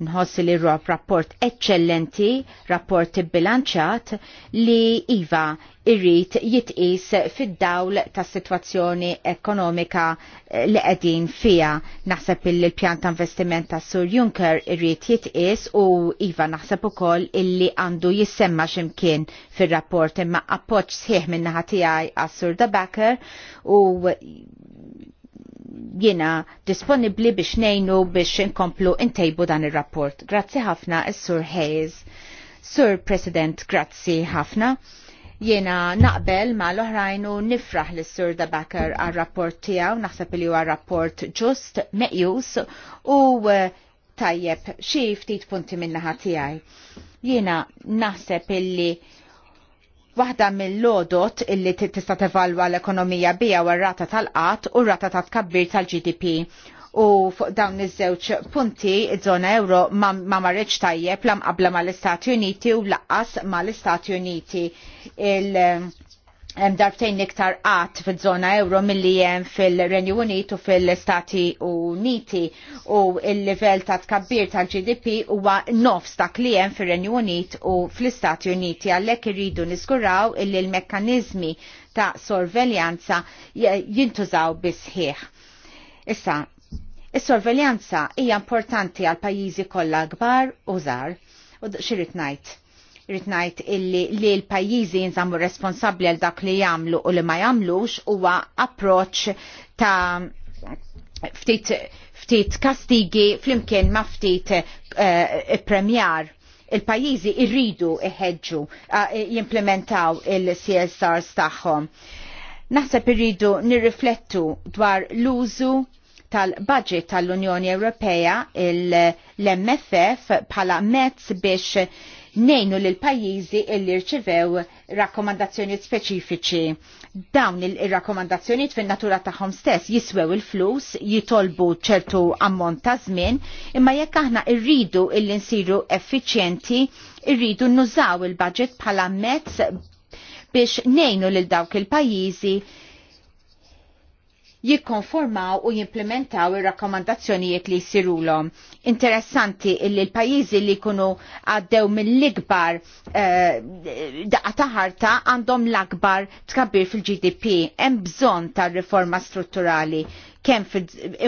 nħossi li rob rapport eccellenti, rapport bilanċat li Iva irrit jitqis fid-dawl ta' situazzjoni ekonomika eh, li qegħdin fija. Naħseb il pjan ta' investiment ta' Sur Juncker irrit jitqis u Iva naħseb ukoll illi għandu jissemma ximkien fir-rapport imma appoġġ sħiħ minn naħa tiegħi għas Sur Dabaker u jiena disponibli biex nejnu biex inkomplu intejbu dan il-rapport. Grazzi ħafna, Sur Hayes. Sur President, grazzi ħafna. Jiena naqbel ma l-oħrajn u nifraħ li sur Dabakar għal rapport tijaw, naħseb li huwa rapport ġust, meqjus u uh, tajjeb xie ftit punti minna ħatijaj. Jiena naħseb illi Waħda mill-lodot illi tista' tevalwa l-ekonomija bija u rata tal-qat u rata ta' tkabbir tal-GDP. U fuq dawn iż-żewġ punti iż-żona euro ma, ma marreċ tajjeb lam qabla mal-Istati Uniti u laqqas mal-Istati Uniti. Il- hemm darbtejn iktar qatt fiż-żona euro milli hemm fil-Renju Unit u fil-Stati Uniti u l-livell ta' tkabbir tal-GDP huwa nofs dak li hemm fir-Renju Unit u fl-Istati Uniti għalhekk irridu niżguraw illi l-mekkaniżmi ta' sorveljanza jintużaw bisħieħ. Issa, is-sorveljanza hija importanti għal pajjiżi kollha kbar u żgħar u xirrit ngħid ngħid illi li l-pajjiżi jinżammu responsabbli għal dak li jagħmlu u li ma jagħmlux huwa approċċ ta' ftit ftit kastigi flimkien ma ftit eh, premjar il-pajjiżi irridu uh, jimplementaw il-CSRs tagħhom. Naħseb irridu nirriflettu dwar l-użu tal-budget tal-Unjoni Ewropea l-MFF bħala mezz biex nejnu lil pajjiżi illi rċivew rakkomandazzjonijiet speċifiċi. Dawn il-rakkomandazzjonijiet fin-natura tagħhom stess jiswew il-flus, jitolbu ċertu ammont ta' żmien, imma jekk aħna rridu illi nsiru effiċjenti, irridu nużaw il-budget bħala mezz biex nejnu lil dawk il-pajjiżi jikkonformaw u jimplementaw ir-rakkomandazzjonijiet li jsirulhom. Interessanti illi l-pajjiżi li jkunu għaddew mill-ikbar eh, daqqa ta' ħarta għandhom l-akbar tkabbir fil-GDP. Hemm bżonn ta' riforma strutturali kemm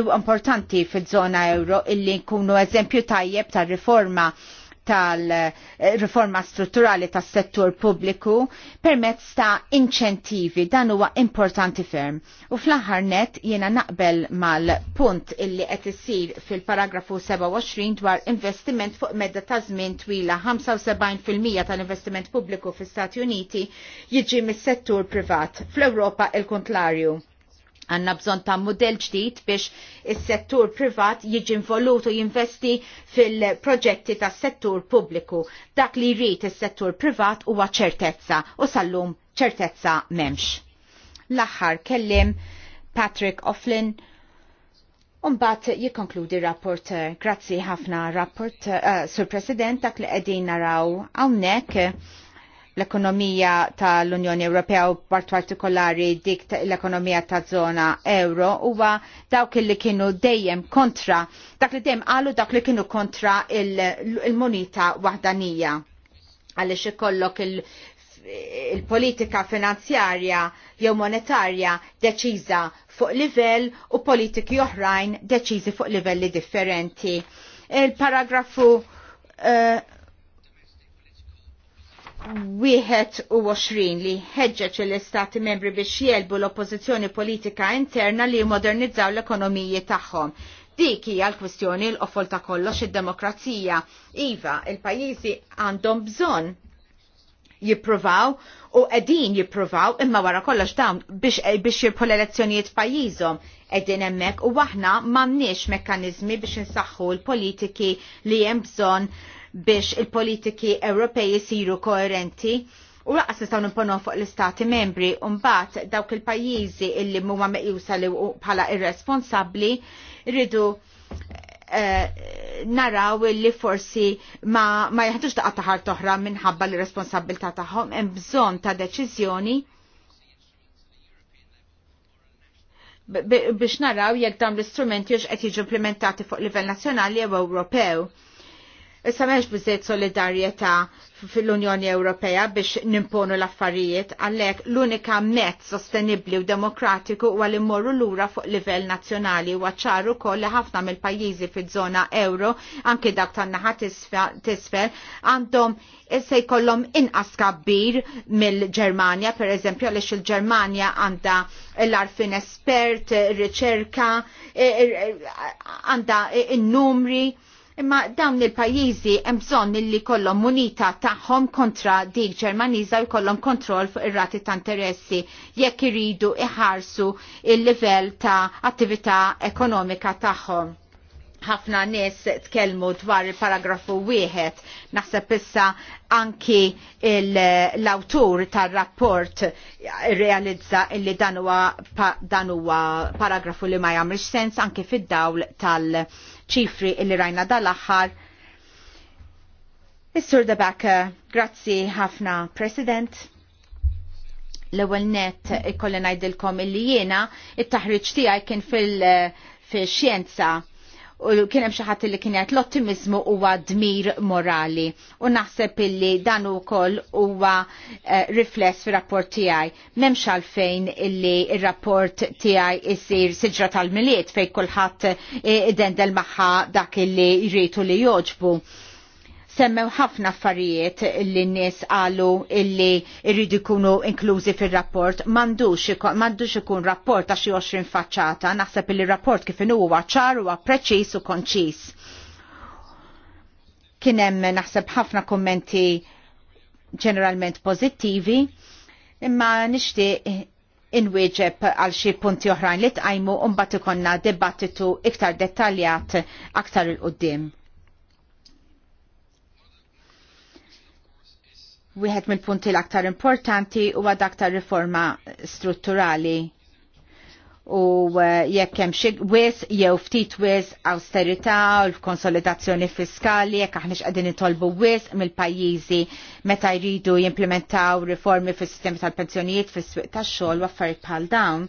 importanti fil-żona euro illi nkunu eżempju tajjeb ta' riforma tal-riforma strutturali tas settur pubbliku permezz ta' inċentivi dan huwa importanti ferm. U fl-aħħar net jiena naqbel mal-punt illi qed isir fil-paragrafu 27 dwar investiment fuq medda ta' żmien twila 75% tal-investiment pubbliku fl-Stati Uniti jiġi mis-settur privat. Fl-Ewropa il-kontlarju Għanna bżon ta' model ġdid biex is settur privat jiġi involutu jinvesti fil-proġetti ta' settur pubbliku. Dak li jrid is settur privat huwa ċertezza u sallum ċertezza memx. L-aħħar kellim Patrick Offlin. Umbat jikonkludi rapport, grazzi ħafna rapport, uh, sur President, dak li qegħdin naraw hawnhekk l-ekonomija tal-Unjoni Ewropea u part partikolari dik l-ekonomija ta' zona euro huwa dawk li kienu dejjem kontra dak li dejjem qalu dak li kienu kontra il-munita il waħdanija għaliex ikollok il- il-politika finanzjarja jew monetarja deċiża fuq livell u politiki oħrajn deċiżi fuq livelli differenti. Il-paragrafu uh, 21 li ħeġġeġ l-istati membri biex jelbu l-oppozizjoni politika interna li modernizzaw l-ekonomiji tagħhom. Dik hija l-kwistjoni l-qofol ta' kollox id-demokrazija. Iva, il-pajjiżi għandhom bżonn jippruvaw u qegħdin jippruvaw imma wara kollox dawn biex, biex jirbħu l-elezzjonijiet pajjiżhom qegħdin hemmhekk u aħna m'għandniex mekkaniżmi biex insaħħu l-politiki li hemm bżonn biex il-politiki Ewropej jisiru koerenti u laqas nistgħu nimponu fuq l-istati membri un mbagħad dawk il-pajjiżi illi huma meqjusa li bħala irresponsabbli rridu eh, naraw li forsi ma, ma jħadux daqqa taħar toħra minħabba l-responsabilta taħħom, hemm bżonn ta' deċiżjoni biex naraw jekk dawn l-istrumenti jiex qed jiġu implementati fuq livell nazzjonali jew Ewropew. Issa m'hemmx biżejt solidarjetà fil-Unjoni Ewropea biex nimponu l-affarijiet għalhekk l-unika mezz sostenibbli u demokratiku għalli li mmorru lura fuq livell nazzjonali u għacċaru ukoll li ħafna mill-pajjiżi fiż-żona euro anke dak tan-naħa tisfel għandhom se jkollhom inqas kabbir mill-Ġermanja pereżempju għaliex il-Ġermanja għandha l-arfin espert, riċerka, e, e, e, għandha in-numri. Imma dawn il-pajjiżi hemm bżonn li munita tagħhom kontra dik Ġermaniża u jkollhom kontroll fuq ir-rati ta' interessi jekk iridu iħarsu il-livell ta' attività ekonomika tagħhom. Ħafna nies tkellmu dwar il-paragrafu wieħed, naħseb issa anki l-awtur tar-rapport realizza illi dan huwa pa, paragrafu li ma jagħmilx sens anki fid-dawl tal- ċifri illi rajna dal-aħħar. Is-Sur Debaka, grazzi ħafna, President l-ewel net ikkolli ngħidilkom illi jiena it-taħriġ tiegħi kien fil-xjenza u kien hemm xi ħadd li kien qed l-ottimizmu huwa dmir morali u naħseb illi dan ukoll huwa uh, rifless fir-rapport tiegħi. M'hemmx għalfejn illi r-rapport tiegħi jsir siġra tal-miliet fejn kulħadd eh, idendel magħha dak illi jrid li joġbu semmew ħafna affarijiet li n-nies qalu illi irridu jkunu inklużi fir-rapport m'għandux ikun rapport għax joxrin faċċata, naħseb li rapport kif inhu huwa ċar huwa preċiż u konċis. Kien hemm naħseb ħafna kommenti ġeneralment pożittivi, imma nixtieq inwieġeb għal xi punti oħrajn li tqajmu u mbagħad ikollna dibattitu iktar dettaljat aktar il-qudiem. Wieħed mill-punti l-aktar importanti huwa dak riforma strutturali u eh, jekk hemm xi wis jew ftit wis austerità u konsolidazzjoni fiskali jekk aħniex qegħdin nitolbu wis mill-pajjiżi meta jridu jimplementaw riformi fis-sistemi tal-pensjonijiet fis-swieq tax-xogħol u affarijiet bħal dawn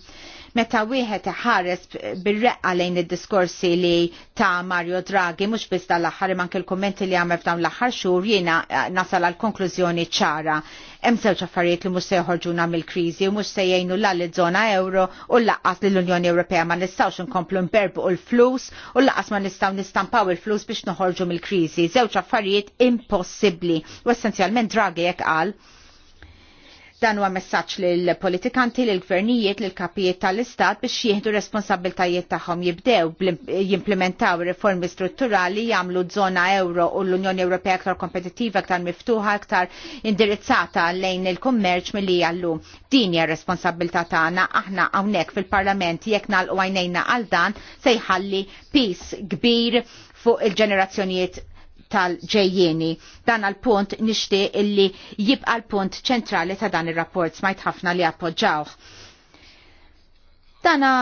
Meta wieħed iħares bir-reqqa lejn id-diskorsi li ta' Mario Draghi mhux biss tal-aħħar imma anke l-kummenti li għamel f'dawn l-aħħar xhur jiena eh, nasal għal konklużjoni ċara. Hemm żewġ affarijiet li mhux se joħorġuna mill-kriżi u mhux se jgħinu l iż-żona euro u li l unjoni Ewropea ma nistgħux inkomplu nberbu l-flus u laqas ma nistgħu nistampaw il-flus biex noħorġu mill-kriżi. Żewġ affarijiet impossibbli u essenzjalment Draghi jekk qal Dan huwa messaġġ lil politikanti, lil gvernijiet, lil kapijiet tal-istat biex jieħdu responsabiltajiet tagħhom jibdew jimplementaw riformi strutturali jagħmlu żona euro u l-Unjoni Ewropea aktar kompetittiva, aktar miftuħa, aktar indirizzata lejn il-kummerċ milli għallu. Din hija responsabilità tagħna aħna hawnhekk fil-Parlament jekk nagħlqu għajnejna għal dan se jħalli pis kbir fuq il-ġenerazzjonijiet tal-ġejjeni. Dan għal-punt nixtieq illi jibqa l-punt ċentrali ta' dan ir rapport smajt ħafna li appoġġawħ. Dana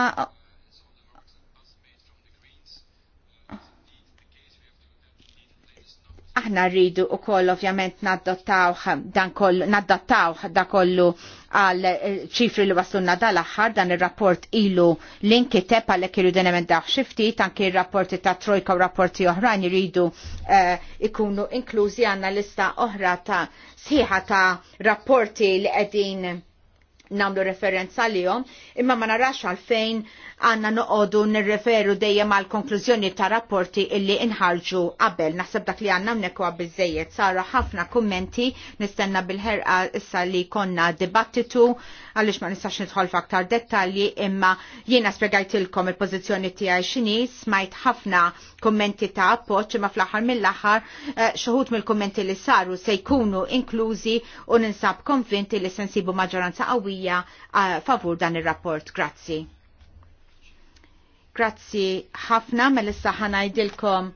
aħna rridu u koll ovvjament naddottawħ dan kollu naddottawħ da kollu għal eh, ċifri li waslunna dal aħħar dan ir-rapport ilu l-inkiteb għal kienu din hemm daħ xifti tanki r-rapporti ta' trojka u rapporti oħrajn jridu eh, ikunu inklużi għandna lista oħra ta' sħiħa ta' rapporti li qegħdin namlu referenza għalihom, imma ma narax għalfejn għanna noqogħdu nirreferu dejjem għal konklużjoni ta' rapporti illi inħarġu qabel. Naħseb dak li għanna mneku għabizzejiet, sara ħafna kummenti nistenna bil-ħerqa issa li konna dibattitu għaliex ma nistax nidħol f'aktar dettalji imma jiena spjegajtilkom il-pożizzjoni tiegħi xinis, smajt ħafna kummenti ta' appoġġ imma fl-aħħar mill-aħħar eh, xuħut mill-kummenti li saru se jkunu inklużi u ninsab konvinti li sensibu maġġoranza qawwija tija favur dan il-rapport. Grazzi. Grazzi ħafna mel-issa ħanajdilkom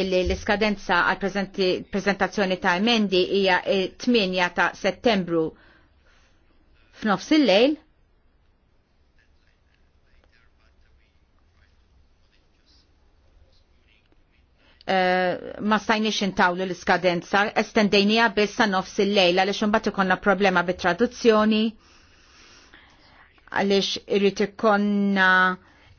l-iskadenza għal prezentazzjoni ta' emendi hija 8 ta' settembru f'nofs il-lejl. Uh, ma stajniex intawlu l-iskadenza, estendejnija biss sa nofs il-lejla li xumbat ikonna problema bit-traduzzjoni għalix irrit ikonna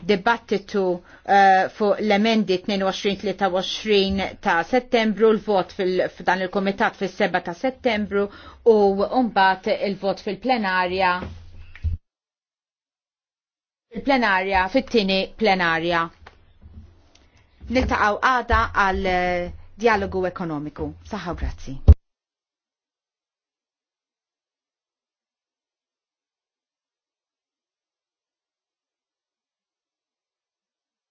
dibattitu uh, fuq l-emendi 22-23 ta' settembru, l-vot f'dan il-komitat fil-7 ta' settembru u umbat il-vot fil-plenarja il-plenarja, fit-tini plenarja. Niltaqaw għada għal eh, dialogu ekonomiku. Saħaw grazzi.